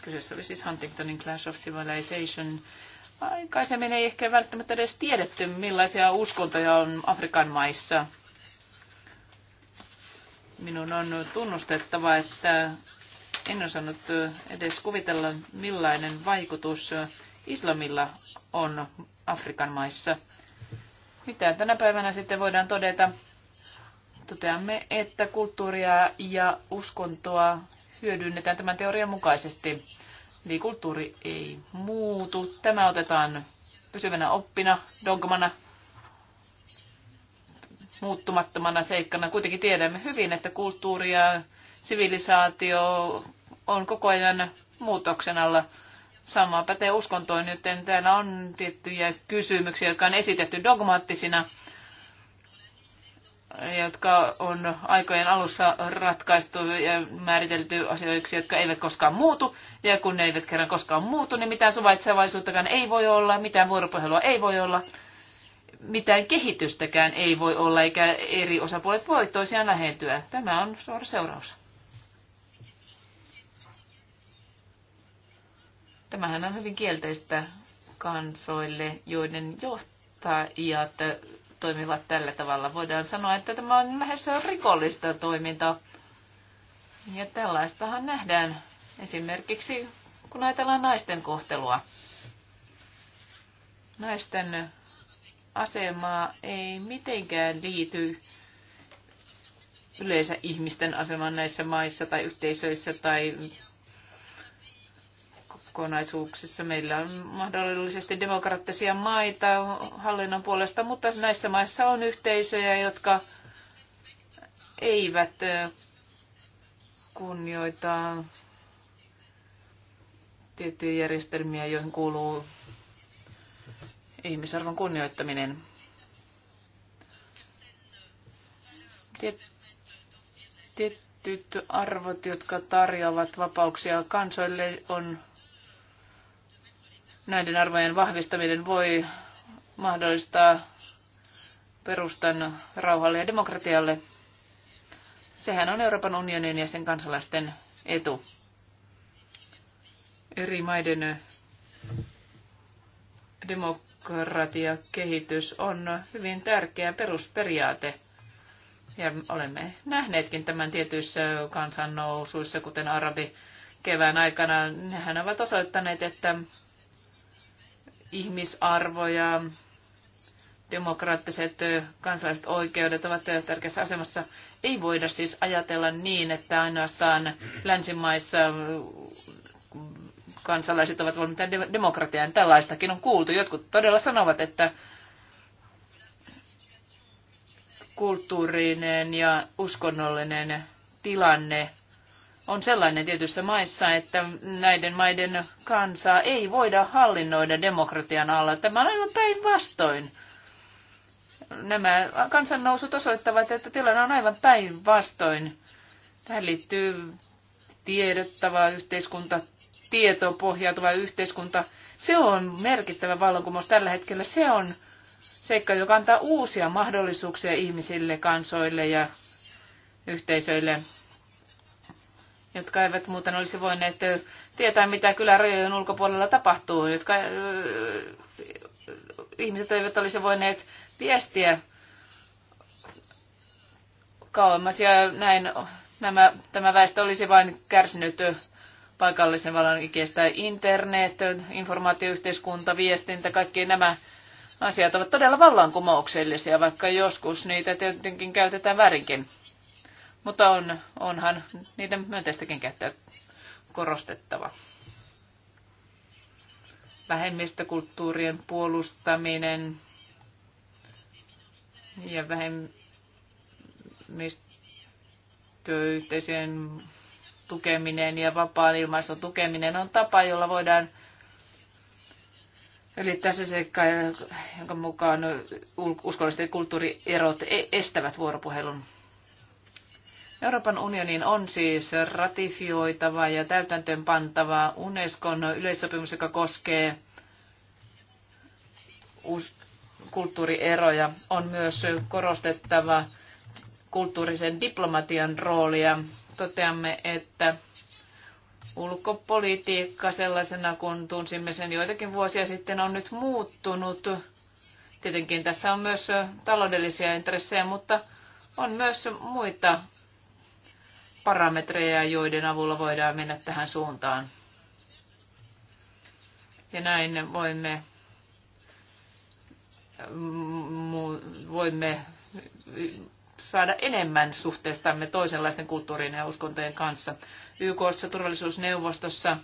Kyseessä oli siis Huntingtonin Clash of Civilization. Aikaisemmin ei ehkä välttämättä edes tiedetty, millaisia uskontoja on Afrikan maissa. Minun on tunnustettava, että en osannut edes kuvitella, millainen vaikutus islamilla on Afrikan maissa. Mitä tänä päivänä sitten voidaan todeta? Toteamme, että kulttuuria ja uskontoa hyödynnetään tämän teorian mukaisesti. Eli kulttuuri ei muutu. Tämä otetaan pysyvänä oppina, dogmana, muuttumattomana seikkana. Kuitenkin tiedämme hyvin, että kulttuuri ja sivilisaatio on koko ajan muutoksen alla. Sama pätee uskontoon, joten täällä on tiettyjä kysymyksiä, jotka on esitetty dogmaattisina – jotka on aikojen alussa ratkaistu ja määritelty asioiksi, jotka eivät koskaan muutu. Ja kun ne eivät kerran koskaan muutu, niin mitään suvaitsevaisuuttakaan ei voi olla, mitään vuoropuhelua ei voi olla, mitään kehitystäkään ei voi olla, eikä eri osapuolet voi toisiaan lähentyä. Tämä on suora seuraus. Tämähän on hyvin kielteistä kansoille, joiden johtajat toimivat tällä tavalla. Voidaan sanoa, että tämä on lähes rikollista toimintaa. Ja tällaistahan nähdään esimerkiksi, kun ajatellaan naisten kohtelua. Naisten asemaa ei mitenkään liity yleensä ihmisten asemaan näissä maissa tai yhteisöissä tai kokonaisuuksissa. Meillä on mahdollisesti demokraattisia maita hallinnon puolesta, mutta näissä maissa on yhteisöjä, jotka eivät kunnioita tiettyjä järjestelmiä, joihin kuuluu ihmisarvon kunnioittaminen. Tietyt arvot, jotka tarjoavat vapauksia kansoille, on Näiden arvojen vahvistaminen voi mahdollistaa perustan rauhalle ja demokratialle. Sehän on Euroopan unionin ja sen kansalaisten etu. Eri maiden demokratiakehitys on hyvin tärkeä perusperiaate. Ja olemme nähneetkin tämän tietyissä kansannousuissa, kuten arabi kevään aikana. Nehän ovat osoittaneet, että ihmisarvoja, demokraattiset kansalliset oikeudet ovat tärkeässä asemassa. Ei voida siis ajatella niin, että ainoastaan länsimaissa kansalaiset ovat valmiita demokratiaan. Tällaistakin on kuultu. Jotkut todella sanovat, että kulttuurinen ja uskonnollinen tilanne on sellainen tietyissä maissa, että näiden maiden kansaa ei voida hallinnoida demokratian alla. Tämä on aivan päinvastoin. Nämä kansannousut osoittavat, että tilanne on aivan päinvastoin. Tähän liittyy tiedottava yhteiskunta, tietoon pohjautuva yhteiskunta. Se on merkittävä vallankumous tällä hetkellä. Se on seikka, joka antaa uusia mahdollisuuksia ihmisille, kansoille ja yhteisöille jotka eivät muuten olisi voineet tietää, mitä rajojen ulkopuolella tapahtuu, jotka ihmiset eivät olisi voineet viestiä kauemmas ja näin nämä, tämä väestö olisi vain kärsinyt paikallisen vallan ikestä. Internet, informaatioyhteiskunta, viestintä, kaikki nämä asiat ovat todella vallankumouksellisia, vaikka joskus niitä tietenkin käytetään väärinkin mutta on, onhan niiden myönteistäkin käyttöä korostettava. Vähemmistökulttuurien puolustaminen ja vähemmistöyhteisöjen tukeminen ja vapaan ilmaisun tukeminen on tapa, jolla voidaan eli se seikka, jonka mukaan uskonnolliset kulttuurierot e- estävät vuoropuhelun Euroopan unionin on siis ratifioitava ja täytäntöön pantava Unescon yleissopimus, joka koskee kulttuurieroja. On myös korostettava kulttuurisen diplomatian roolia. Toteamme, että ulkopolitiikka sellaisena, kun tunsimme sen joitakin vuosia sitten, on nyt muuttunut. Tietenkin tässä on myös taloudellisia intressejä, mutta on myös muita parametreja, joiden avulla voidaan mennä tähän suuntaan. Ja näin voimme, mm, voimme saada enemmän suhteestamme toisenlaisten kulttuurien ja uskontojen kanssa. YKssa turvallisuusneuvostossa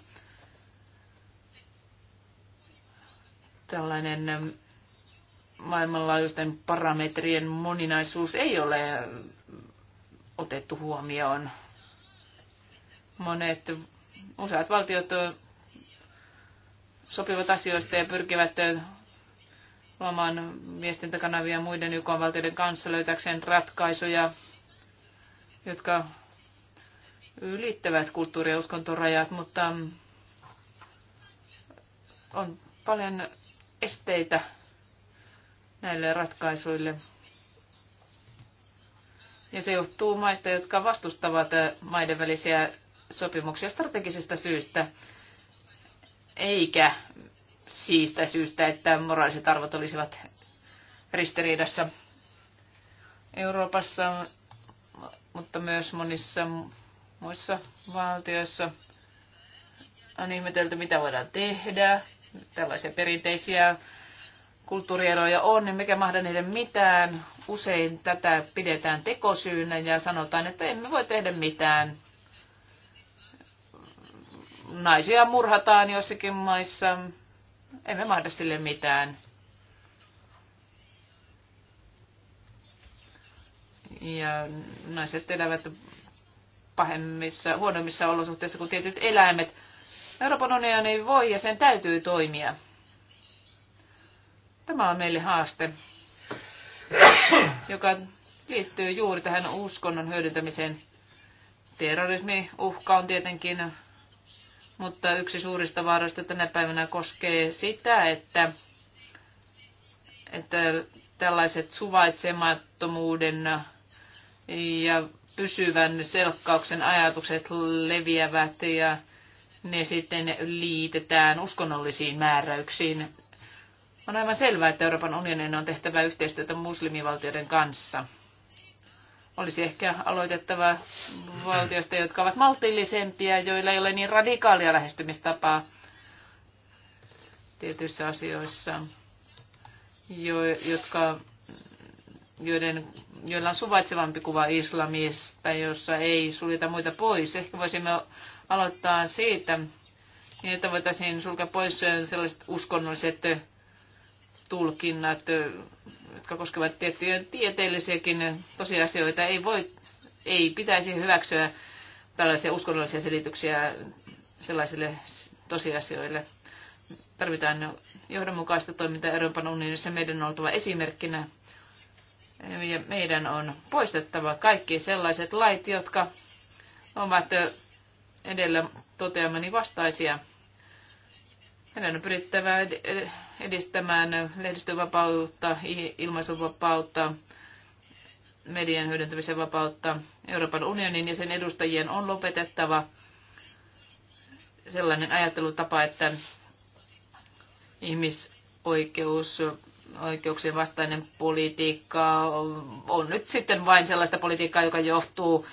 tällainen maailmanlaajuisten parametrien moninaisuus ei ole otettu huomioon Monet useat valtiot sopivat asioista ja pyrkivät luomaan viestintäkanavia muiden YK-valtioiden kanssa löytääkseen ratkaisuja, jotka ylittävät kulttuuri- ja uskontorajat, mutta on paljon esteitä näille ratkaisuille. Ja se johtuu maista, jotka vastustavat maiden välisiä sopimuksia strategisista syistä, eikä siistä syystä, että moraaliset arvot olisivat ristiriidassa Euroopassa, mutta myös monissa muissa valtioissa on ihmetelty, mitä voidaan tehdä. Tällaisia perinteisiä kulttuurieroja on, niin mikä mahda niiden mitään. Usein tätä pidetään tekosyynä ja sanotaan, että emme voi tehdä mitään naisia murhataan jossakin maissa. Emme mahda sille mitään. Ja naiset elävät pahemmissa, huonommissa olosuhteissa kuin tietyt eläimet. Euroopan unioni voi ja sen täytyy toimia. Tämä on meille haaste, joka liittyy juuri tähän uskonnon hyödyntämiseen. Terrorismi uhka on tietenkin mutta yksi suurista vaaroista tänä päivänä koskee sitä, että, että tällaiset suvaitsemattomuuden ja pysyvän selkkauksen ajatukset leviävät ja ne sitten liitetään uskonnollisiin määräyksiin. On aivan selvää, että Euroopan unionin on tehtävä yhteistyötä muslimivaltioiden kanssa. Olisi ehkä aloitettava valtiosta jotka ovat maltillisempia, joilla ei ole niin radikaalia lähestymistapaa tietyissä asioissa, jo, jotka, joiden, joilla on suvaitsevampi kuva islamista, jossa ei suljeta muita pois. Ehkä voisimme aloittaa siitä, niin että voitaisiin sulkea pois sellaiset uskonnolliset tulkinnat, jotka koskevat tiettyjä tieteellisiäkin tosiasioita, ei, voi, ei pitäisi hyväksyä tällaisia uskonnollisia selityksiä sellaisille tosiasioille. Tarvitaan johdonmukaista toimintaa Euroopan unionissa. Meidän on oltava esimerkkinä ja meidän on poistettava kaikki sellaiset lait, jotka ovat edellä toteamani vastaisia hänen on pyrittävä edistämään lehdistövapautta, ilmaisuvapautta, median hyödyntämisen vapautta. Euroopan unionin ja sen edustajien on lopetettava sellainen ajattelutapa, että ihmisoikeus oikeuksien vastainen politiikka on nyt sitten vain sellaista politiikkaa, joka johtuu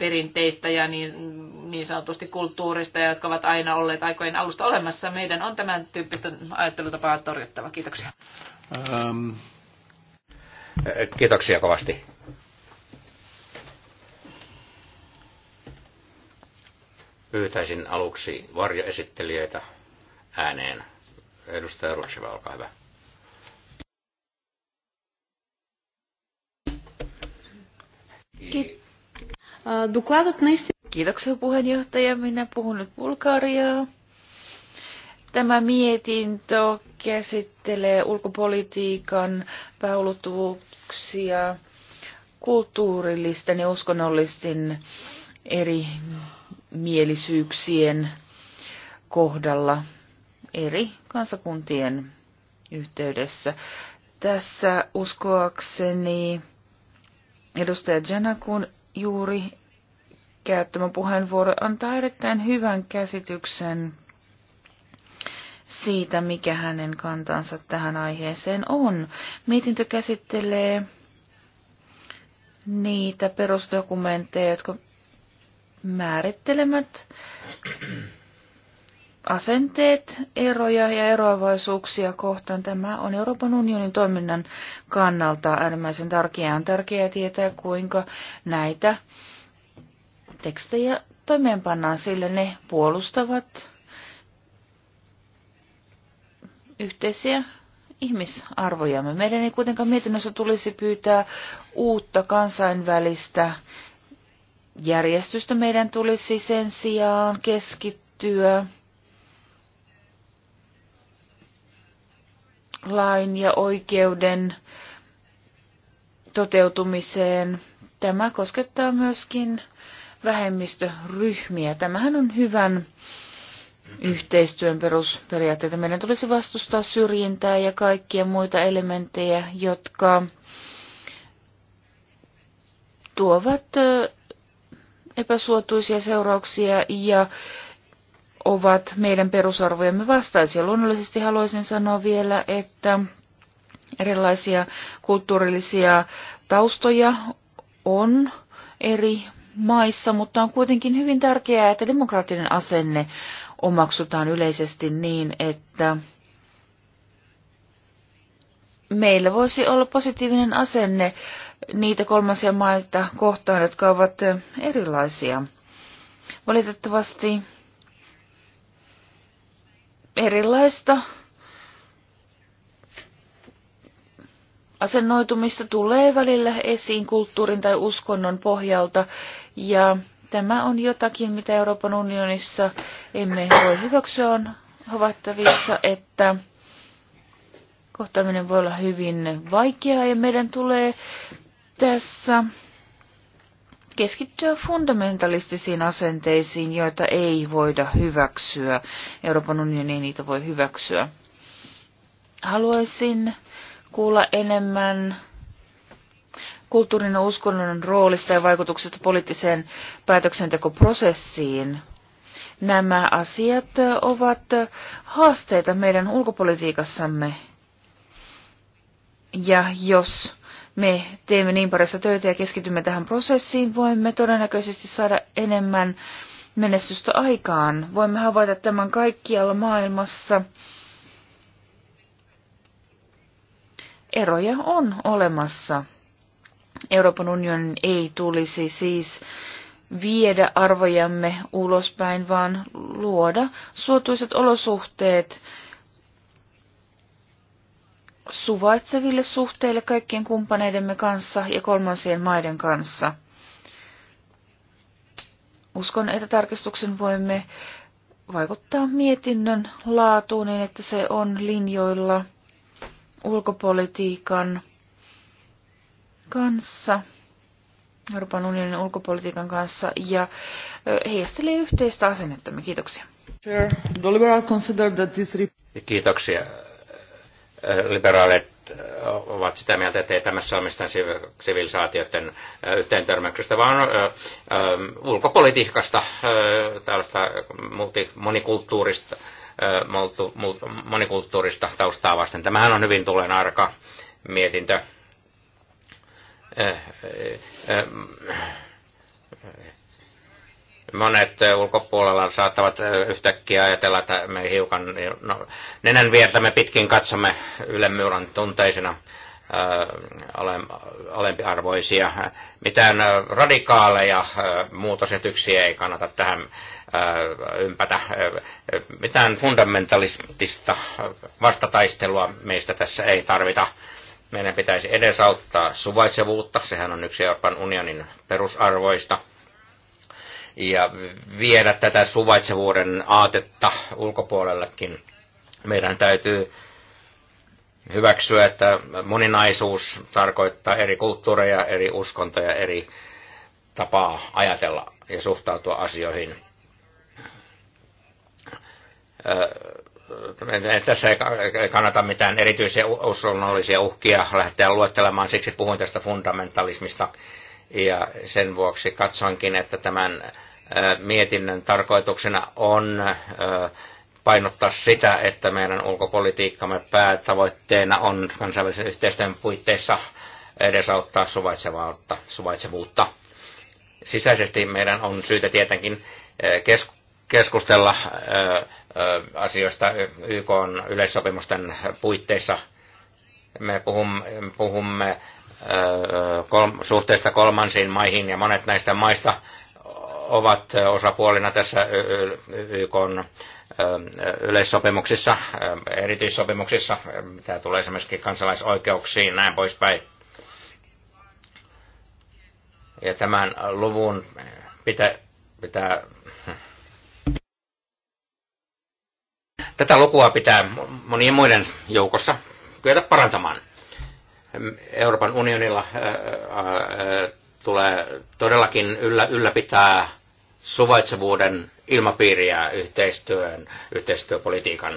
perinteistä ja niin, niin sanotusti kulttuurista, jotka ovat aina olleet aikojen alusta olemassa. Meidän on tämän tyyppistä ajattelutapaa torjuttava. Kiitoksia. Ähm. Kiitoksia kovasti. Pyytäisin aluksi varjoesittelijöitä ääneen. Edustaja Rutsiva, olkaa hyvä. Kiitos. Докладът наистина... Kiitoksia puheenjohtaja. Minä puhun nyt Bulgariaa. Tämä mietintö käsittelee ulkopolitiikan pääulottuvuuksia kulttuurillisten ja uskonnollisten eri mielisyyksien kohdalla eri kansakuntien yhteydessä. Tässä uskoakseni edustaja Janakun juuri käyttämä puheenvuoro antaa erittäin hyvän käsityksen siitä, mikä hänen kantansa tähän aiheeseen on. Mietintö käsittelee niitä perusdokumentteja, jotka määrittelemät asenteet, eroja ja eroavaisuuksia kohtaan. Tämä on Euroopan unionin toiminnan kannalta äärimmäisen tärkeää. On tärkeää tietää, kuinka näitä tekstejä toimeenpannaan, sillä ne puolustavat yhteisiä ihmisarvoja. Meidän ei kuitenkaan mietinnössä tulisi pyytää uutta kansainvälistä järjestystä. Meidän tulisi sen sijaan keskittyä lain ja oikeuden toteutumiseen. Tämä koskettaa myöskin vähemmistöryhmiä. Tämähän on hyvän yhteistyön perusperiaatteita. Meidän tulisi vastustaa syrjintää ja kaikkia muita elementtejä, jotka tuovat epäsuotuisia seurauksia ja ovat meidän perusarvojemme vastaisia. Luonnollisesti haluaisin sanoa vielä, että erilaisia kulttuurillisia taustoja on eri maissa, mutta on kuitenkin hyvin tärkeää, että demokraattinen asenne omaksutaan yleisesti niin, että meillä voisi olla positiivinen asenne niitä kolmansia maita kohtaan, jotka ovat erilaisia. Valitettavasti erilaista asennoitumista tulee välillä esiin kulttuurin tai uskonnon pohjalta ja tämä on jotakin, mitä Euroopan unionissa emme voi hyväksyä. On havaittavissa, että kohtaaminen voi olla hyvin vaikeaa ja meidän tulee tässä keskittyä fundamentalistisiin asenteisiin, joita ei voida hyväksyä. Euroopan unioni ei niitä voi hyväksyä. Haluaisin kuulla enemmän kulttuurin ja uskonnon roolista ja vaikutuksesta poliittiseen päätöksentekoprosessiin. Nämä asiat ovat haasteita meidän ulkopolitiikassamme. Ja jos me teemme niin parissa töitä ja keskitymme tähän prosessiin, voimme todennäköisesti saada enemmän menestystä aikaan. Voimme havaita tämän kaikkialla maailmassa. Eroja on olemassa. Euroopan unionin ei tulisi siis viedä arvojamme ulospäin, vaan luoda suotuisat olosuhteet suvaitseville suhteille kaikkien kumppaneidemme kanssa ja kolmansien maiden kanssa. Uskon, että tarkistuksen voimme vaikuttaa mietinnön laatuun niin, että se on linjoilla ulkopolitiikan kanssa, Euroopan unionin ulkopolitiikan kanssa ja heijastelee yhteistä asennettamme. Kiitoksia. Kiitoksia liberaalit ovat sitä mieltä, että ei tämmössä ole mistään sivilisaatioiden törmäyksestä, vaan ulkopolitiikasta, tällaista monikulttuurista, monikulttuurista taustaa vasten. Tämähän on hyvin tulen arka mietintö monet ulkopuolella saattavat yhtäkkiä ajatella, että me hiukan no, nenän viertämme pitkin katsomme ylemmyyran tunteisina alempiarvoisia. Mitään radikaaleja muutosetyksiä ei kannata tähän ympätä. Mitään fundamentalistista vastataistelua meistä tässä ei tarvita. Meidän pitäisi edesauttaa suvaitsevuutta, sehän on yksi Euroopan unionin perusarvoista – ja viedä tätä suvaitsevuuden aatetta ulkopuolellekin. Meidän täytyy hyväksyä, että moninaisuus tarkoittaa eri kulttuureja, eri uskontoja, eri tapaa ajatella ja suhtautua asioihin. Tässä ei kannata mitään erityisiä uskonnollisia uhkia lähteä luettelemaan, siksi puhuin tästä fundamentalismista ja sen vuoksi katsoinkin, että tämän äh, mietinnön tarkoituksena on äh, painottaa sitä, että meidän ulkopolitiikkamme päätavoitteena on kansainvälisen yhteistyön puitteissa edesauttaa suvaitsevuutta. suvaitsevuutta. Sisäisesti meidän on syytä tietenkin äh, keskustella asioista YK yleissopimusten puitteissa. Me puhumme, puhumme suhteesta kolmansiin maihin ja monet näistä maista ovat osapuolina tässä YK yleissopimuksissa, erityissopimuksissa, mitä tulee esimerkiksi kansalaisoikeuksiin näin poispäin. Ja tämän luvun pitää, pitää tätä lukua pitää monien muiden joukossa kyetä parantamaan. Euroopan unionilla tulee todellakin ylläpitää suvaitsevuuden ilmapiiriä yhteistyön, yhteistyöpolitiikan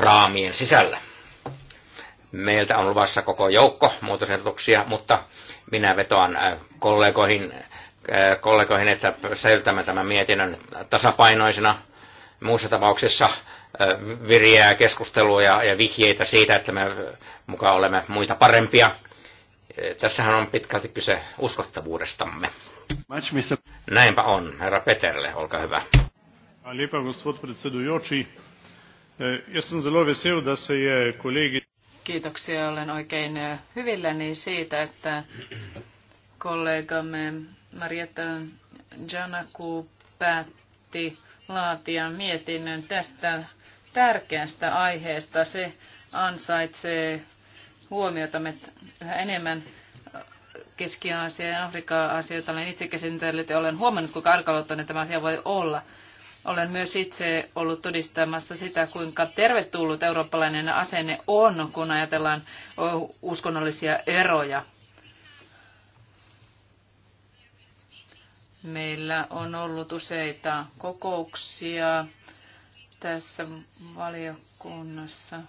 raamien sisällä. Meiltä on luvassa koko joukko muutosehdotuksia, mutta minä vetoan kollegoihin, kollegoihin että säilytämme tämän mietinnön tasapainoisena. Muussa tapauksessa viriää keskustelua ja, ja vihjeitä siitä, että me mukaan olemme muita parempia. Tässähän on pitkälti kyse uskottavuudestamme. Näinpä on. Herra Peterle, olkaa hyvä. E, Kiitoksia. Olen oikein e, hyvilläni siitä, että kollegamme Marietta Janaku päätti laatia mietinnön tästä tärkeästä aiheesta. Se ansaitsee me yhä enemmän Keski-Aasia ja Afrikan asioita. Olen itse käsitellyt ja olen huomannut, kuinka arkaluontoinen tämä asia voi olla. Olen myös itse ollut todistamassa sitä, kuinka tervetullut eurooppalainen asenne on, kun ajatellaan uskonnollisia eroja. Meillä on ollut useita kokouksia tässä valiokunnassa.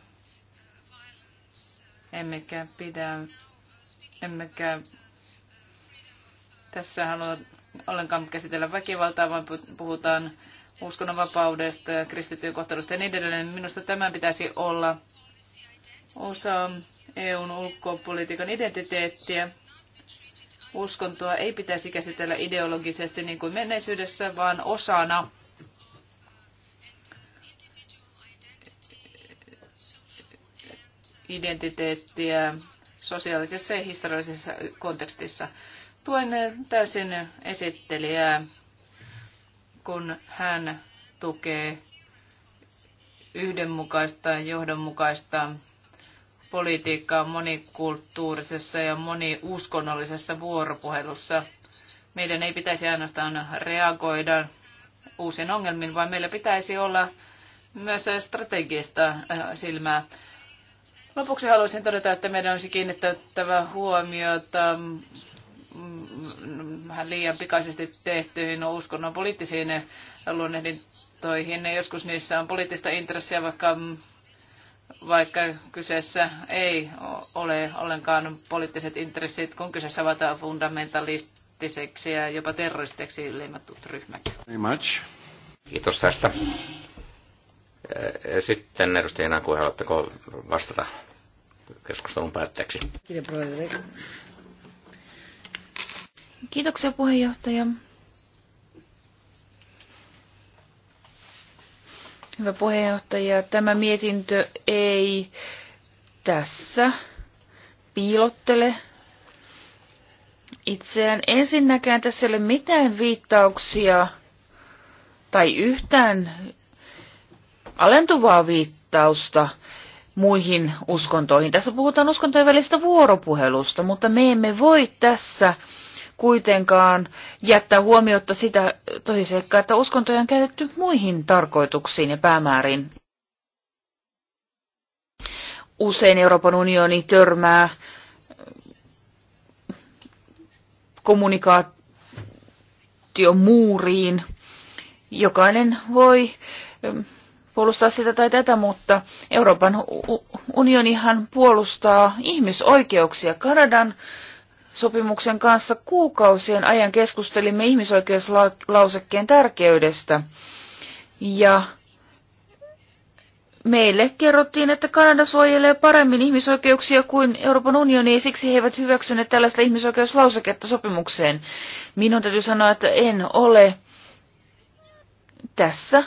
Emmekä pidä, emmekä tässä halua ollenkaan käsitellä väkivaltaa, vaan puhutaan uskonnonvapaudesta, kristityön kohtelusta ja niin edelleen. Minusta tämä pitäisi olla osa EUn ulkopolitiikan identiteettiä. Uskontoa ei pitäisi käsitellä ideologisesti niin kuin menneisyydessä, vaan osana identiteettiä sosiaalisessa ja historiallisessa kontekstissa. Tuen täysin esittelijää, kun hän tukee yhdenmukaista ja johdonmukaista politiikkaa monikulttuurisessa ja moniuskonnollisessa vuoropuhelussa. Meidän ei pitäisi ainoastaan reagoida uusiin ongelmiin, vaan meillä pitäisi olla myös strategista äh, silmää Lopuksi haluaisin todeta, että meidän olisi kiinnittävä huomiota mm, vähän liian pikaisesti tehtyihin uskonnon poliittisiin luonnehdintoihin. Joskus niissä on poliittista intressiä, vaikka, vaikka kyseessä ei ole ollenkaan poliittiset intressit, kun kyseessä ovat fundamentalistiseksi ja jopa terroristeiksi leimattut ryhmät. Kiitos tästä sitten edustaja Naku, haluatteko vastata keskustelun päätteeksi? Kiitoksia puheenjohtaja. Hyvä puheenjohtaja, tämä mietintö ei tässä piilottele itseään. Ensinnäkään tässä ei ole mitään viittauksia tai yhtään alentuvaa viittausta muihin uskontoihin. Tässä puhutaan uskontojen välistä vuoropuhelusta, mutta me emme voi tässä kuitenkaan jättää huomiota sitä tosiseikkaa, että uskontoja on käytetty muihin tarkoituksiin ja päämäärin. Usein Euroopan unioni törmää äh, kommunikaatiomuuriin. Jokainen voi äh, puolustaa sitä tai tätä, mutta Euroopan unionihan puolustaa ihmisoikeuksia. Kanadan sopimuksen kanssa kuukausien ajan keskustelimme ihmisoikeuslausekkeen tärkeydestä. Ja meille kerrottiin, että Kanada suojelee paremmin ihmisoikeuksia kuin Euroopan unioni, ja siksi he eivät hyväksyneet tällaista ihmisoikeuslauseketta sopimukseen. Minun täytyy sanoa, että en ole tässä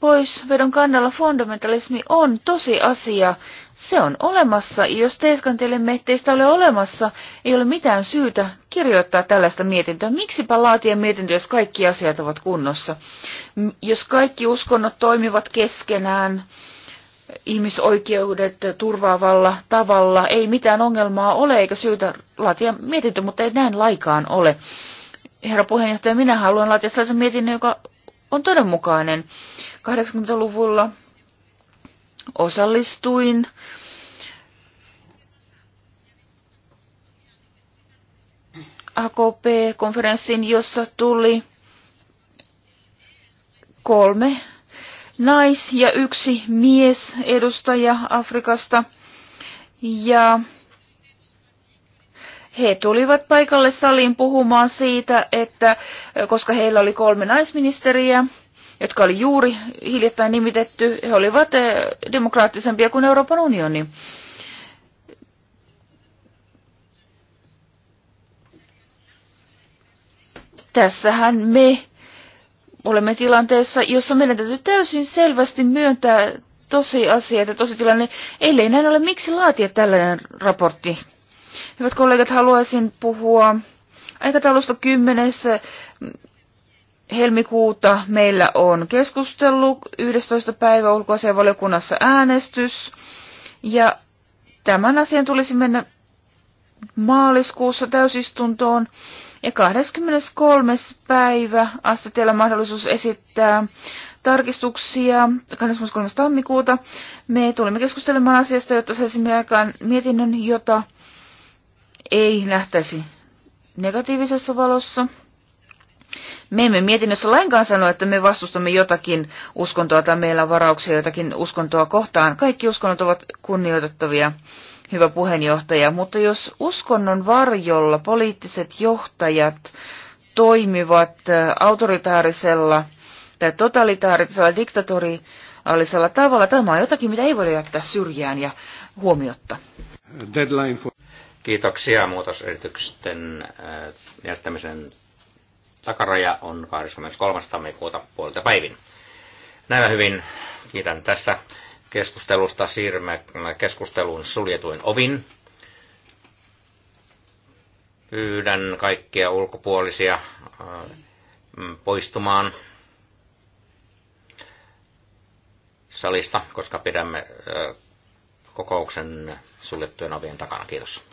pois vedon kannalla fundamentalismi on tosi asia. Se on olemassa, jos teeskantelemme, ettei sitä ole olemassa, ei ole mitään syytä kirjoittaa tällaista mietintöä. Miksipä laatia mietintö, jos kaikki asiat ovat kunnossa? Jos kaikki uskonnot toimivat keskenään, ihmisoikeudet turvaavalla tavalla, ei mitään ongelmaa ole eikä syytä laatia mietintö, mutta ei näin laikaan ole. Herra puheenjohtaja, minä haluan laatia sellaisen mietinnön, joka on todenmukainen. 80-luvulla osallistuin AKP-konferenssiin, jossa tuli kolme nais- ja yksi mies edustaja Afrikasta. Ja he tulivat paikalle saliin puhumaan siitä, että koska heillä oli kolme naisministeriä, jotka oli juuri hiljattain nimitetty, he olivat eh, demokraattisempia kuin Euroopan unioni. Tässähän me olemme tilanteessa, jossa meidän täytyy täysin selvästi myöntää tosiasia ja tositilanne. Ellei näin ole, miksi laatia tällainen raportti? Hyvät kollegat, haluaisin puhua aikataulusta kymmenessä helmikuuta meillä on keskustelu, 11. päivä valiokunnassa äänestys, ja tämän asian tulisi mennä maaliskuussa täysistuntoon, ja 23. päivä asteteella mahdollisuus esittää tarkistuksia 23. tammikuuta. Me tulemme keskustelemaan asiasta, jotta saisimme aikaan mietinnön, jota ei nähtäisi negatiivisessa valossa. Me emme mietinnössä lainkaan sano, että me vastustamme jotakin uskontoa tai meillä on varauksia jotakin uskontoa kohtaan. Kaikki uskonnot ovat kunnioitettavia, hyvä puheenjohtaja, mutta jos uskonnon varjolla poliittiset johtajat toimivat autoritaarisella tai totalitaarisella diktatorisella tavalla, tämä on jotakin, mitä ei voi jättää syrjään ja huomiotta. Deadline for... Kiitoksia muutosesitysten jättämisen Takaraja on 23. tammikuuta puolta päivin. Näillä hyvin kiitän tästä keskustelusta. Siirrymme keskusteluun suljetuin ovin. Pyydän kaikkia ulkopuolisia äh, poistumaan salista, koska pidämme äh, kokouksen suljettujen ovien takana. Kiitos.